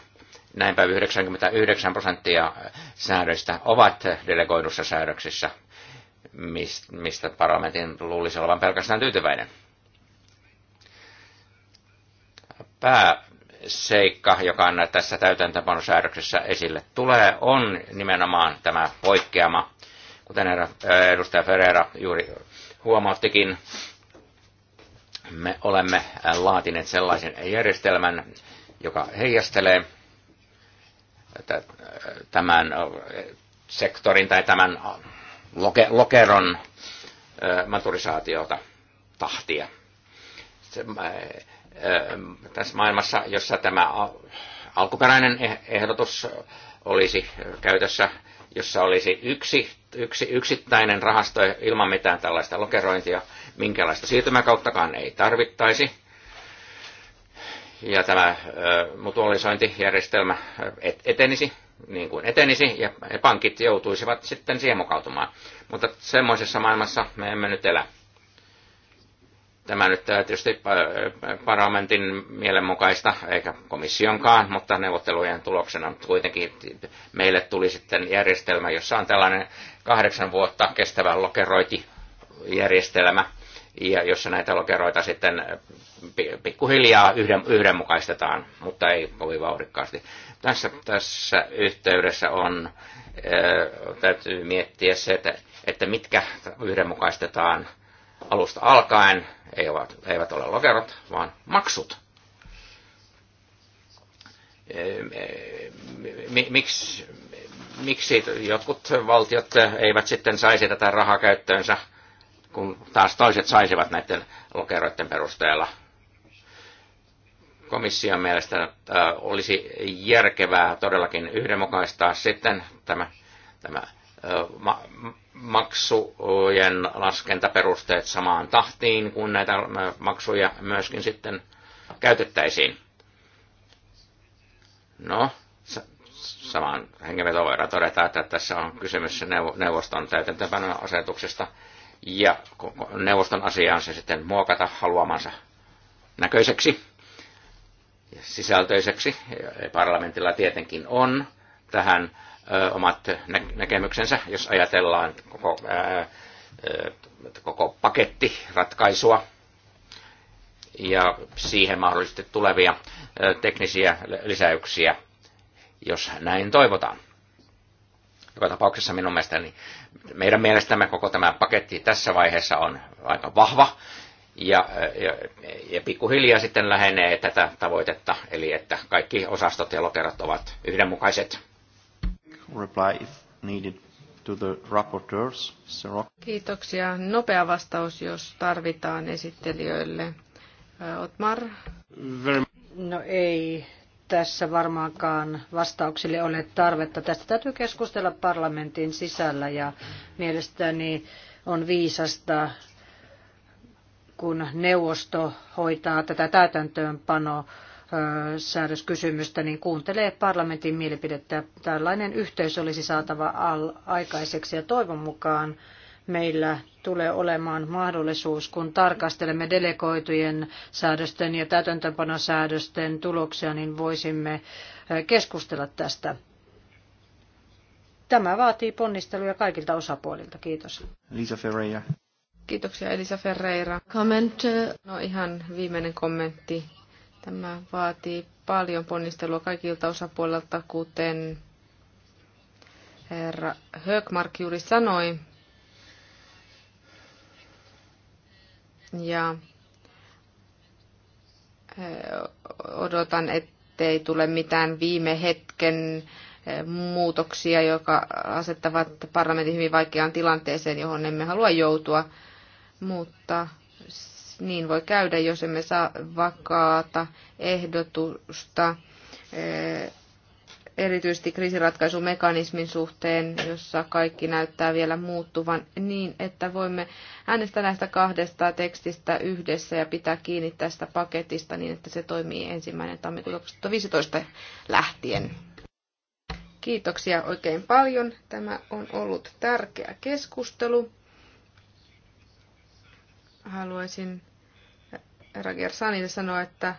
Näinpä 99 prosenttia säädöistä ovat delegoidussa säädöksissä, mistä parlamentin luulisi olevan pelkästään tyytyväinen. Pääseikka, joka on tässä täytäntöpanosäädöksessä esille tulee, on nimenomaan tämä poikkeama. Kuten äh, edustaja Ferreira juuri huomauttikin, me olemme laatineet sellaisen järjestelmän, joka heijastelee tämän sektorin tai tämän lokeron maturisaatiota, tahtia. Tässä maailmassa, jossa tämä alkuperäinen eh, ehdotus olisi käytössä, jossa olisi yksi, yksi yksittäinen rahasto ilman mitään tällaista lokerointia, minkälaista siirtymäkauttakaan ei tarvittaisi ja tämä mutualisointijärjestelmä etenisi niin kuin etenisi ja pankit joutuisivat sitten siemokautumaan. Mutta semmoisessa maailmassa me emme nyt elä. Tämä nyt tietysti parlamentin mielenmukaista, eikä komissionkaan, mutta neuvottelujen tuloksena kuitenkin meille tuli sitten järjestelmä, jossa on tällainen kahdeksan vuotta kestävä lokerointijärjestelmä – ja jossa näitä lokeroita sitten äh, pikkuhiljaa yhden, yhdenmukaistetaan, mutta ei kovin vauhdikkaasti. Tässä, tässä yhteydessä on, äh, täytyy miettiä se, että, että mitkä yhdenmukaistetaan alusta alkaen, eivät, eivät ole lokerot, vaan maksut. Äh, miksi, miksi jotkut valtiot eivät sitten saisi tätä rahaa käyttöönsä kun taas toiset saisivat näiden lokeroiden perusteella. Komission mielestä äh, olisi järkevää todellakin yhdenmukaistaa sitten tämä, tämä äh, maksujen laskentaperusteet samaan tahtiin, kun näitä äh, maksuja myöskin sitten käytettäisiin. No, samaan hengenvetoon voidaan todeta, että tässä on kysymys neuvoston täytäntöönpanon asetuksesta – ja neuvoston asiaan se sitten muokata haluamansa näköiseksi ja sisältöiseksi. Parlamentilla tietenkin on tähän omat näkemyksensä, jos ajatellaan koko, koko paketti ratkaisua ja siihen mahdollisesti tulevia teknisiä lisäyksiä, jos näin toivotaan. Joka tapauksessa minun mielestäni meidän mielestämme koko tämä paketti tässä vaiheessa on aika vahva ja, ja, ja pikkuhiljaa sitten lähenee tätä tavoitetta, eli että kaikki osastot ja lokerot ovat yhdenmukaiset. Reply needed to the rapporteurs. Kiitoksia. Nopea vastaus, jos tarvitaan esittelijöille. Otmar? No ei tässä varmaankaan vastauksille ole tarvetta. Tästä täytyy keskustella parlamentin sisällä ja mielestäni on viisasta, kun neuvosto hoitaa tätä täytäntöönpanoa säädöskysymystä, niin kuuntelee parlamentin mielipidettä. Tällainen yhteys olisi saatava aikaiseksi ja toivon mukaan meillä tulee olemaan mahdollisuus, kun tarkastelemme delegoitujen säädösten ja täytäntöpanosäädösten tuloksia, niin voisimme keskustella tästä. Tämä vaatii ponnisteluja kaikilta osapuolilta. Kiitos. Lisa Ferreira. Kiitoksia Elisa Ferreira. Comment. No ihan viimeinen kommentti. Tämä vaatii paljon ponnistelua kaikilta osapuolilta, kuten herra Högmark juuri sanoi. ja odotan, ettei tule mitään viime hetken muutoksia, jotka asettavat parlamentin hyvin vaikeaan tilanteeseen, johon emme halua joutua, mutta niin voi käydä, jos emme saa vakaata ehdotusta erityisesti kriisiratkaisumekanismin suhteen, jossa kaikki näyttää vielä muuttuvan niin, että voimme äänestää näistä kahdesta tekstistä yhdessä ja pitää kiinni tästä paketista niin, että se toimii ensimmäinen tammikuuta 2015 lähtien. Kiitoksia oikein paljon. Tämä on ollut tärkeä keskustelu. Haluaisin Rager Sanille sanoa, että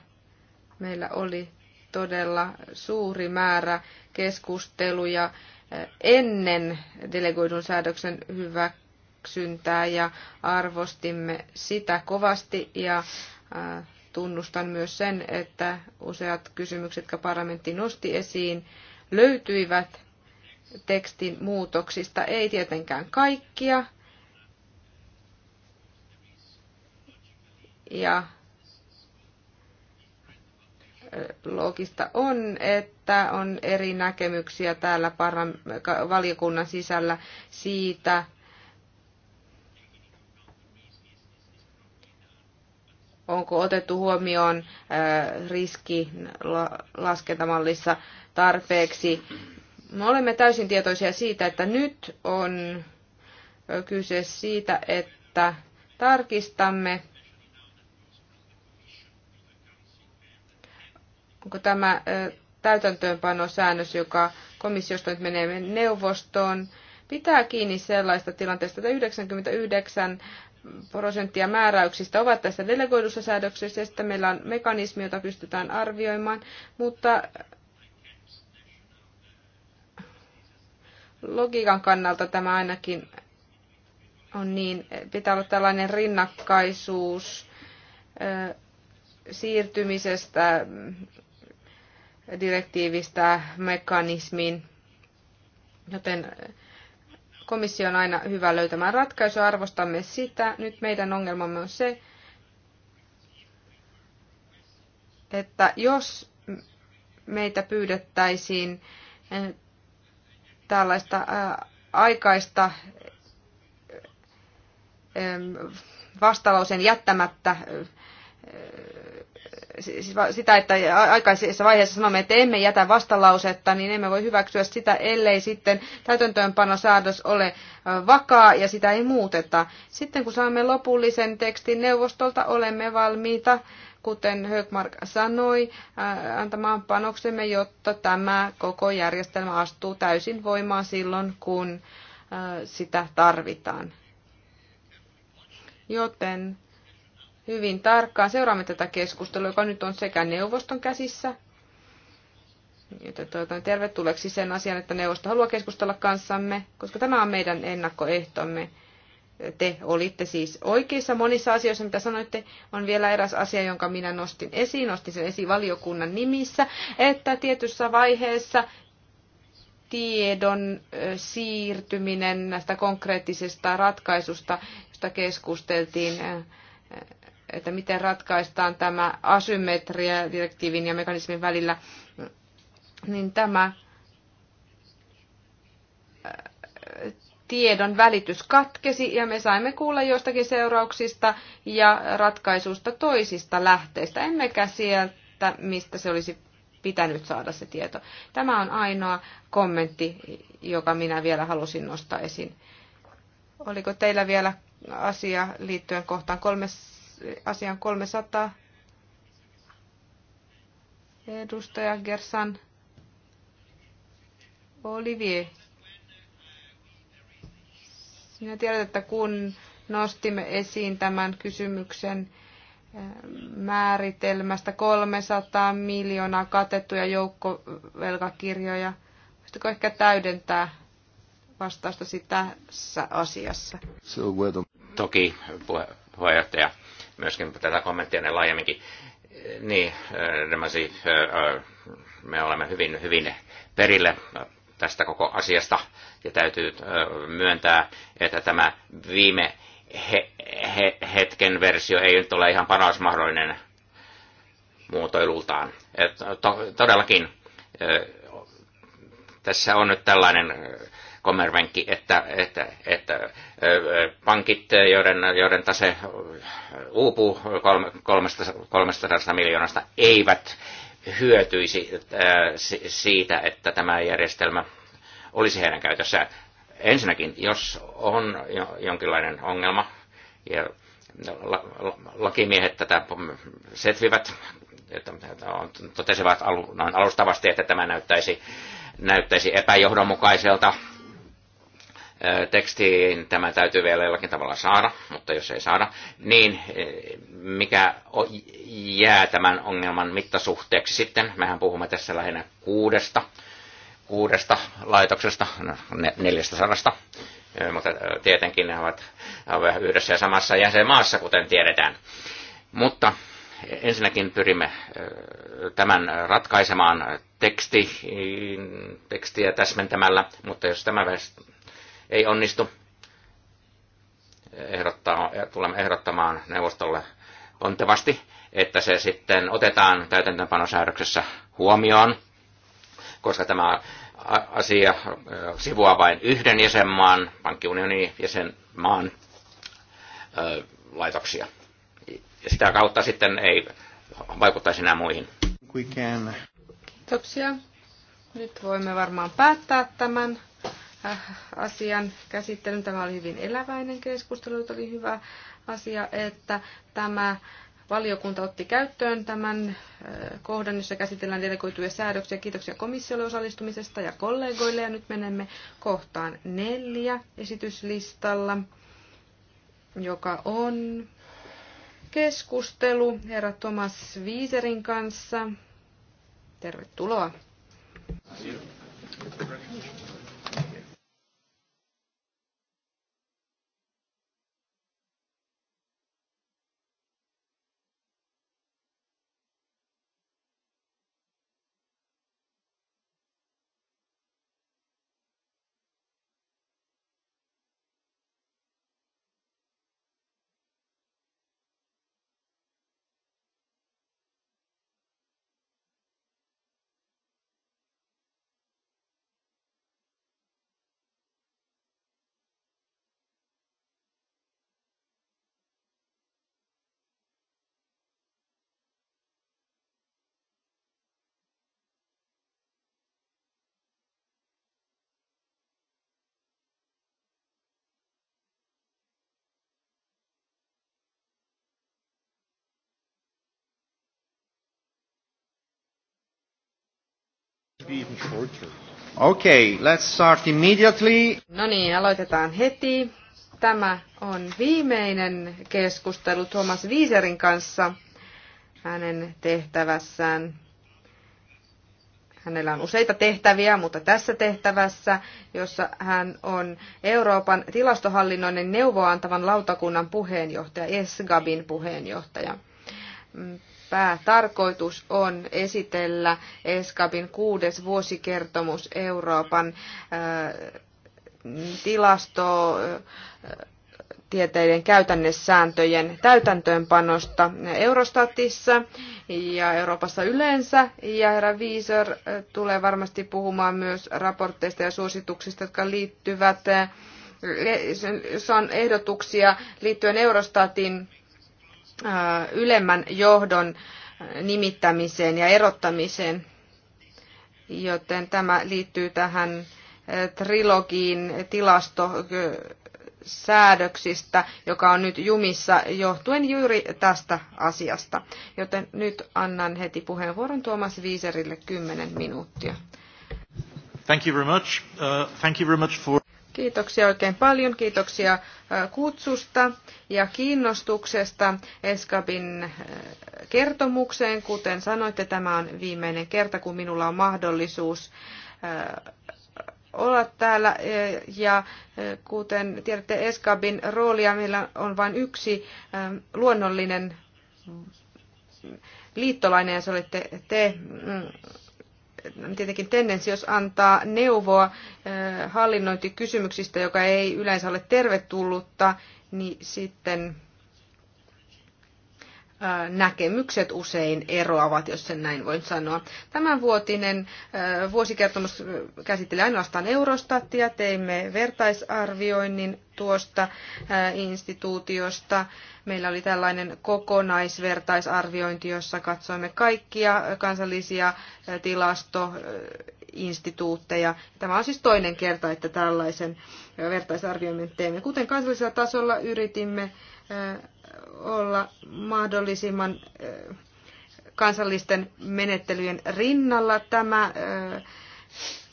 meillä oli todella suuri määrä keskusteluja eh, ennen delegoidun säädöksen hyväksyntää ja arvostimme sitä kovasti ja eh, tunnustan myös sen, että useat kysymykset, jotka parlamentti nosti esiin, löytyivät tekstin muutoksista, ei tietenkään kaikkia. Ja loogista on, että on eri näkemyksiä täällä valiokunnan sisällä siitä, onko otettu huomioon äh, riski laskentamallissa tarpeeksi. Me olemme täysin tietoisia siitä, että nyt on äh, kyse siitä, että tarkistamme Onko tämä täytäntöönpanosäännös, joka komissiosta nyt menee neuvostoon, pitää kiinni sellaista tilanteesta, että 99 prosenttia määräyksistä ovat tässä delegoidussa säädöksessä, ja sitten meillä on mekanismi, jota pystytään arvioimaan, mutta logiikan kannalta tämä ainakin on niin, pitää olla tällainen rinnakkaisuus siirtymisestä direktiivistä mekanismiin, joten komissio on aina hyvä löytämään ratkaisuja, arvostamme sitä. Nyt meidän ongelmamme on se, että jos meitä pyydettäisiin eh, tällaista eh, aikaista eh, vastalauseen jättämättä Siis sitä, että aikaisessa vaiheessa sanomme, että emme jätä vastalausetta, niin emme voi hyväksyä sitä, ellei sitten täytäntöönpanosäädös ole vakaa ja sitä ei muuteta. Sitten kun saamme lopullisen tekstin neuvostolta, olemme valmiita, kuten Högmark sanoi, antamaan panoksemme, jotta tämä koko järjestelmä astuu täysin voimaan silloin, kun sitä tarvitaan. Joten hyvin tarkkaan. Seuraamme tätä keskustelua, joka nyt on sekä neuvoston käsissä, joten toivotan tervetulleeksi sen asian, että neuvosto haluaa keskustella kanssamme, koska tämä on meidän ennakkoehtomme. Te olitte siis oikeissa monissa asioissa, mitä sanoitte. On vielä eräs asia, jonka minä nostin esiin, nostin sen esiin valiokunnan nimissä, että tietyssä vaiheessa tiedon siirtyminen näistä konkreettisesta ratkaisusta, josta keskusteltiin että miten ratkaistaan tämä asymmetria direktiivin ja mekanismin välillä, niin tämä äh, tiedon välitys katkesi ja me saimme kuulla joistakin seurauksista ja ratkaisusta toisista lähteistä, emmekä sieltä, mistä se olisi pitänyt saada se tieto. Tämä on ainoa kommentti, joka minä vielä halusin nostaa esiin. Oliko teillä vielä asia liittyen kohtaan 3 asian 300. Edustaja Gersan Olivier. Sinä tiedät, että kun nostimme esiin tämän kysymyksen eh, määritelmästä 300 miljoonaa katettuja joukkovelkakirjoja, voisitko ehkä täydentää vastausta tässä asiassa? Toki puheenjohtaja myöskin tätä kommenttia ne laajemminkin. Niin, nämä eh, eh, eh, me olemme hyvin, hyvin perille tästä koko asiasta ja täytyy myöntää, että tämä viime he, he, hetken versio ei nyt ole ihan paras mahdollinen muotoilultaan. Et, to, todellakin tässä on nyt tällainen kommervenki, että, että, että pankit, joiden, joiden tase uupuu 300 miljoonasta, eivät hyötyisi siitä, että tämä järjestelmä olisi heidän käytössään. Ensinnäkin, jos on jonkinlainen ongelma ja lakimiehet tätä setvivät, totesivat noin alustavasti, että tämä näyttäisi, näyttäisi epäjohdonmukaiselta tekstiin tämä täytyy vielä jollakin tavalla saada, mutta jos ei saada, niin mikä jää tämän ongelman mittasuhteeksi sitten? Mehän puhumme tässä lähinnä kuudesta, kuudesta laitoksesta, no, neljästä sadasta, mutta tietenkin ne ovat yhdessä ja samassa jäsenmaassa, kuten tiedetään. Mutta e, ensinnäkin pyrimme tämän ratkaisemaan teksti, tekstiä täsmentämällä, mutta jos tämä ei onnistu. Ehdottaa, tulemme ehdottamaan neuvostolle pontevasti, että se sitten otetaan täytäntöönpanosäädöksessä huomioon, koska tämä asia sivuaa vain yhden jäsenmaan, pankkiunionin jäsenmaan laitoksia. Ja sitä kautta sitten ei vaikuttaisi enää muihin. Kiitoksia. Nyt voimme varmaan päättää tämän Äh, asian käsittelyn. Tämä oli hyvin eläväinen keskustelu, että oli hyvä asia, että tämä valiokunta otti käyttöön tämän äh, kohdan, jossa käsitellään delegoituja säädöksiä. Kiitoksia komissiolle osallistumisesta ja kollegoille. Ja nyt menemme kohtaan neljä esityslistalla, joka on keskustelu herra Thomas Viiserin kanssa. Tervetuloa. you. Okay, let's start immediately. No niin, aloitetaan heti. Tämä on viimeinen keskustelu Thomas Wieserin kanssa hänen tehtävässään. Hänellä on useita tehtäviä, mutta tässä tehtävässä, jossa hän on Euroopan tilastohallinnoinen antavan lautakunnan puheenjohtaja, ESGABin puheenjohtaja päätarkoitus on esitellä Eskabin kuudes vuosikertomus Euroopan äh, tilasto äh, tieteiden käytännessääntöjen täytäntöönpanosta Eurostatissa ja Euroopassa yleensä. Ja herra Viisor äh, tulee varmasti puhumaan myös raportteista ja suosituksista, jotka liittyvät, jossa on ehdotuksia liittyen Eurostatin ylemmän johdon nimittämiseen ja erottamiseen, joten tämä liittyy tähän trilogiin tilastosäädöksistä, joka on nyt jumissa johtuen juuri tästä asiasta. Joten nyt annan heti puheenvuoron Tuomas Viiserille 10 minuuttia. Thank you very much. Uh, thank you very much for... Kiitoksia oikein paljon. Kiitoksia äh, kutsusta ja kiinnostuksesta Eskabin äh, kertomukseen. Kuten sanoitte, tämä on viimeinen kerta, kun minulla on mahdollisuus äh, olla täällä. Ja kuten tiedätte, Eskabin roolia meillä on vain yksi luonnollinen liittolainen, ja se olette te mm, tietenkin tendenssi, jos antaa neuvoa hallinnointikysymyksistä, joka ei yleensä ole tervetullutta, niin sitten näkemykset usein eroavat, jos sen näin voin sanoa. Tämänvuotinen vuosikertomus käsitteli ainoastaan Eurostatia. Teimme vertaisarvioinnin tuosta instituutiosta. Meillä oli tällainen kokonaisvertaisarviointi, jossa katsoimme kaikkia kansallisia tilastoinstituutteja. Tämä on siis toinen kerta, että tällaisen vertaisarvioinnin teemme. Kuten kansallisella tasolla yritimme olla mahdollisimman kansallisten menettelyjen rinnalla. Tämä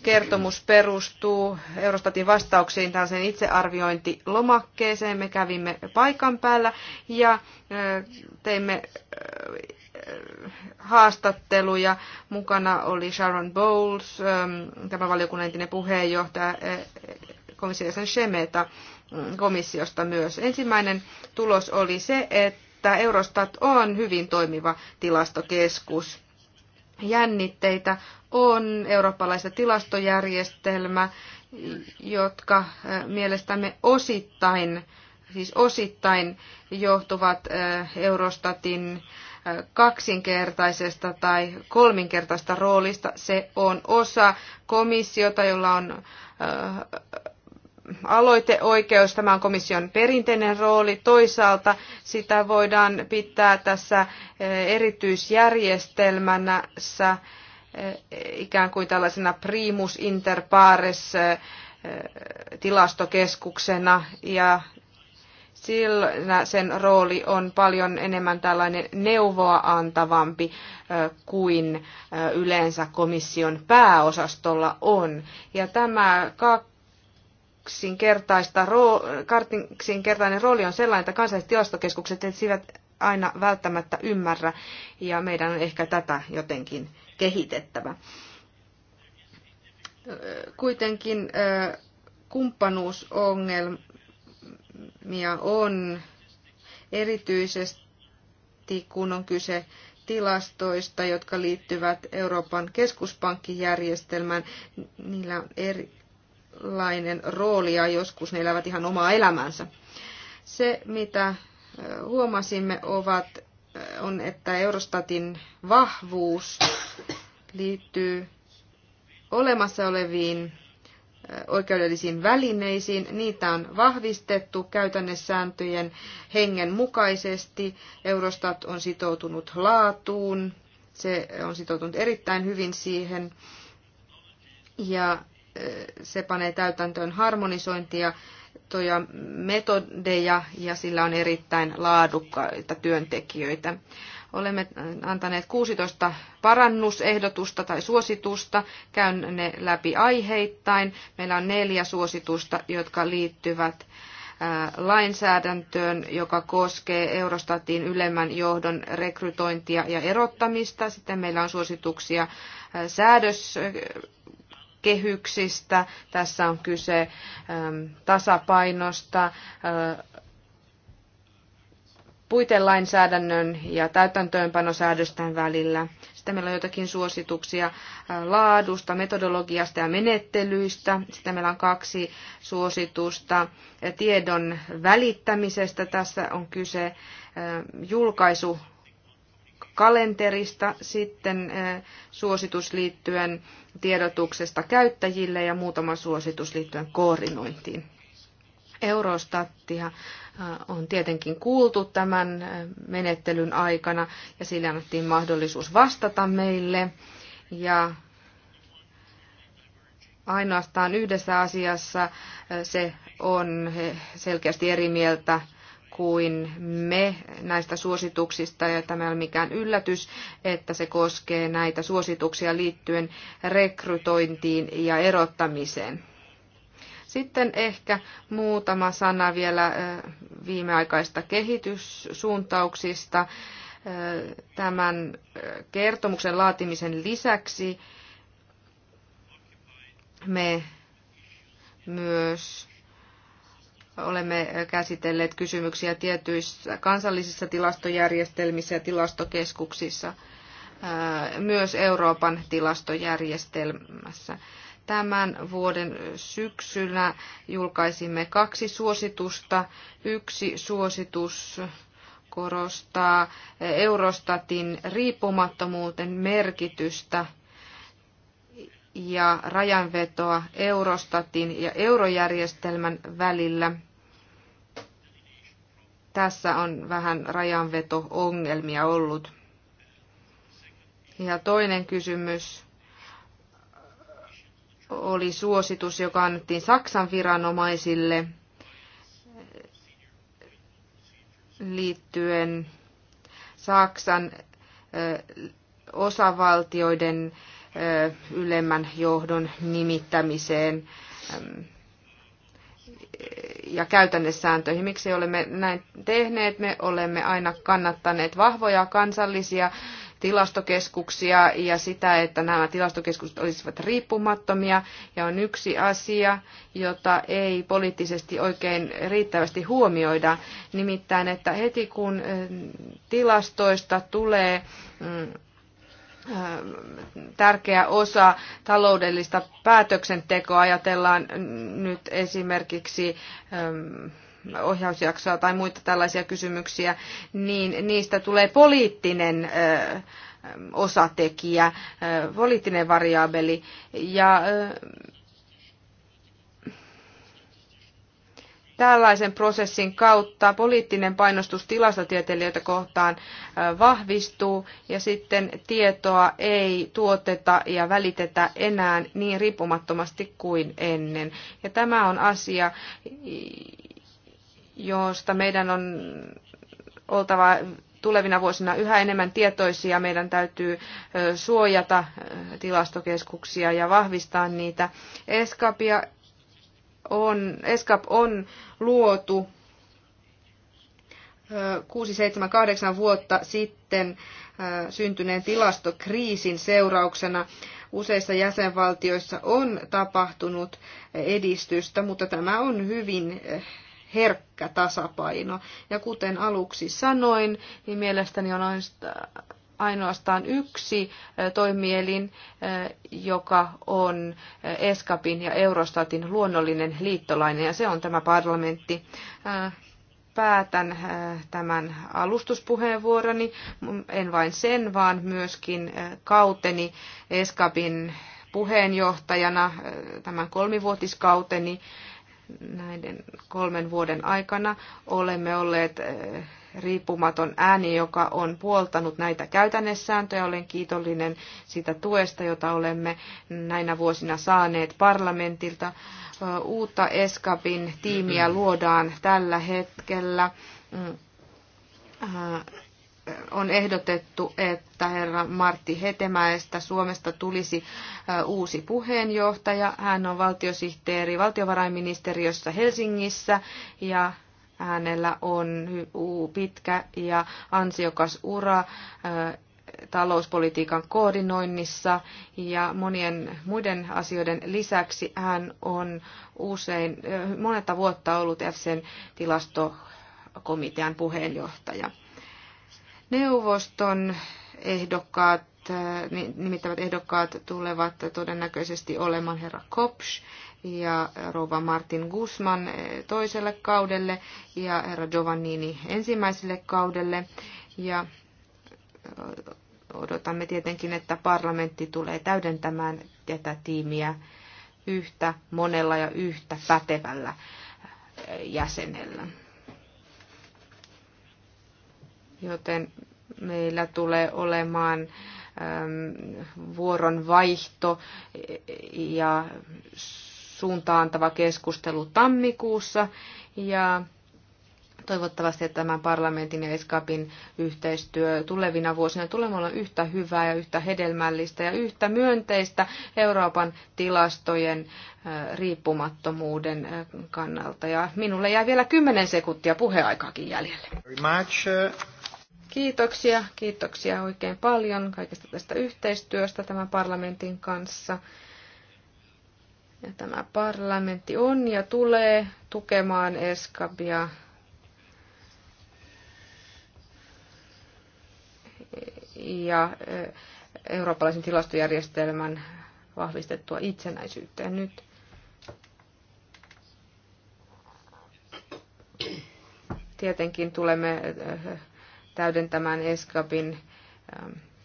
kertomus perustuu Eurostatin vastauksiin tällaiseen itsearviointilomakkeeseen. Me kävimme paikan päällä ja teimme haastatteluja. Mukana oli Sharon Bowles, tämä valiokunnan entinen puheenjohtaja, komissio sen Shemeta mm, komissiosta myös. Ensimmäinen tulos oli se, että Eurostat on hyvin toimiva tilastokeskus. Jännitteitä on eurooppalaista tilastojärjestelmä, jotka äh, mielestämme osittain, siis osittain johtuvat äh, Eurostatin äh, kaksinkertaisesta tai kolminkertaista roolista. Se on osa komissiota, jolla on aloiteoikeus, tämä on komission perinteinen rooli. Toisaalta sitä voidaan pitää tässä eh, erityisjärjestelmänässä eh, ikään kuin tällaisena primus inter pares eh, tilastokeskuksena ja sillä sen rooli on paljon enemmän tällainen neuvoa antavampi kuin yleensä komission pääosastolla on. Ja tämä kaksinkertaista roo, kaksinkertainen rooli on sellainen, että kansalliset tilastokeskukset etsivät aina välttämättä ymmärrä, ja meidän on ehkä tätä jotenkin kehitettävä. Kuitenkin kumppanuusongelmia on erityisesti, kun on kyse tilastoista, jotka liittyvät Euroopan keskuspankkijärjestelmään. Niillä on eri, erilainen rooli ja joskus ne elävät ihan omaa elämäänsä. Se, mitä huomasimme, ovat, on, että Eurostatin vahvuus liittyy olemassa oleviin oikeudellisiin välineisiin. Niitä on vahvistettu käytännössääntöjen hengen mukaisesti. Eurostat on sitoutunut laatuun. Se on sitoutunut erittäin hyvin siihen. Ja se panee täytäntöön harmonisointia toja metodeja ja sillä on erittäin laadukkaita työntekijöitä. Olemme antaneet 16 parannusehdotusta tai suositusta. Käyn ne läpi aiheittain. Meillä on neljä suositusta, jotka liittyvät lainsäädäntöön, joka koskee Eurostatin ylemmän johdon rekrytointia ja erottamista. Sitten meillä on suosituksia säädös kehyksistä, tässä on kyse ähm, tasapainosta, äh, puitelainsäädännön ja täytäntöönpanosäädösten välillä. Sitten meillä on jotakin suosituksia äh, laadusta, metodologiasta ja menettelyistä. Sitten meillä on kaksi suositusta tiedon välittämisestä. Tässä on kyse äh, julkaisu kalenterista, sitten eh, suositus liittyen tiedotuksesta käyttäjille ja muutama suositus liittyen koordinointiin. Eurostattia eh, on tietenkin kuultu tämän eh, menettelyn aikana ja sille annettiin mahdollisuus vastata meille. Ja ainoastaan yhdessä asiassa se on selkeästi eri mieltä kuin me näistä suosituksista, ja tämä ei ole mikään yllätys, että se koskee näitä suosituksia liittyen rekrytointiin ja erottamiseen. Sitten ehkä muutama sana vielä viimeaikaista kehityssuuntauksista. Tämän kertomuksen laatimisen lisäksi me myös Olemme käsitelleet kysymyksiä tietyissä kansallisissa tilastojärjestelmissä ja tilastokeskuksissa, myös Euroopan tilastojärjestelmässä. Tämän vuoden syksyllä julkaisimme kaksi suositusta. Yksi suositus korostaa Eurostatin riippumattomuuden merkitystä – ja rajanvetoa Eurostatin ja eurojärjestelmän välillä. Tässä on vähän rajanveto-ongelmia ollut. Ja toinen kysymys oli suositus, joka annettiin Saksan viranomaisille liittyen Saksan osavaltioiden ylemmän johdon nimittämiseen ja käytännesääntöihin. Miksi olemme näin tehneet? Me olemme aina kannattaneet vahvoja kansallisia tilastokeskuksia ja sitä, että nämä tilastokeskukset olisivat riippumattomia. Ja on yksi asia, jota ei poliittisesti oikein riittävästi huomioida, nimittäin, että heti kun tilastoista tulee Äh, tärkeä osa taloudellista päätöksentekoa. Ajatellaan nyt esimerkiksi ähm, ohjausjaksoa tai muita tällaisia kysymyksiä, niin niistä tulee poliittinen äh, osatekijä, äh, poliittinen variaabeli. Ja Tällaisen prosessin kautta poliittinen painostus tilastotieteilijöitä kohtaan vahvistuu ja sitten tietoa ei tuoteta ja välitetä enää niin riippumattomasti kuin ennen. Ja tämä on asia, josta meidän on oltava tulevina vuosina yhä enemmän tietoisia. Meidän täytyy suojata tilastokeskuksia ja vahvistaa niitä. Eskapia on, ESCAP on luotu 6-7-8 vuotta sitten syntyneen tilastokriisin seurauksena useissa jäsenvaltioissa on tapahtunut edistystä, mutta tämä on hyvin herkkä tasapaino. Ja kuten aluksi sanoin, niin mielestäni on ainoastaan yksi toimielin, joka on ESCAPin ja Eurostatin luonnollinen liittolainen, ja se on tämä parlamentti. Päätän tämän alustuspuheenvuoroni, en vain sen, vaan myöskin kauteni ESCAPin puheenjohtajana tämän kolmivuotiskauteni näiden kolmen vuoden aikana. Olemme olleet riippumaton ääni, joka on puoltanut näitä käytännessääntöjä. Olen kiitollinen siitä tuesta, jota olemme näinä vuosina saaneet parlamentilta. Uutta Eskapin tiimiä luodaan tällä hetkellä. Mm. On ehdotettu, että herra Martti Hetemäestä Suomesta tulisi uusi puheenjohtaja. Hän on valtiosihteeri valtiovarainministeriössä Helsingissä ja Hänellä on pitkä ja ansiokas ura talouspolitiikan koordinoinnissa ja monien muiden asioiden lisäksi hän on usein monetta vuotta ollut EFSEN tilastokomitean puheenjohtaja. Neuvoston ehdokkaat, nimittävät ehdokkaat tulevat todennäköisesti olemaan herra Kopsch ja rouva Martin Guzman toiselle kaudelle ja herra Giovannini ensimmäiselle kaudelle. Ja odotamme tietenkin, että parlamentti tulee täydentämään tätä tiimiä yhtä monella ja yhtä pätevällä jäsenellä. Joten meillä tulee olemaan vuoronvaihto ja suuntaantava keskustelu tammikuussa ja toivottavasti tämän parlamentin ja ESCAPin yhteistyö tulevina vuosina tulee olla yhtä hyvää ja yhtä hedelmällistä ja yhtä myönteistä Euroopan tilastojen riippumattomuuden kannalta. Ja minulle jää vielä 10 sekuntia puheaikaakin jäljelle. Kiitoksia, kiitoksia oikein paljon kaikesta tästä yhteistyöstä tämän parlamentin kanssa. Ja tämä parlamentti on ja tulee tukemaan Eskabia ja eurooppalaisen tilastojärjestelmän vahvistettua itsenäisyyttä. Ja nyt tietenkin tulemme täydentämään Eskabin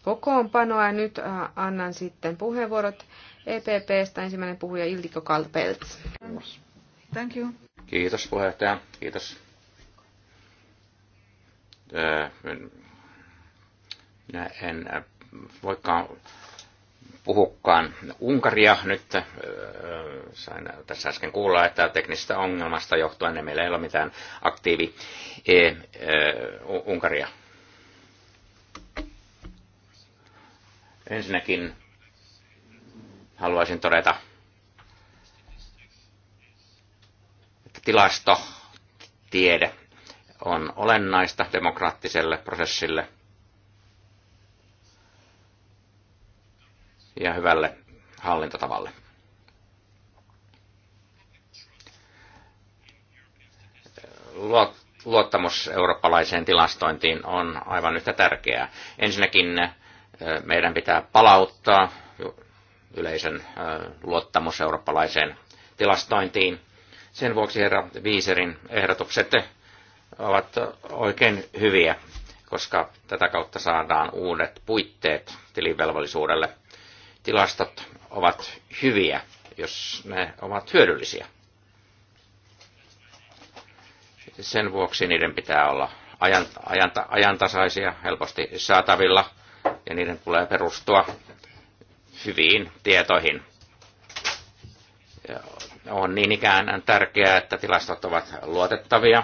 kokoonpanoa. Ja nyt annan sitten puheenvuorot EPPstä ensimmäinen puhuja Iltiko Kalpelts. Thank you. Kiitos puheenjohtaja, kiitos. Minä en voikaan puhukaan Unkaria nyt. Sain tässä äsken kuulla, että teknisestä ongelmasta johtuen meillä ei ole mitään aktiivi e, Unkaria. Ensinnäkin haluaisin todeta, että tilastotiede on olennaista demokraattiselle prosessille ja hyvälle hallintotavalle. Luottamus eurooppalaiseen tilastointiin on aivan yhtä tärkeää. Ensinnäkin eh, meidän pitää palauttaa yleisön luottamus eurooppalaiseen tilastointiin. Sen vuoksi herra Viiserin ehdotukset ovat oikein hyviä, koska tätä kautta saadaan uudet puitteet tilivelvollisuudelle. Tilastot ovat hyviä, jos ne ovat hyödyllisiä. Sen vuoksi niiden pitää olla ajan, ajanta, ajantasaisia, helposti saatavilla ja niiden tulee perustua hyviin tietoihin. On niin ikään tärkeää, että tilastot ovat luotettavia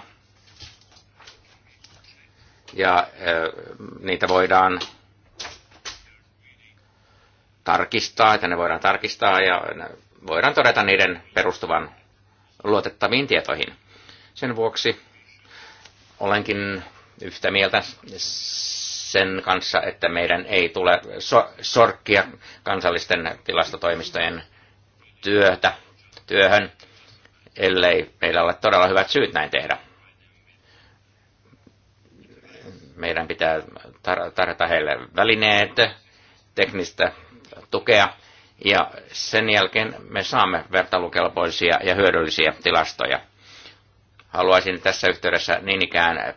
ja niitä voidaan tarkistaa, että ne voidaan tarkistaa ja voidaan todeta niiden perustuvan luotettaviin tietoihin. Sen vuoksi olenkin yhtä mieltä sen kanssa, että meidän ei tule so- sorkkia kansallisten tilastotoimistojen työtä, työhön, ellei meillä ole todella hyvät syyt näin tehdä. Meidän pitää tar- tarjota heille välineet, teknistä tukea, ja sen jälkeen me saamme vertailukelpoisia ja hyödyllisiä tilastoja. Haluaisin tässä yhteydessä niin ikään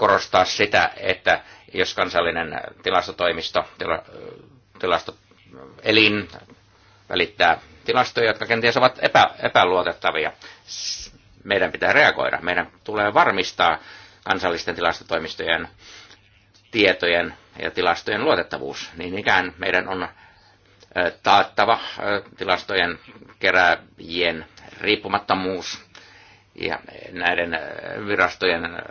korostaa sitä, että jos kansallinen tilastotoimisto, tila, tilastoelin välittää tilastoja, jotka kenties ovat epä, epäluotettavia, meidän pitää reagoida. Meidän tulee varmistaa kansallisten tilastotoimistojen tietojen ja tilastojen luotettavuus. Niin ikään meidän on taattava tilastojen kerääjien riippumattomuus ja näiden virastojen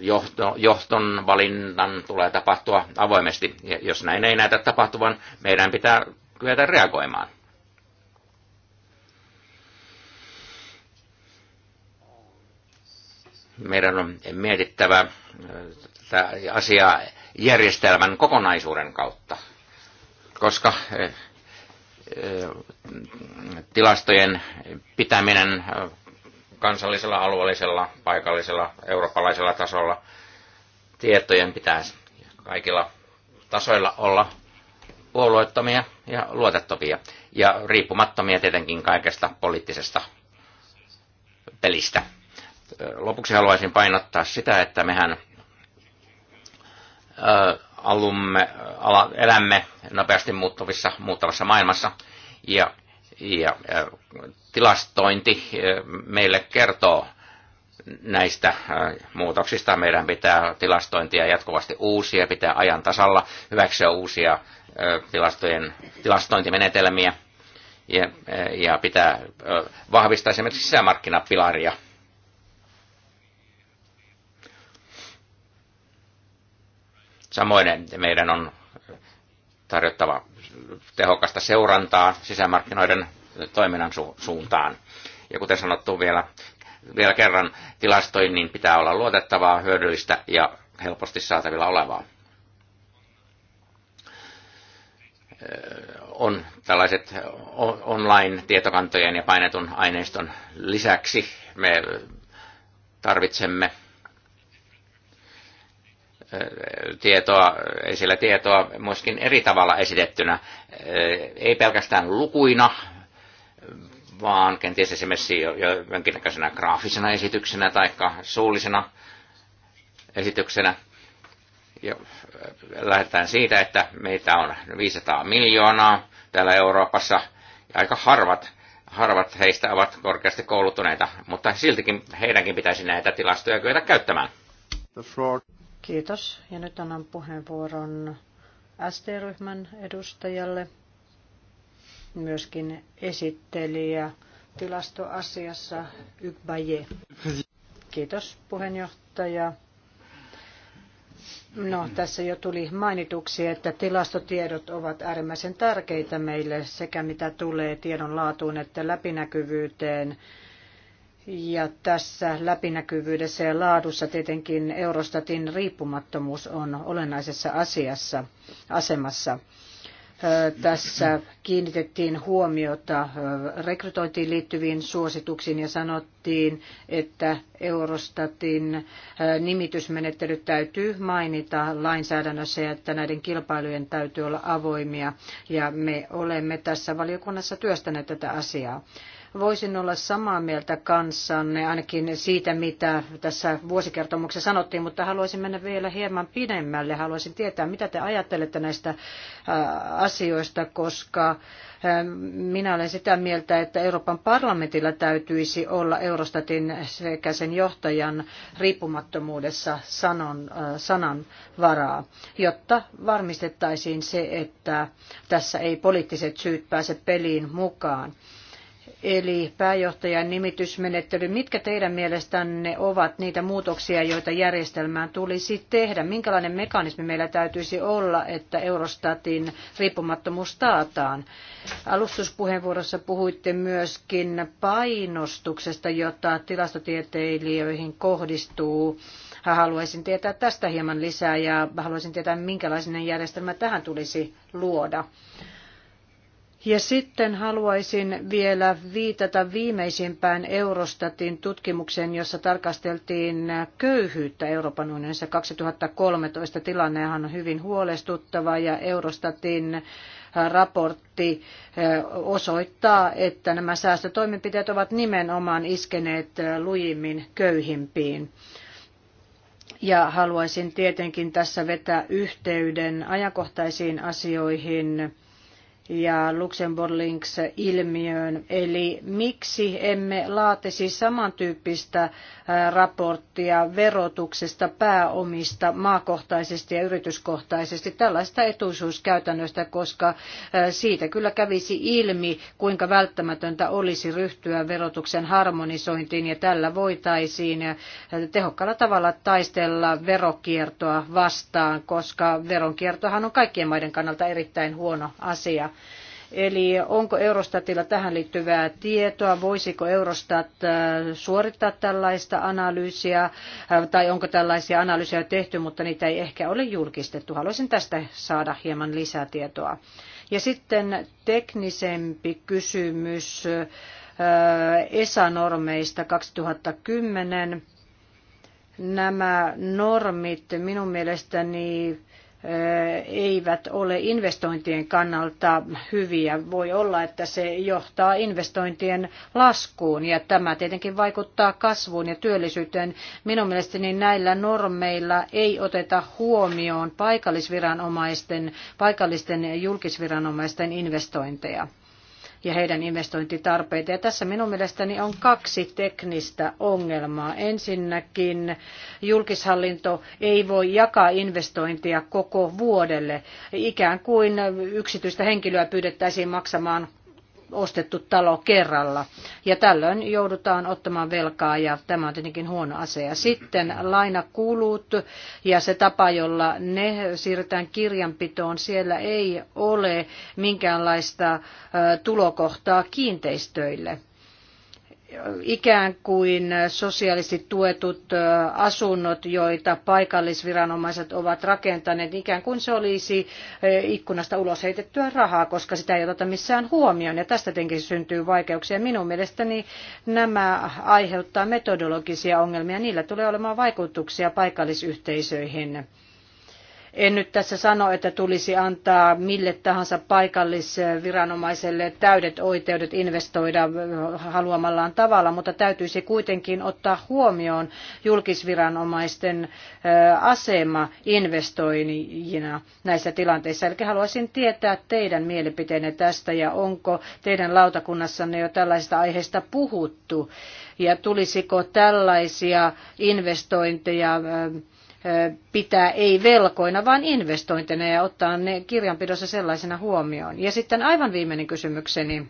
johto, johton valinnan tulee tapahtua avoimesti. Ja jos näin ei näytä tapahtuvan, meidän pitää kyetä reagoimaan. Meidän on mietittävä äh, tätä asiaa järjestelmän kokonaisuuden kautta, koska äh, äh, tilastojen pitäminen kansallisella, alueellisella, paikallisella, eurooppalaisella tasolla. Tietojen pitäisi kaikilla tasoilla olla puolueettomia ja luotettavia ja riippumattomia tietenkin kaikesta poliittisesta pelistä. Lopuksi haluaisin painottaa sitä, että mehän alumme, ala, elämme nopeasti muuttuvissa, muuttavassa maailmassa ja ja tilastointi e, meille kertoo näistä e, muutoksista. Meidän pitää tilastointia jatkuvasti uusia, pitää ajan tasalla hyväksyä uusia e, tilastojen, tilastointimenetelmiä ja, ja pitää vahvistaa esimerkiksi sisämarkkinapilaria. Samoin meidän on tarjottava tehokasta seurantaa sisämarkkinoiden toiminnan su- suuntaan. Ja kuten sanottu vielä, vielä kerran, tilastoinnin pitää olla luotettavaa, hyödyllistä ja helposti saatavilla olevaa. On tällaiset online-tietokantojen ja painetun aineiston lisäksi me tarvitsemme tietoa, esillä tietoa myöskin eri tavalla esitettynä, ei pelkästään lukuina, vaan kenties esimerkiksi jo, jo jonkinnäköisenä graafisena esityksenä tai suullisena esityksenä. Ja lähdetään siitä, että meitä on 500 miljoonaa täällä Euroopassa ja aika harvat, harvat heistä ovat korkeasti koulutuneita, mutta siltikin heidänkin pitäisi näitä tilastoja kyetä käyttämään. Kiitos. Ja nyt annan puheenvuoron ST-ryhmän edustajalle, myöskin esittelijä tilastoasiassa Ykbaye. Kiitos puheenjohtaja. No, tässä jo tuli mainituksi, että tilastotiedot ovat äärimmäisen tärkeitä meille sekä mitä tulee tiedon laatuun että läpinäkyvyyteen ja tässä läpinäkyvyydessä ja laadussa tietenkin Eurostatin riippumattomuus on olennaisessa asiassa, asemassa. Tässä kiinnitettiin huomiota rekrytointiin liittyviin suosituksiin ja sanottiin, että Eurostatin nimitysmenettelyt täytyy mainita lainsäädännössä ja että näiden kilpailujen täytyy olla avoimia. Ja me olemme tässä valiokunnassa työstäneet tätä asiaa. Voisin olla samaa mieltä kanssanne ainakin siitä, mitä tässä vuosikertomuksessa sanottiin, mutta haluaisin mennä vielä hieman pidemmälle. Haluaisin tietää, mitä te ajattelette näistä asioista, koska minä olen sitä mieltä, että Euroopan parlamentilla täytyisi olla Eurostatin sekä sen johtajan riippumattomuudessa sanon, sanan varaa, jotta varmistettaisiin se, että tässä ei poliittiset syyt pääse peliin mukaan eli pääjohtajan nimitysmenettely. Mitkä teidän mielestänne ovat niitä muutoksia, joita järjestelmään tulisi tehdä? Minkälainen mekanismi meillä täytyisi olla, että Eurostatin riippumattomuus taataan? Alustuspuheenvuorossa puhuitte myöskin painostuksesta, jota tilastotieteilijöihin kohdistuu. Haluaisin tietää tästä hieman lisää ja haluaisin tietää, minkälainen järjestelmä tähän tulisi luoda. Ja sitten haluaisin vielä viitata viimeisimpään Eurostatin tutkimukseen, jossa tarkasteltiin köyhyyttä Euroopan unionissa 2013. Tilannehan on hyvin huolestuttava ja Eurostatin äh, raportti äh, osoittaa, että nämä säästötoimenpiteet ovat nimenomaan iskeneet äh, lujimmin köyhimpiin. Ja haluaisin tietenkin tässä vetää yhteyden ajankohtaisiin asioihin ja Luxembourg Links-ilmiöön. Eli miksi emme laatisi samantyyppistä äh, raporttia verotuksesta, pääomista, maakohtaisesti ja yrityskohtaisesti tällaista etuisuuskäytännöstä, koska äh, siitä kyllä kävisi ilmi, kuinka välttämätöntä olisi ryhtyä verotuksen harmonisointiin ja tällä voitaisiin äh, tehokkaalla tavalla taistella verokiertoa vastaan, koska veronkiertohan on kaikkien maiden kannalta erittäin huono asia. Eli onko Eurostatilla tähän liittyvää tietoa, voisiko Eurostat äh, suorittaa tällaista analyysiä, äh, tai onko tällaisia analyysejä tehty, mutta niitä ei ehkä ole julkistettu. Haluaisin tästä saada hieman lisätietoa. Ja sitten teknisempi kysymys äh, ESA-normeista 2010 nämä normit minun mielestäni eivät ole investointien kannalta hyviä. Voi olla, että se johtaa investointien laskuun ja tämä tietenkin vaikuttaa kasvuun ja työllisyyteen. Minun mielestäni näillä normeilla ei oteta huomioon paikallisviranomaisten, paikallisten ja julkisviranomaisten investointeja ja heidän investointitarpeita. Ja tässä minun mielestäni on kaksi teknistä ongelmaa. Ensinnäkin julkishallinto ei voi jakaa investointia koko vuodelle, ikään kuin yksityistä henkilöä pyydettäisiin maksamaan ostettu talo kerralla. Ja tällöin joudutaan ottamaan velkaa ja tämä on tietenkin huono asia. Sitten lainakulut ja se tapa, jolla ne siirretään kirjanpitoon, siellä ei ole minkäänlaista tulokohtaa kiinteistöille ikään kuin sosiaalisesti tuetut asunnot, joita paikallisviranomaiset ovat rakentaneet, ikään kuin se olisi ikkunasta ulos heitettyä rahaa, koska sitä ei oteta missään huomioon. Ja tästä tietenkin syntyy vaikeuksia. Minun mielestäni nämä aiheuttaa metodologisia ongelmia. Niillä tulee olemaan vaikutuksia paikallisyhteisöihin. En nyt tässä sano, että tulisi antaa mille tahansa paikallisviranomaiselle täydet oikeudet investoida haluamallaan tavalla, mutta täytyisi kuitenkin ottaa huomioon julkisviranomaisten äh, asema investoijina näissä tilanteissa. Eli haluaisin tietää teidän mielipiteenne tästä ja onko teidän lautakunnassanne jo tällaista aiheesta puhuttu ja tulisiko tällaisia investointeja äh, pitää ei velkoina, vaan investointina ja ottaa ne kirjanpidossa sellaisena huomioon. Ja sitten aivan viimeinen kysymykseni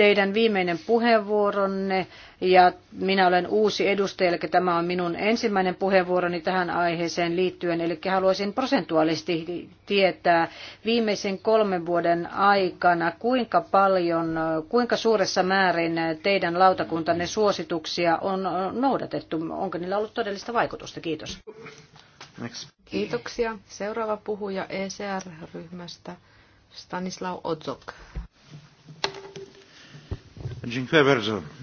teidän viimeinen puheenvuoronne ja minä olen uusi edustaja, eli tämä on minun ensimmäinen puheenvuoroni tähän aiheeseen liittyen, eli haluaisin prosentuaalisesti tietää viimeisen kolmen vuoden aikana, kuinka paljon, kuinka suuressa määrin teidän lautakuntanne suosituksia on noudatettu, onko niillä ollut todellista vaikutusta, kiitos. Kiitoksia. Seuraava puhuja ECR-ryhmästä Stanislav Odzok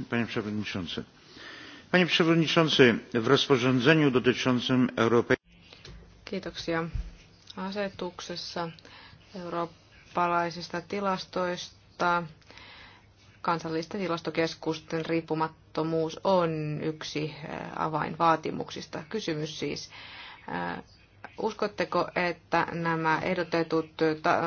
panie przewodniczący. w rozporządzeniu dotyczącym Kiitoksia. Asetuksessa eurooppalaisista tilastoista kansallisten tilastokeskusten riippumattomuus on yksi avainvaatimuksista. Kysymys siis, uskotteko, että nämä ehdotetut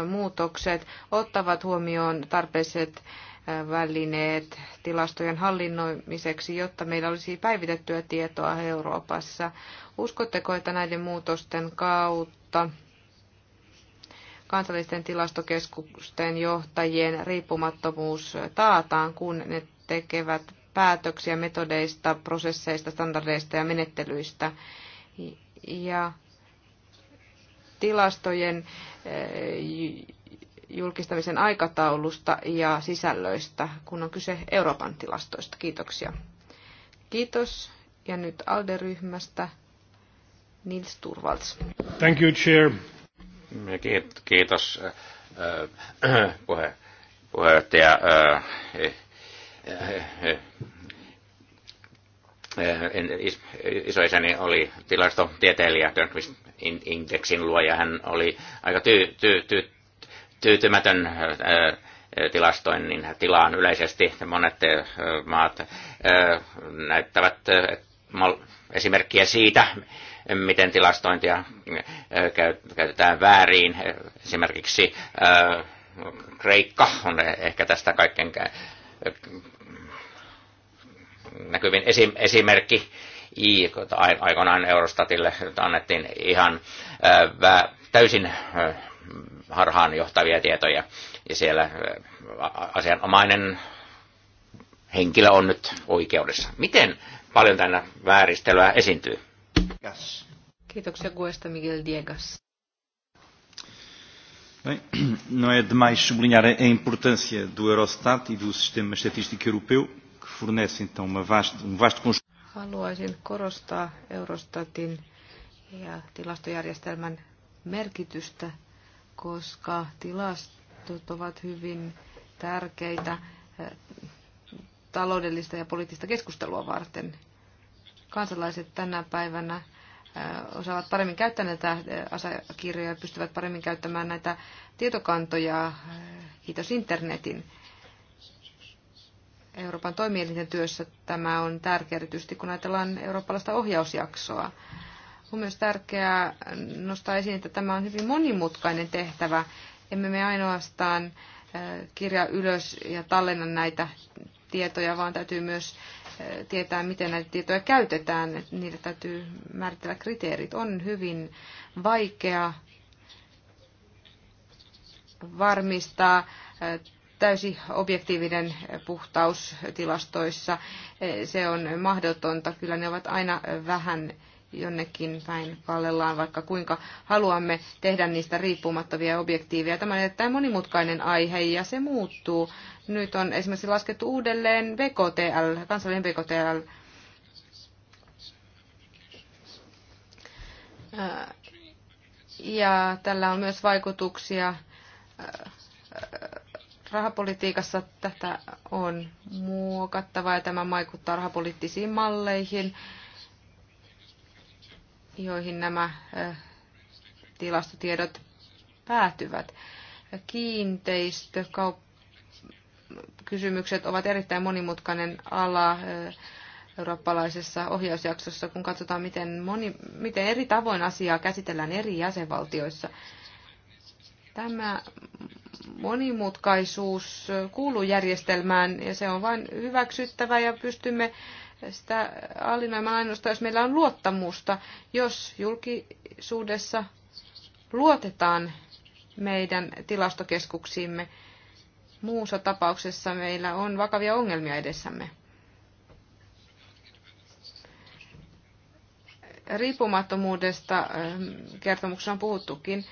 muutokset ottavat huomioon tarpeiset välineet tilastojen hallinnoimiseksi, jotta meillä olisi päivitettyä tietoa Euroopassa. Uskotteko, että näiden muutosten kautta kansallisten tilastokeskusten johtajien riippumattomuus taataan, kun ne tekevät päätöksiä metodeista, prosesseista, standardeista ja menettelyistä. Ja tilastojen eh, julkistamisen aikataulusta ja sisällöistä, kun on kyse Euroopan tilastoista. Kiitoksia. Kiitos. Ja nyt ALDE-ryhmästä Nils Turvalds. Thank you, Chair. Kiitos puheenjohtaja. Isoisäni oli tilastotieteilijä, Törnqvist-indeksin luoja. Hän oli aika tyy, tyy, tyy, tyytymätön äh, äh, tilastoinnin tilaan yleisesti. Monet äh, maat näyttävät esimerkkiä siitä, miten tilastointia käytetään väärin. Esimerkiksi Kreikka on e-, ehkä tästä kaikkein näkyvin esimerkki. aikoinaan Eurostatille annettiin ihan täysin harhaan johtavia tietoja. Ja siellä asianomainen henkilö on nyt oikeudessa. Miten paljon tänä vääristelyä esiintyy? Yes. Kiitoksia Guesta Miguel Diegas. Bem, não é demais sublinhar a importância do Eurostat e do Sistema Estatístico Europeu, que fornece então uma vasta, um vasto conjunto. Haluaisin korostaa Eurostatin ja tilastojärjestelmän merkitystä koska tilastot ovat hyvin tärkeitä eh, taloudellista ja poliittista keskustelua varten. Kansalaiset tänä päivänä eh, osaavat paremmin käyttää näitä eh, asiakirjoja ja pystyvät paremmin käyttämään näitä tietokantoja, kiitos internetin. Euroopan toimielinten työssä tämä on tärkeä erityisesti, kun ajatellaan eurooppalaista ohjausjaksoa. On myös tärkeää nostaa esiin, että tämä on hyvin monimutkainen tehtävä. Emme me ainoastaan kirja ylös ja tallenna näitä tietoja, vaan täytyy myös tietää, miten näitä tietoja käytetään. Niitä täytyy määritellä kriteerit. On hyvin vaikea varmistaa täysi objektiivinen puhtaus tilastoissa. Se on mahdotonta. Kyllä ne ovat aina vähän jonnekin päin kallellaan, vaikka kuinka haluamme tehdä niistä riippumattomia objektiiveja. Tämä on erittäin monimutkainen aihe ja se muuttuu. Nyt on esimerkiksi laskettu uudelleen VKTL kansallinen VKTL Ja tällä on myös vaikutuksia äh, rahapolitiikassa tätä on muokattava ja tämä vaikuttaa rahapoliittisiin malleihin joihin nämä tilastotiedot päätyvät. Kiinteistökysymykset ovat erittäin monimutkainen ala eurooppalaisessa ohjausjaksossa, kun katsotaan, miten, moni, miten eri tavoin asiaa käsitellään eri jäsenvaltioissa. Tämä monimutkaisuus kuuluu järjestelmään ja se on vain hyväksyttävä ja pystymme sitä hallinnoimaan ainoastaan, jos meillä on luottamusta, jos julkisuudessa luotetaan meidän tilastokeskuksiimme. Muussa tapauksessa meillä on vakavia ongelmia edessämme. Riippumattomuudesta ähm, kertomuksessa on puhuttukin.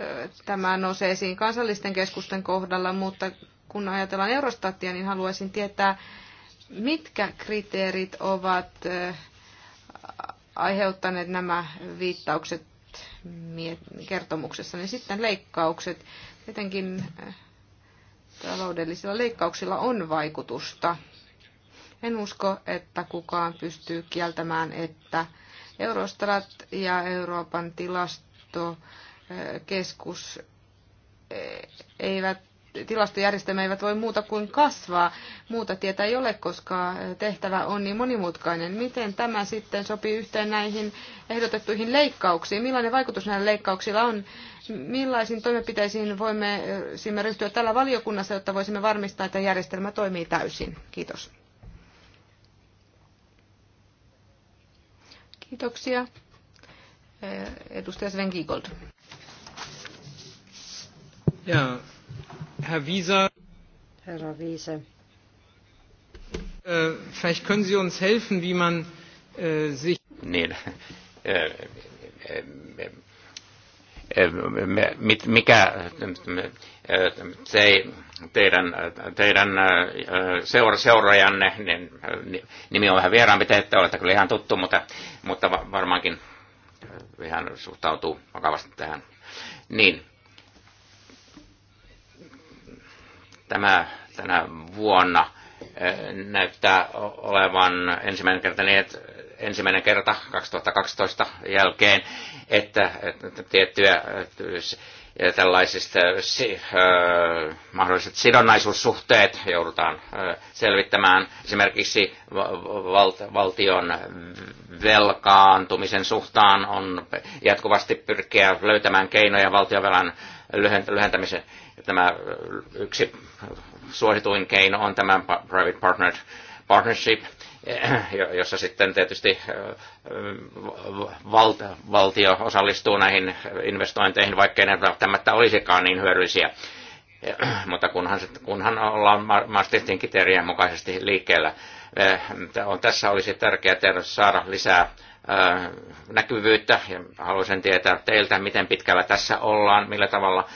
Äh, tämä nousee esiin kansallisten keskusten kohdalla, mutta kun ajatellaan Eurostatia, niin haluaisin tietää, mitkä kriteerit ovat eh, aiheuttaneet nämä viittaukset kertomuksessa, niin sitten leikkaukset. Tietenkin eh, taloudellisilla leikkauksilla on vaikutusta. En usko, että kukaan pystyy kieltämään, että Eurostat ja Euroopan tilastokeskus eh, eivät tilastojärjestelmä eivät voi muuta kuin kasvaa. Muuta tietä ei ole, koska tehtävä on niin monimutkainen. Miten tämä sitten sopii yhteen näihin ehdotettuihin leikkauksiin? Millainen vaikutus näillä leikkauksilla on? Millaisiin toimenpiteisiin voimme eh, ryhtyä tällä valiokunnassa, jotta voisimme varmistaa, että järjestelmä toimii täysin? Kiitos. Kiitoksia. Eh, edustaja Sven Giegold. Ja, Herr Wieser. Herr Wiese. Äh, vielleicht können Sie uns helfen, wie man äh, sich. Niin. Äh, äh, äh, äh mit, mikä se, teidän, teidän seura, seuraajanne, niin, nimi on vähän vieraampi, te ette ole kyllä ihan tuttu, mutta, mutta varmaankin ihan suhtautuu vakavasti tähän. Niin, Tämä tänä vuonna eh, näyttää olevan ensimmäinen kerta niin, että ensimmäinen kerta 2012 jälkeen, että, että tiettyjä ja tällaiset si, ö, mahdolliset sidonnaisuussuhteet joudutaan ö, selvittämään. Esimerkiksi val, valtion velkaantumisen suhtaan on jatkuvasti pyrkiä löytämään keinoja valtionvelan lyhentämisen Tämä äh, yksi suosituin keino on tämä private Partnered partnership, eh, jossa sitten tietysti äh, valtio, valtio osallistuu näihin investointeihin, vaikkei ne välttämättä olisikaan niin hyödyllisiä. Eh, mutta kunhan, kunhan ollaan Maastrichtin kriteerien mukaisesti liikkeellä, eh, on, tässä olisi tärkeää saada lisää näkyvyyttä ja haluaisin tietää teiltä, miten pitkällä tässä ollaan, millä tavalla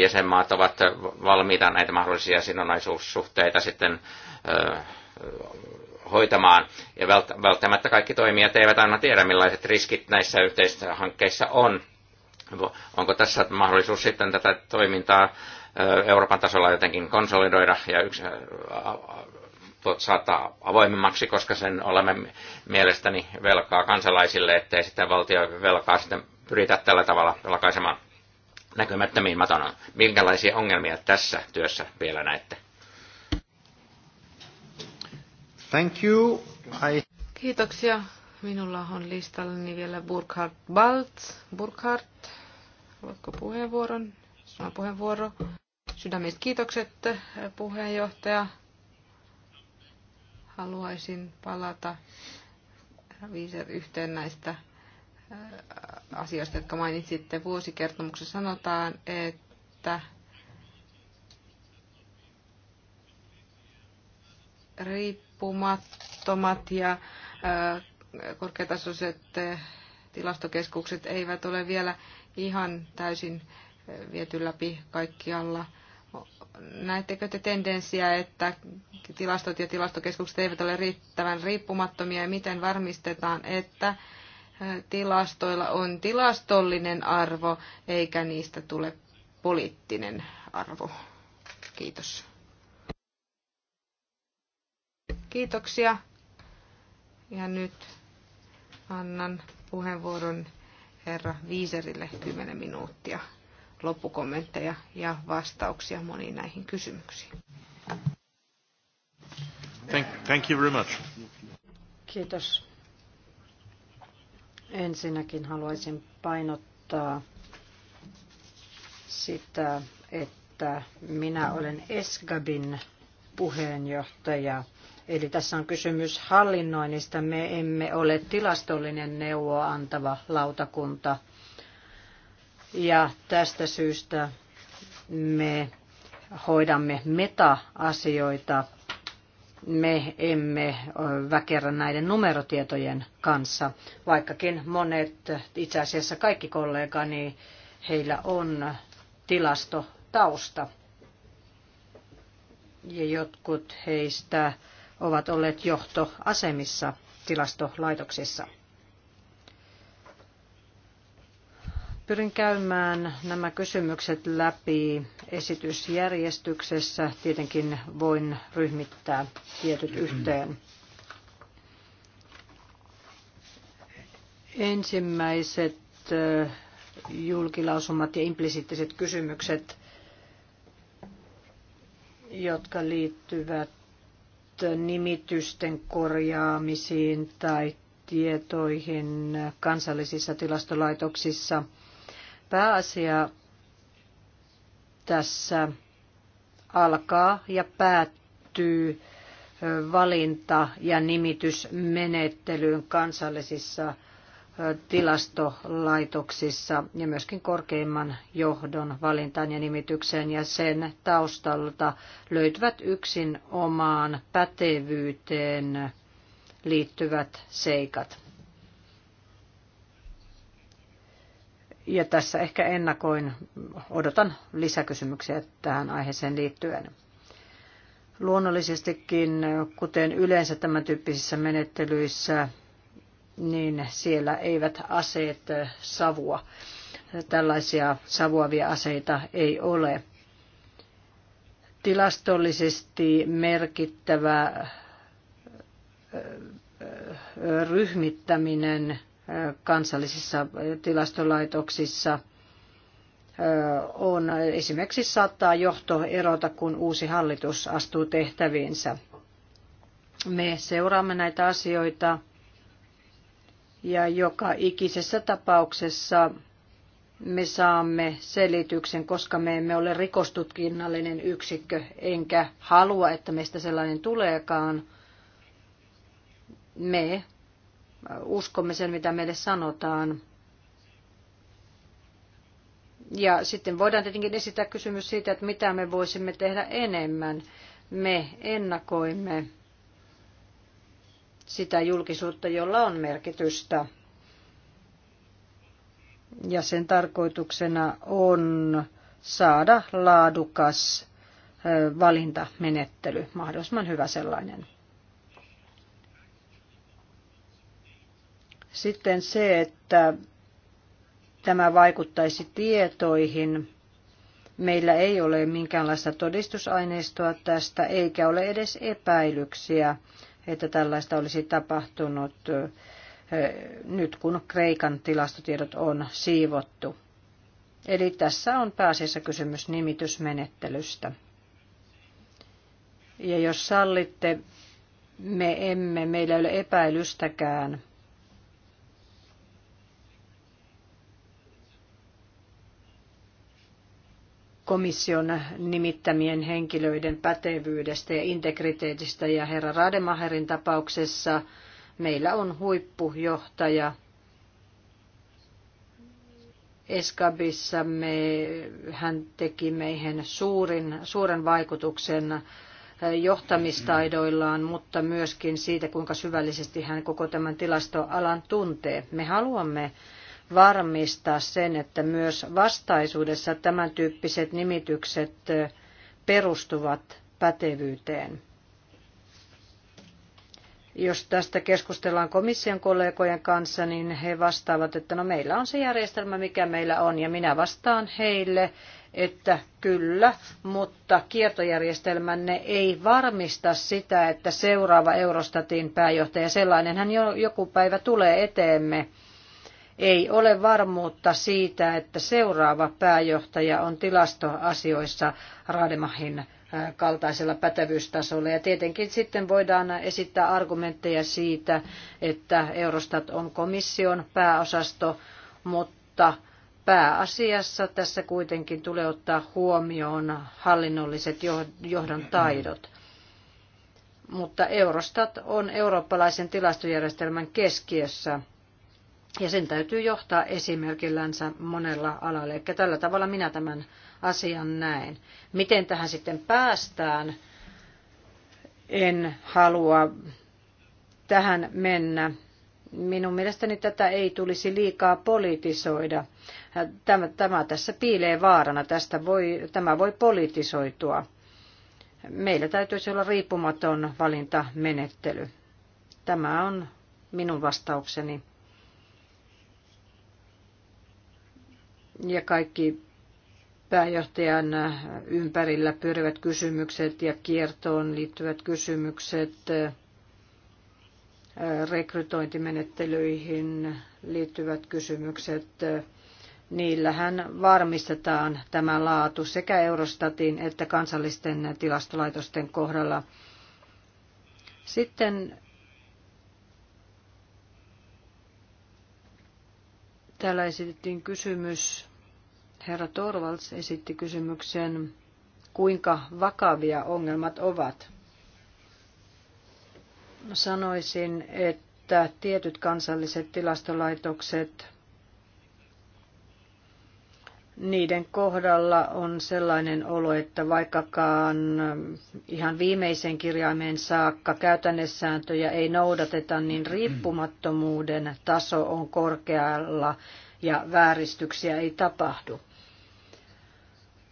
jäsenmaat ovat valmiita näitä mahdollisia sidonnaisuussuhteita sitten hoitamaan. Ja välttämättä kaikki toimijat eivät aina tiedä, millaiset riskit näissä hankkeissa on. Onko tässä mahdollisuus sitten tätä toimintaa Euroopan tasolla jotenkin konsolidoida ja yksi, saattaa avoimemmaksi, koska sen olemme mielestäni velkaa kansalaisille, ettei sitä valtio velkaa sitten pyritä tällä tavalla lakaisemaan näkymättömiin matona. Minkälaisia ongelmia tässä työssä vielä näette? Thank you. I... Kiitoksia. Minulla on listallani vielä Burkhard Baltz. Burkhard, haluatko puheenvuoron? Sama puheenvuoro. Sydämiset kiitokset puheenjohtaja haluaisin palata yhteen näistä äh, asioista, jotka mainitsitte. Vuosikertomuksessa sanotaan, että riippumattomat ja äh, korkeatasoiset äh, tilastokeskukset eivät ole vielä ihan täysin viety läpi kaikkialla – näettekö te tendenssiä, että tilastot ja tilastokeskukset eivät ole riittävän riippumattomia ja miten varmistetaan, että tilastoilla on tilastollinen arvo eikä niistä tule poliittinen arvo? Kiitos. Kiitoksia. Ja nyt annan puheenvuoron herra Viiserille 10 minuuttia loppukommentteja ja vastauksia moniin näihin kysymyksiin. Thank, thank you very much. Kiitos. Ensinnäkin haluaisin painottaa sitä, että minä olen Esgabin puheenjohtaja. Eli tässä on kysymys hallinnoinnista. Me emme ole tilastollinen neuvoa antava lautakunta ja tästä syystä me hoidamme meta-asioita. Me emme väkerrä näiden numerotietojen kanssa, vaikkakin monet, itse asiassa kaikki kollegani, heillä on tilastotausta. Ja jotkut heistä ovat olleet johtoasemissa tilastolaitoksissa. Pyrin käymään nämä kysymykset läpi esitysjärjestyksessä. Tietenkin voin ryhmittää tietyt yhteen. Ensimmäiset julkilausumat ja implisiittiset kysymykset, jotka liittyvät nimitysten korjaamisiin tai tietoihin kansallisissa tilastolaitoksissa – Pääasia tässä alkaa ja päättyy valinta- ja nimitysmenettelyyn kansallisissa tilastolaitoksissa ja myöskin korkeimman johdon valintaan ja nimitykseen ja sen taustalta löytyvät yksin omaan pätevyyteen liittyvät seikat. Ja tässä ehkä ennakoin, odotan lisäkysymyksiä tähän aiheeseen liittyen. Luonnollisestikin, kuten yleensä tämän tyyppisissä menettelyissä, niin siellä eivät aseet savua. Tällaisia savuavia aseita ei ole. Tilastollisesti merkittävä ryhmittäminen – kansallisissa tilastolaitoksissa on esimerkiksi saattaa johto erota, kun uusi hallitus astuu tehtäviinsä. Me seuraamme näitä asioita ja joka ikisessä tapauksessa me saamme selityksen, koska me emme ole rikostutkinnallinen yksikkö, enkä halua, että meistä sellainen tuleekaan. Me uskomme sen, mitä meille sanotaan. Ja sitten voidaan tietenkin esittää kysymys siitä, että mitä me voisimme tehdä enemmän. Me ennakoimme sitä julkisuutta, jolla on merkitystä. Ja sen tarkoituksena on saada laadukas valintamenettely, mahdollisimman hyvä sellainen. Sitten se, että tämä vaikuttaisi tietoihin. Meillä ei ole minkäänlaista todistusaineistoa tästä, eikä ole edes epäilyksiä, että tällaista olisi tapahtunut nyt, kun Kreikan tilastotiedot on siivottu. Eli tässä on pääasiassa kysymys nimitysmenettelystä. Ja jos sallitte, me emme, meillä ei ole epäilystäkään komission nimittämien henkilöiden pätevyydestä ja integriteetistä ja herra Rademaherin tapauksessa meillä on huippujohtaja. Eskabissa me, hän teki meihin suurin, suuren vaikutuksen johtamistaidoillaan, mutta myöskin siitä, kuinka syvällisesti hän koko tämän tilastoalan tuntee. Me haluamme varmistaa sen, että myös vastaisuudessa tämän tyyppiset nimitykset perustuvat pätevyyteen. Jos tästä keskustellaan komission kollegojen kanssa, niin he vastaavat, että no meillä on se järjestelmä, mikä meillä on, ja minä vastaan heille, että kyllä, mutta kiertojärjestelmänne ei varmista sitä, että seuraava Eurostatin pääjohtaja, sellainen hän joku päivä tulee eteemme, ei ole varmuutta siitä, että seuraava pääjohtaja on tilastoasioissa Rademahin äh, kaltaisella pätevyystasolla. Ja tietenkin sitten voidaan esittää argumentteja siitä, että Eurostat on komission pääosasto, mutta pääasiassa tässä kuitenkin tulee ottaa huomioon hallinnolliset johdon taidot. Mutta Eurostat on eurooppalaisen tilastojärjestelmän keskiössä – ja sen täytyy johtaa esimerkillänsä monella alalla. Eli tällä tavalla minä tämän asian näen. Miten tähän sitten päästään? En halua tähän mennä. Minun mielestäni tätä ei tulisi liikaa politisoida. Tämä, tämä tässä piilee vaarana. Tästä voi, tämä voi politisoitua. Meillä täytyisi olla riippumaton valintamenettely. Tämä on minun vastaukseni ja kaikki pääjohtajan ympärillä pyörivät kysymykset ja kiertoon liittyvät kysymykset, rekrytointimenettelyihin liittyvät kysymykset, niillähän varmistetaan tämä laatu sekä Eurostatin että kansallisten tilastolaitosten kohdalla. Sitten Täällä esitettiin kysymys, herra Torvalds esitti kysymyksen, kuinka vakavia ongelmat ovat. Sanoisin, että tietyt kansalliset tilastolaitokset niiden kohdalla on sellainen olo, että vaikkakaan ihan viimeisen kirjaimen saakka käytännessääntöjä ei noudateta, niin riippumattomuuden taso on korkealla ja vääristyksiä ei tapahdu.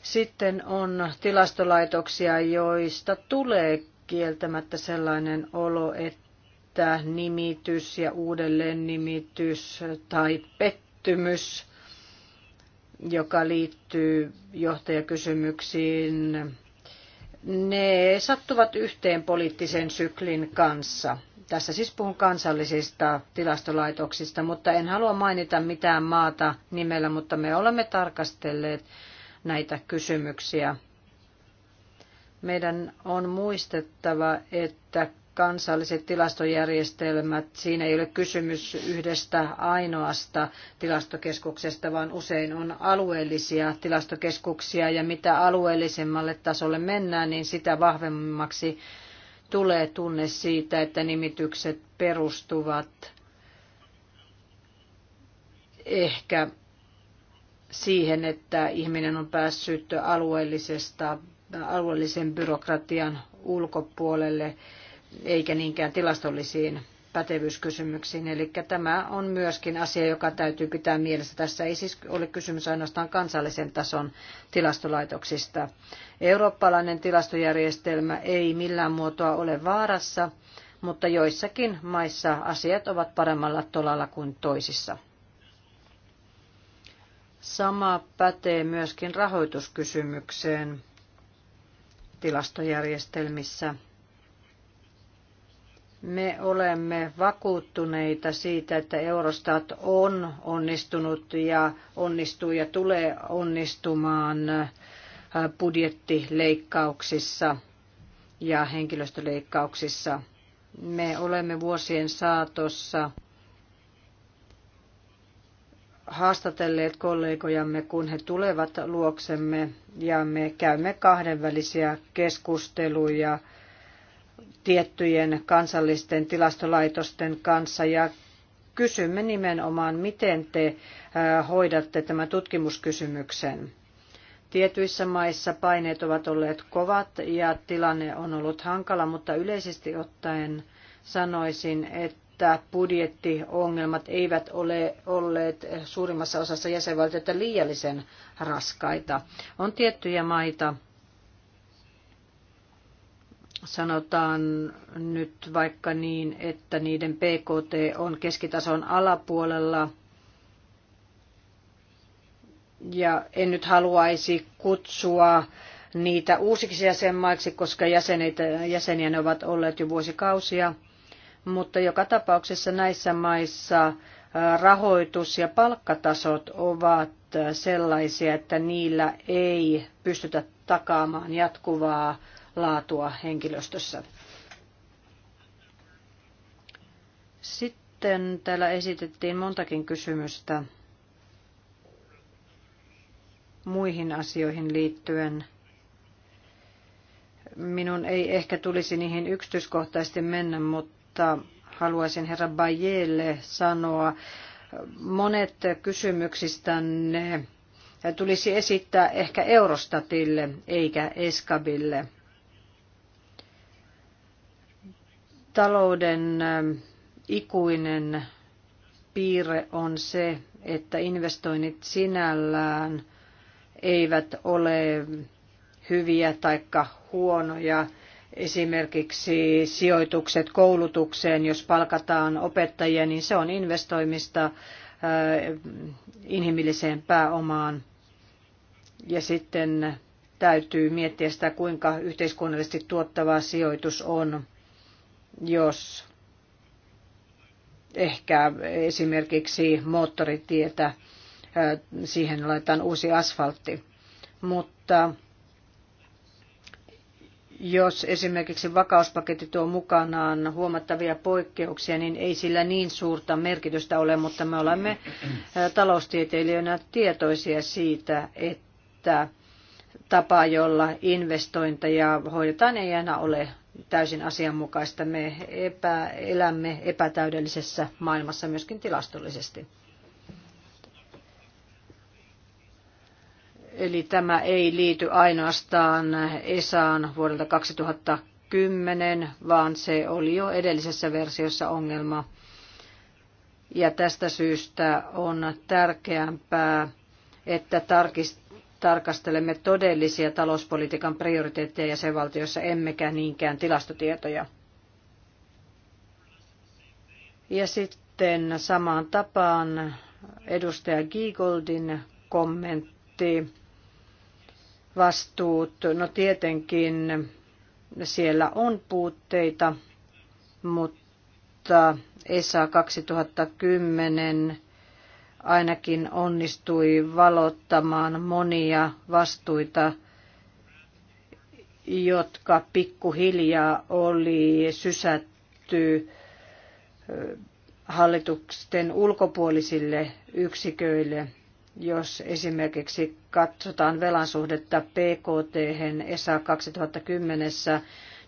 Sitten on tilastolaitoksia, joista tulee kieltämättä sellainen olo, että nimitys ja uudelleen nimitys tai pettymys – joka liittyy johtajakysymyksiin, ne sattuvat yhteen poliittisen syklin kanssa. Tässä siis puhun kansallisista tilastolaitoksista, mutta en halua mainita mitään maata nimellä, mutta me olemme tarkastelleet näitä kysymyksiä. Meidän on muistettava, että kansalliset tilastojärjestelmät, siinä ei ole kysymys yhdestä ainoasta tilastokeskuksesta, vaan usein on alueellisia tilastokeskuksia ja mitä alueellisemmalle tasolle mennään, niin sitä vahvemmaksi tulee tunne siitä, että nimitykset perustuvat ehkä siihen, että ihminen on päässyt alueellisesta, alueellisen byrokratian ulkopuolelle eikä niinkään tilastollisiin pätevyyskysymyksiin. Eli tämä on myöskin asia, joka täytyy pitää mielessä. Tässä ei siis ole kysymys ainoastaan kansallisen tason tilastolaitoksista. Eurooppalainen tilastojärjestelmä ei millään muotoa ole vaarassa, mutta joissakin maissa asiat ovat paremmalla tolalla kuin toisissa. Sama pätee myöskin rahoituskysymykseen tilastojärjestelmissä – me olemme vakuuttuneita siitä, että Eurostat on onnistunut ja onnistuu ja tulee onnistumaan äh, budjettileikkauksissa ja henkilöstöleikkauksissa. Me olemme vuosien saatossa haastatelleet kollegojamme, kun he tulevat luoksemme ja me käymme kahdenvälisiä keskusteluja – tiettyjen kansallisten tilastolaitosten kanssa ja kysymme nimenomaan, miten te äh, hoidatte tämän tutkimuskysymyksen. Tietyissä maissa paineet ovat olleet kovat ja tilanne on ollut hankala, mutta yleisesti ottaen sanoisin, että budjettiongelmat eivät ole olleet suurimmassa osassa jäsenvaltioita liiallisen raskaita. On tiettyjä maita, sanotaan nyt vaikka niin, että niiden PKT on keskitason alapuolella. Ja en nyt haluaisi kutsua niitä uusiksi jäsenmaiksi, koska jäseniä jäseniä ne ovat olleet jo vuosikausia. Mutta joka tapauksessa näissä maissa äh, rahoitus ja palkkatasot ovat sellaisia, että niillä ei pystytä takaamaan jatkuvaa laatua henkilöstössä. Sitten täällä esitettiin montakin kysymystä muihin asioihin liittyen. Minun ei ehkä tulisi niihin yksityiskohtaisesti mennä, mutta haluaisin herra Bajelle sanoa, monet kysymyksistänne tulisi esittää ehkä Eurostatille eikä Eskabille. talouden ähm, ikuinen piirre on se, että investoinnit sinällään eivät ole hyviä tai huonoja. Esimerkiksi sijoitukset koulutukseen, jos palkataan opettajia, niin se on investoimista äh, inhimilliseen pääomaan. Ja sitten täytyy miettiä sitä, kuinka yhteiskunnallisesti tuottava sijoitus on jos ehkä esimerkiksi moottoritietä, siihen laitetaan uusi asfaltti. Mutta jos esimerkiksi vakauspaketti tuo mukanaan huomattavia poikkeuksia, niin ei sillä niin suurta merkitystä ole, mutta me olemme taloustieteilijöinä tietoisia siitä, että tapa, jolla investointeja hoidetaan, ei aina ole täysin asianmukaista. Me epä, elämme epätäydellisessä maailmassa myöskin tilastollisesti. Eli tämä ei liity ainoastaan ESAan vuodelta 2010, vaan se oli jo edellisessä versiossa ongelma. Ja tästä syystä on tärkeämpää, että tarkist, tarkastelemme todellisia talouspolitiikan prioriteetteja jäsenvaltioissa, emmekä niinkään tilastotietoja. Ja sitten samaan tapaan edustaja Giegoldin kommentti, vastuut. No tietenkin siellä on puutteita, mutta ESA 2010 ainakin onnistui valottamaan monia vastuita, jotka pikkuhiljaa oli sysätty hallituksen ulkopuolisille yksiköille. Jos esimerkiksi katsotaan velan suhdetta PKT ESA 2010,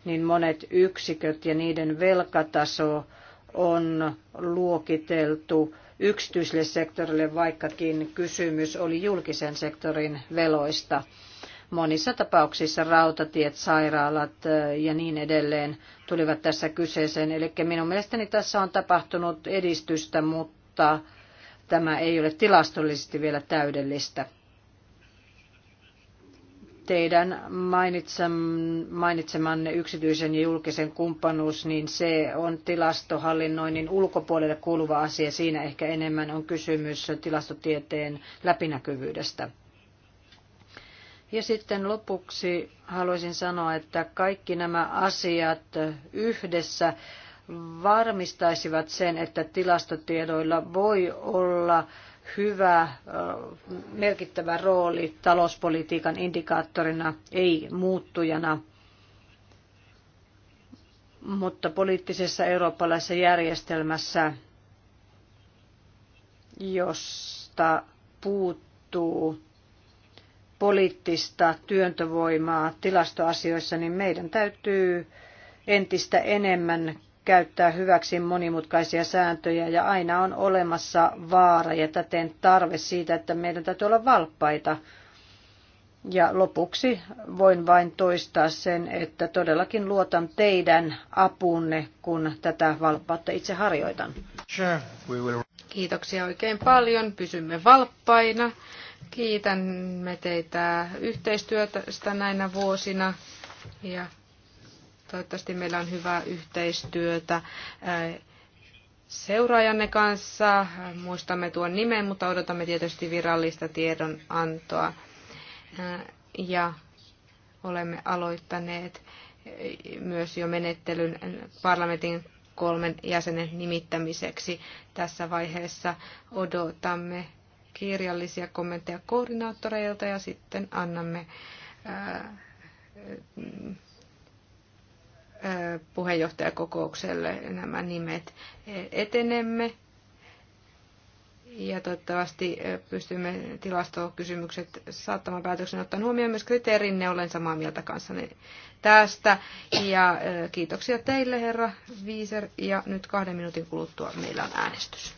niin monet yksiköt ja niiden velkataso on luokiteltu yksityiselle sektorille, vaikkakin kysymys oli julkisen sektorin veloista. Monissa tapauksissa rautatiet, sairaalat ja niin edelleen tulivat tässä kyseeseen. Eli minun mielestäni tässä on tapahtunut edistystä, mutta tämä ei ole tilastollisesti vielä täydellistä teidän mainitsemanne yksityisen ja julkisen kumppanuus, niin se on tilastohallinnoinnin ulkopuolelle kuuluva asia. Siinä ehkä enemmän on kysymys tilastotieteen läpinäkyvyydestä. Ja sitten lopuksi haluaisin sanoa, että kaikki nämä asiat yhdessä varmistaisivat sen, että tilastotiedoilla voi olla hyvä, merkittävä rooli talouspolitiikan indikaattorina, ei muuttujana. Mutta poliittisessa eurooppalaisessa järjestelmässä, josta puuttuu poliittista työntövoimaa tilastoasioissa, niin meidän täytyy entistä enemmän käyttää hyväksi monimutkaisia sääntöjä ja aina on olemassa vaara ja täten tarve siitä, että meidän täytyy olla valppaita. Ja lopuksi voin vain toistaa sen, että todellakin luotan teidän apunne, kun tätä valppautta itse harjoitan. Kiitoksia oikein paljon. Pysymme valppaina. Kiitämme teitä yhteistyöstä näinä vuosina. Ja Toivottavasti meillä on hyvää yhteistyötä äh, seuraajanne kanssa. Muistamme tuon nimen, mutta odotamme tietysti virallista tiedonantoa. Äh, ja olemme aloittaneet äh, myös jo menettelyn parlamentin kolmen jäsenen nimittämiseksi. Tässä vaiheessa odotamme kirjallisia kommentteja koordinaattoreilta ja sitten annamme puheenjohtajakokoukselle nämä nimet etenemme. Ja toivottavasti e, pystymme tilastokysymykset saattamaan päätöksen ottaen huomioon myös kriteerinne. Olen samaa mieltä kanssani tästä. Ja e, kiitoksia teille, herra Viiser. Ja nyt kahden minuutin kuluttua meillä on äänestys.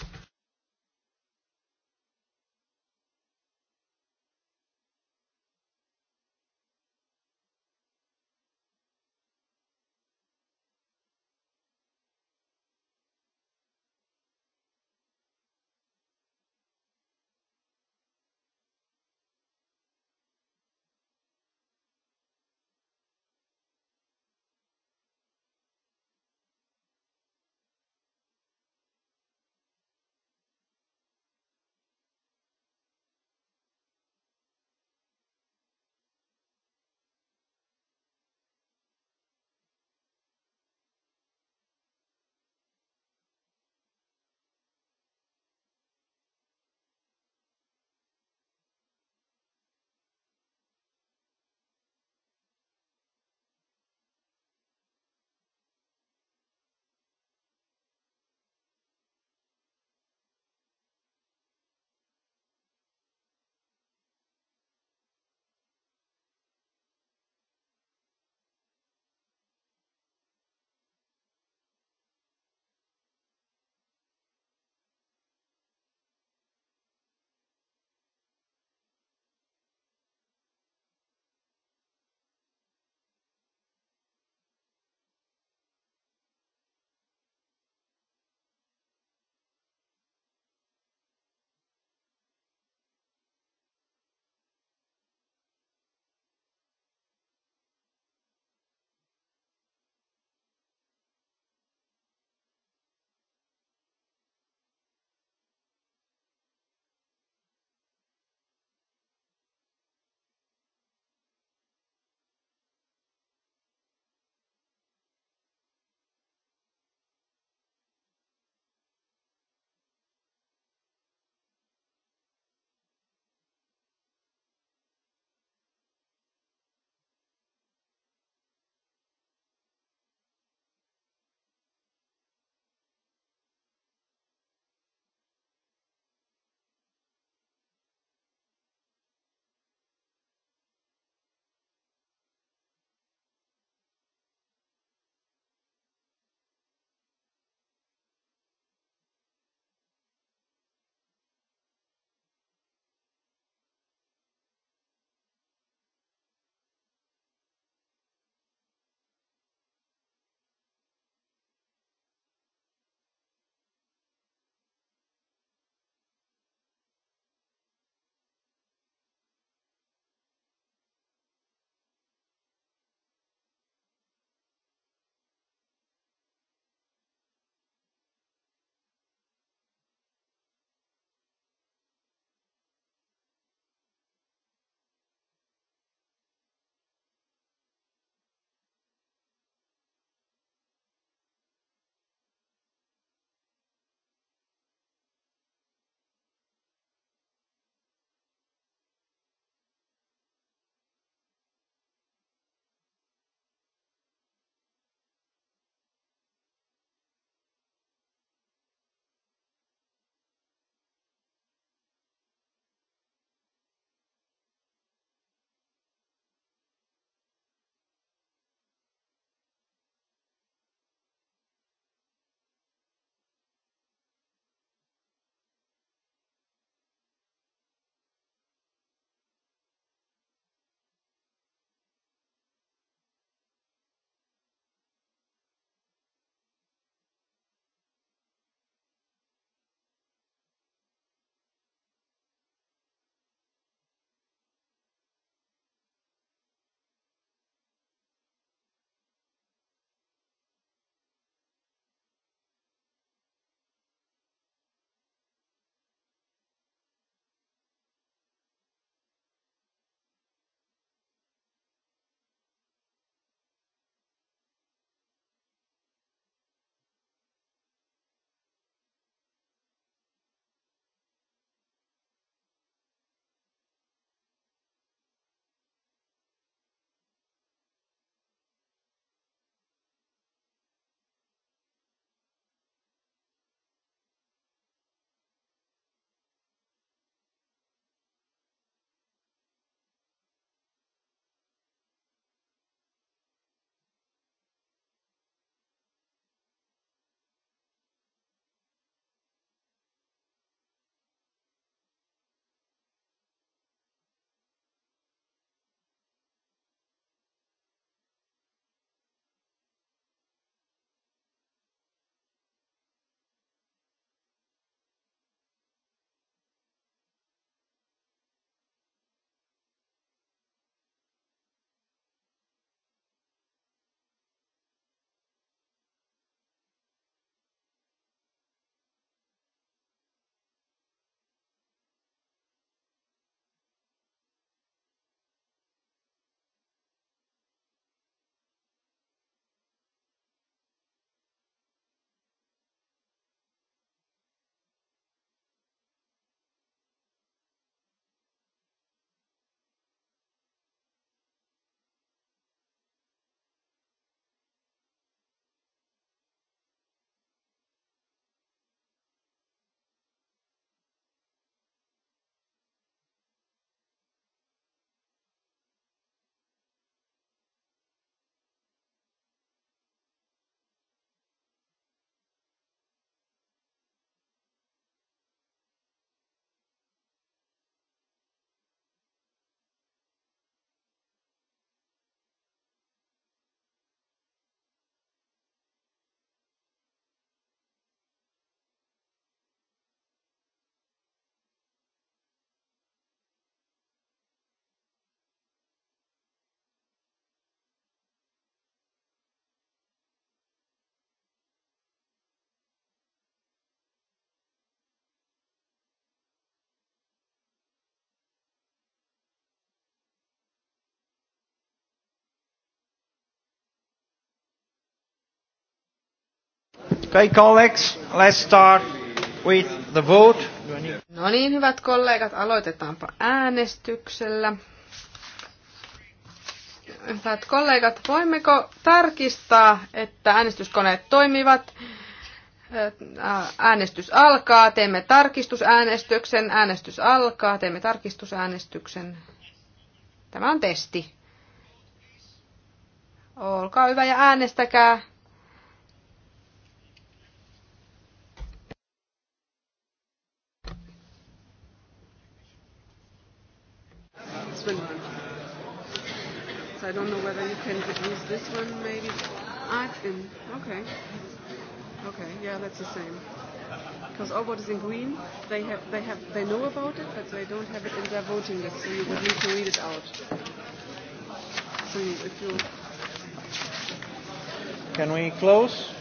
Okay, colleagues, let's start with the vote. No niin, hyvät kollegat, aloitetaanpa äänestyksellä. Hyvät kollegat, voimmeko tarkistaa, että äänestyskoneet toimivat? Äänestys alkaa, teemme tarkistusäänestyksen, äänestys alkaa, teemme tarkistusäänestyksen. Tämä on testi. Olkaa hyvä ja äänestäkää. open one. So I don't know whether you can use this one, maybe. Ah, it's in. Okay. Okay. Yeah, that's the same. Because all what is in green, they have, they have, they know about it, but they don't have it in their voting list. So you would need to read it out. So you, if you. Can we close?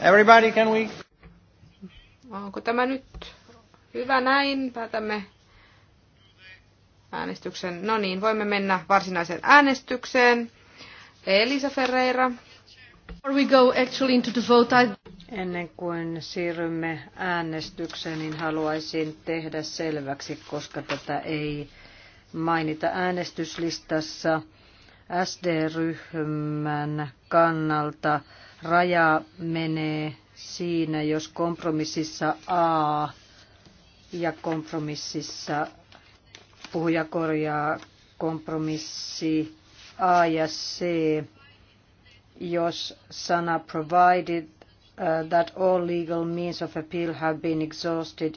Everybody, can we? Onko tämä nyt hyvä näin? Päätämme äänestyksen. No niin, voimme mennä varsinaiseen äänestykseen. Elisa Ferreira. We go actually into the vote, I... Ennen kuin siirrymme äänestykseen, niin haluaisin tehdä selväksi, koska tätä ei mainita äänestyslistassa SD-ryhmän kannalta. Raja menee siinä, jos kompromississa A ja kompromississa Puhuja korjaa kompromissi A ja C, jos sana provided uh, that all legal means of appeal have been exhausted,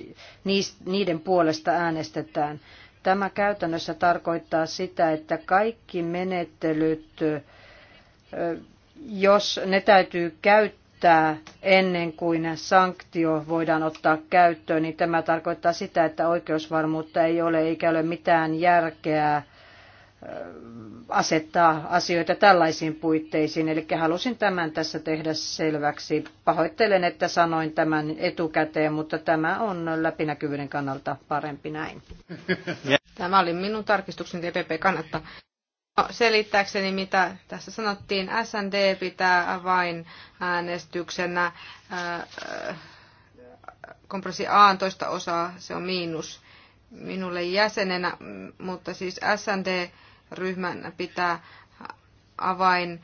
niiden puolesta äänestetään. Tämä käytännössä tarkoittaa sitä, että kaikki menettelyt, uh, jos ne täytyy käyttää, että ennen kuin sanktio voidaan ottaa käyttöön, niin tämä tarkoittaa sitä, että oikeusvarmuutta ei ole eikä ole mitään järkeä asettaa asioita tällaisiin puitteisiin. Eli halusin tämän tässä tehdä selväksi. Pahoittelen, että sanoin tämän etukäteen, mutta tämä on läpinäkyvyyden kannalta parempi näin. Tämä oli minun tarkistukseni, TPP e kannattaa. No, selittääkseni, mitä tässä sanottiin, SND pitää vain äänestyksenä äh, kompressi A toista osaa, se on miinus minulle jäsenenä, mutta siis SND-ryhmän pitää avain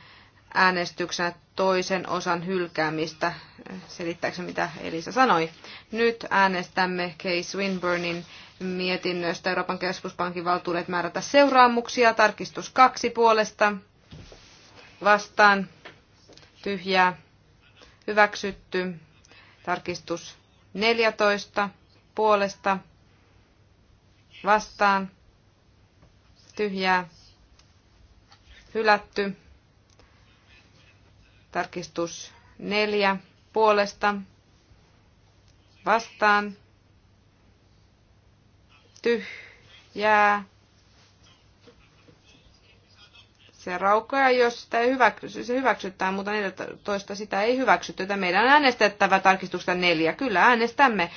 äänestyksenä toisen osan hylkäämistä, selittääkseni mitä Elisa sanoi. Nyt äänestämme Case Swinburnin mietinnöstä Euroopan keskuspankin valtuudet määrätä seuraamuksia. Tarkistus kaksi puolesta. Vastaan. Tyhjää. Hyväksytty. Tarkistus 14 puolesta. Vastaan. Tyhjää. Hylätty Tarkistus neljä puolesta vastaan tyhjää. Se raukoja, jos sitä ei hyväksy, se hyväksytään, mutta 14 sitä ei hyväksytty. meidän on äänestettävä tarkistusta neljä. Kyllä äänestämme.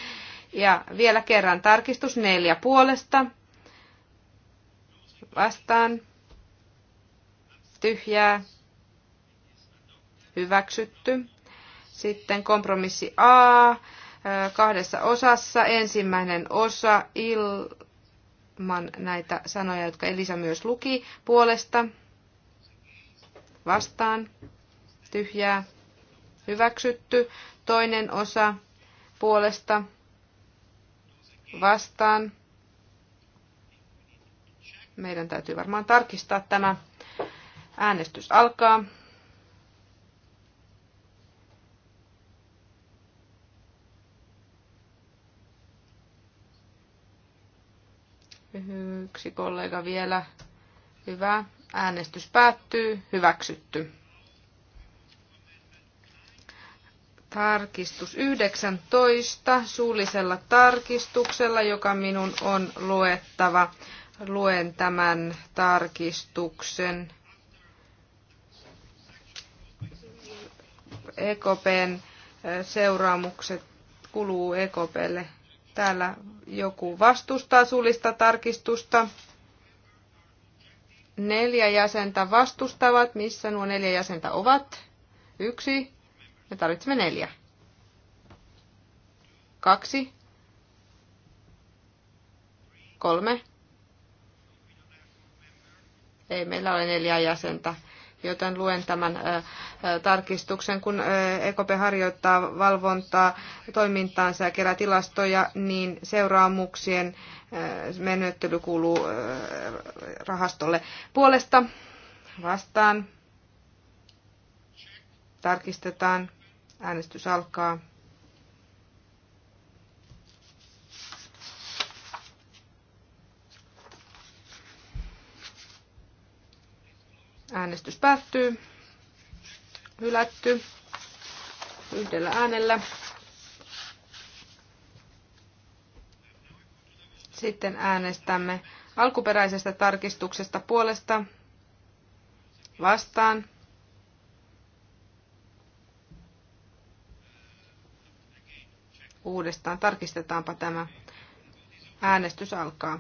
Ja vielä kerran tarkistus neljä puolesta. Vastaan. Tyhjää hyväksytty. Sitten kompromissi A kahdessa osassa. Ensimmäinen osa ilman näitä sanoja, jotka Elisa myös luki puolesta. Vastaan. Tyhjää. Hyväksytty. Toinen osa puolesta. Vastaan. Meidän täytyy varmaan tarkistaa tämä. Äänestys alkaa. Yksi kollega vielä. Hyvä. Äänestys päättyy. Hyväksytty. Tarkistus 19 suullisella tarkistuksella, joka minun on luettava. Luen tämän tarkistuksen. EKPn seuraamukset kuluu EKPlle Täällä joku vastustaa suullista tarkistusta. Neljä jäsentä vastustavat. Missä nuo neljä jäsentä ovat? Yksi. Me tarvitsemme neljä. Kaksi. Kolme. Ei meillä ole neljä jäsentä joten luen tämän tarkistuksen. Kun EKP harjoittaa valvontaa toimintaansa ja kerää tilastoja, niin seuraamuksien menettely kuuluu rahastolle. Puolesta vastaan tarkistetaan. Äänestys alkaa. Äänestys päättyy. Hylätty. Yhdellä äänellä. Sitten äänestämme alkuperäisestä tarkistuksesta puolesta vastaan. Uudestaan tarkistetaanpa tämä. Äänestys alkaa.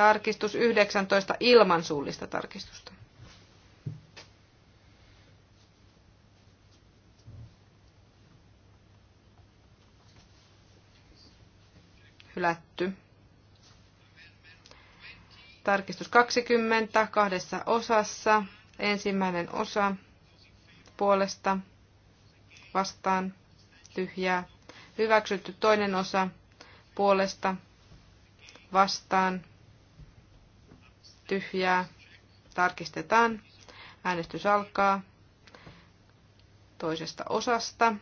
Tarkistus 19 ilman suullista tarkistusta. Hylätty. Tarkistus 20 kahdessa osassa. Ensimmäinen osa puolesta vastaan tyhjää. Hyväksytty toinen osa puolesta vastaan tyhjää. Tarkistetaan. Äänestys alkaa toisesta osasta.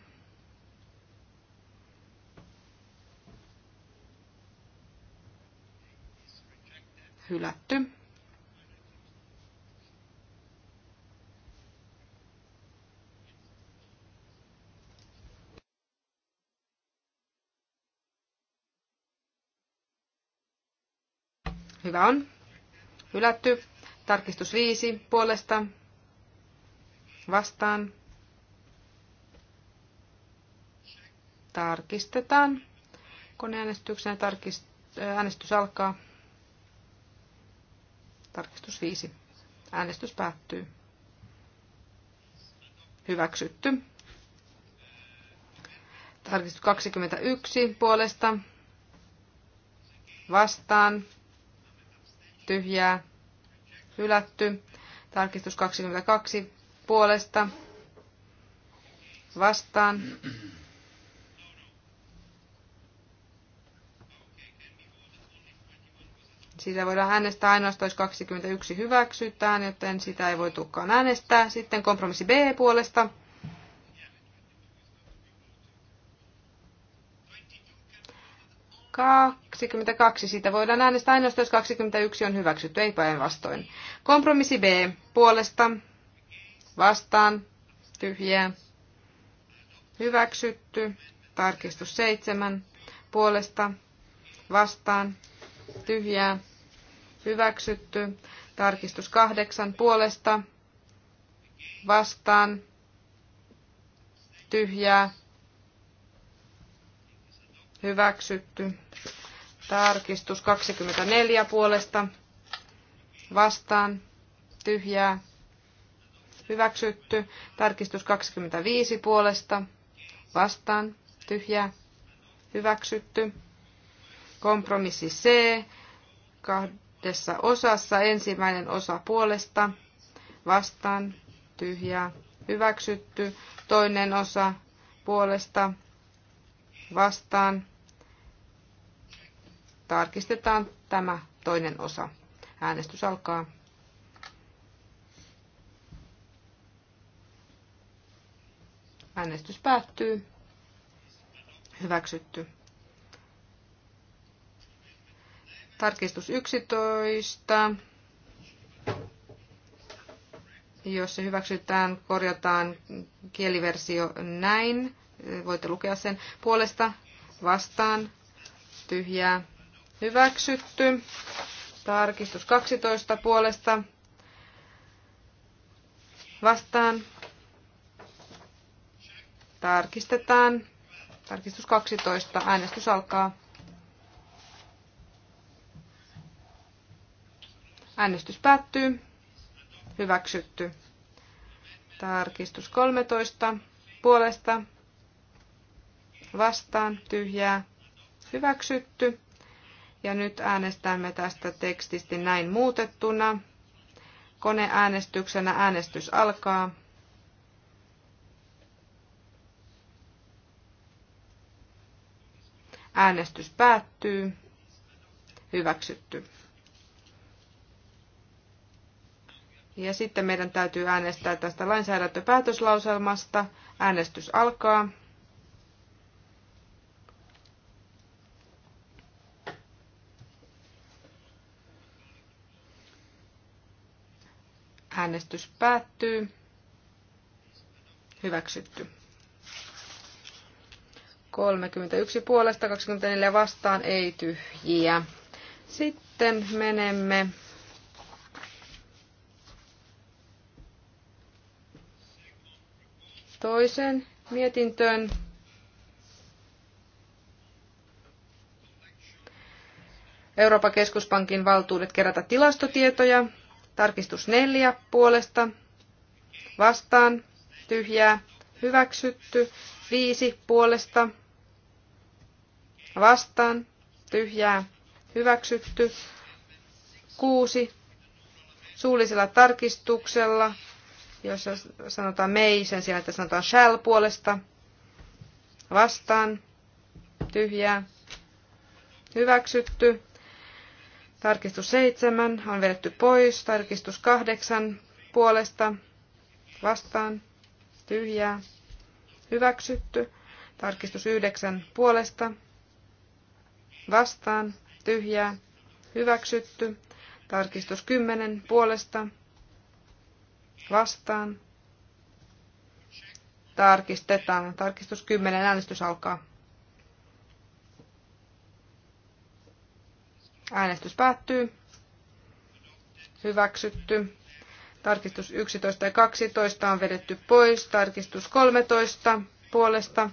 Hylätty. Hyvä on. Hylätty. Tarkistus 5 puolesta. Vastaan. Tarkistetaan. Koneäänestyksen tarkist- äh, äänestys alkaa. Tarkistus 5. Äänestys päättyy. Hyväksytty. Tarkistus 21 puolesta. Vastaan tyhjää, hylätty. Tarkistus 22 puolesta vastaan. Sitä voidaan äänestää ainoastaan, jos 21 hyväksytään, joten sitä ei voi tukkaan äänestää. Sitten kompromissi B puolesta 22. Siitä voidaan äänestää ainoastaan, jos 21 on hyväksytty, ei päinvastoin. Kompromissi B. Puolesta. Vastaan. Tyhjää. Hyväksytty. Tarkistus 7. Puolesta. Vastaan. Tyhjää. Hyväksytty. Tarkistus 8. Puolesta. Vastaan. Tyhjää Hyväksytty. Tarkistus 24 puolesta. Vastaan. Tyhjää. Hyväksytty. Tarkistus 25 puolesta. Vastaan. Tyhjää. Hyväksytty. Kompromissi C. Kahdessa osassa. Ensimmäinen osa puolesta. Vastaan. Tyhjää. Hyväksytty. Toinen osa puolesta vastaan. Tarkistetaan tämä toinen osa. Äänestys alkaa. Äänestys päättyy. Hyväksytty. Tarkistus 11. Jos se hyväksytään, korjataan kieliversio näin voitte lukea sen puolesta vastaan tyhjää hyväksytty. Tarkistus 12 puolesta vastaan tarkistetaan. Tarkistus 12. Äänestys alkaa. Äänestys päättyy. Hyväksytty. Tarkistus 13. Puolesta vastaan tyhjää hyväksytty. Ja nyt äänestämme tästä tekstistä näin muutettuna. Koneäänestyksenä äänestys alkaa. Äänestys päättyy. Hyväksytty. Ja sitten meidän täytyy äänestää tästä lainsäädäntöpäätöslauselmasta. Äänestys alkaa. Äänestys päättyy. Hyväksytty. 31 puolesta, 24 vastaan, ei tyhjiä. Sitten menemme toisen mietintöön. Euroopan keskuspankin valtuudet kerätä tilastotietoja. Tarkistus neljä puolesta vastaan tyhjää hyväksytty. Viisi puolesta vastaan tyhjää hyväksytty. Kuusi suullisella tarkistuksella, jossa sanotaan mei sen sijaan, että sanotaan shall puolesta vastaan tyhjää hyväksytty. Tarkistus 7 on vedetty pois. Tarkistus 8 puolesta vastaan tyhjää hyväksytty. Tarkistus 9 puolesta vastaan tyhjää hyväksytty. Tarkistus 10 puolesta vastaan tarkistetaan. Tarkistus 10 äänestys alkaa. Äänestys päättyy. Hyväksytty. Tarkistus 11 ja 12 on vedetty pois. Tarkistus 13 puolesta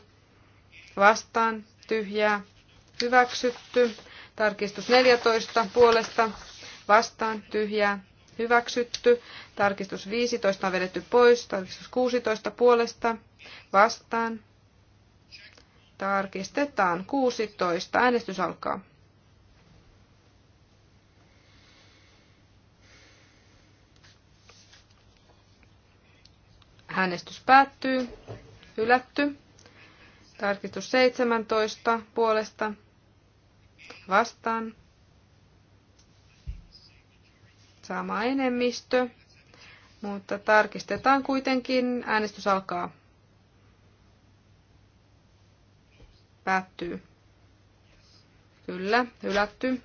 vastaan tyhjää hyväksytty. Tarkistus 14 puolesta vastaan tyhjää hyväksytty. Tarkistus 15 on vedetty pois. Tarkistus 16 puolesta vastaan. Tarkistetaan 16. Äänestys alkaa. Äänestys päättyy. Hylätty. Tarkistus 17 puolesta vastaan. Sama enemmistö, mutta tarkistetaan kuitenkin. Äänestys alkaa. Päättyy. Kyllä, hylätty.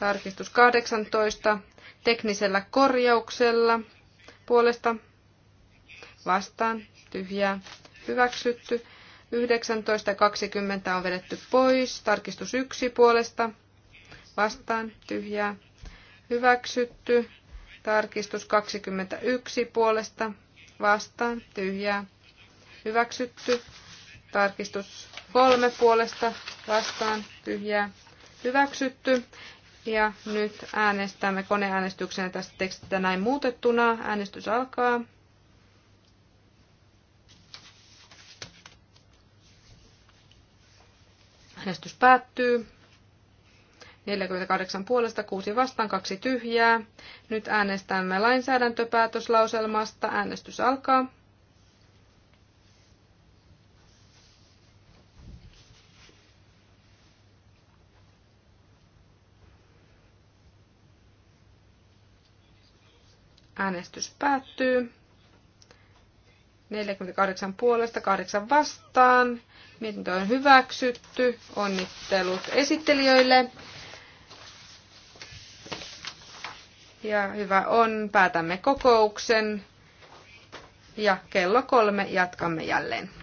Tarkistus 18 teknisellä korjauksella puolesta vastaan, tyhjää, hyväksytty. 19.20 on vedetty pois. Tarkistus 1 puolesta, vastaan, tyhjää, hyväksytty. Tarkistus 21 puolesta, vastaan, tyhjää, hyväksytty. Tarkistus 3 puolesta, vastaan, tyhjää, hyväksytty. Ja nyt äänestämme koneäänestyksenä tästä tekstistä näin muutettuna. Äänestys alkaa. Äänestys päättyy. 48 puolesta, 6 vastaan, 2 tyhjää. Nyt äänestämme lainsäädäntöpäätöslauselmasta. Äänestys alkaa. Äänestys päättyy. 48 puolesta, 8 vastaan. Mietintö on hyväksytty. Onnittelut esittelijöille. Ja hyvä on, päätämme kokouksen. Ja kello kolme jatkamme jälleen.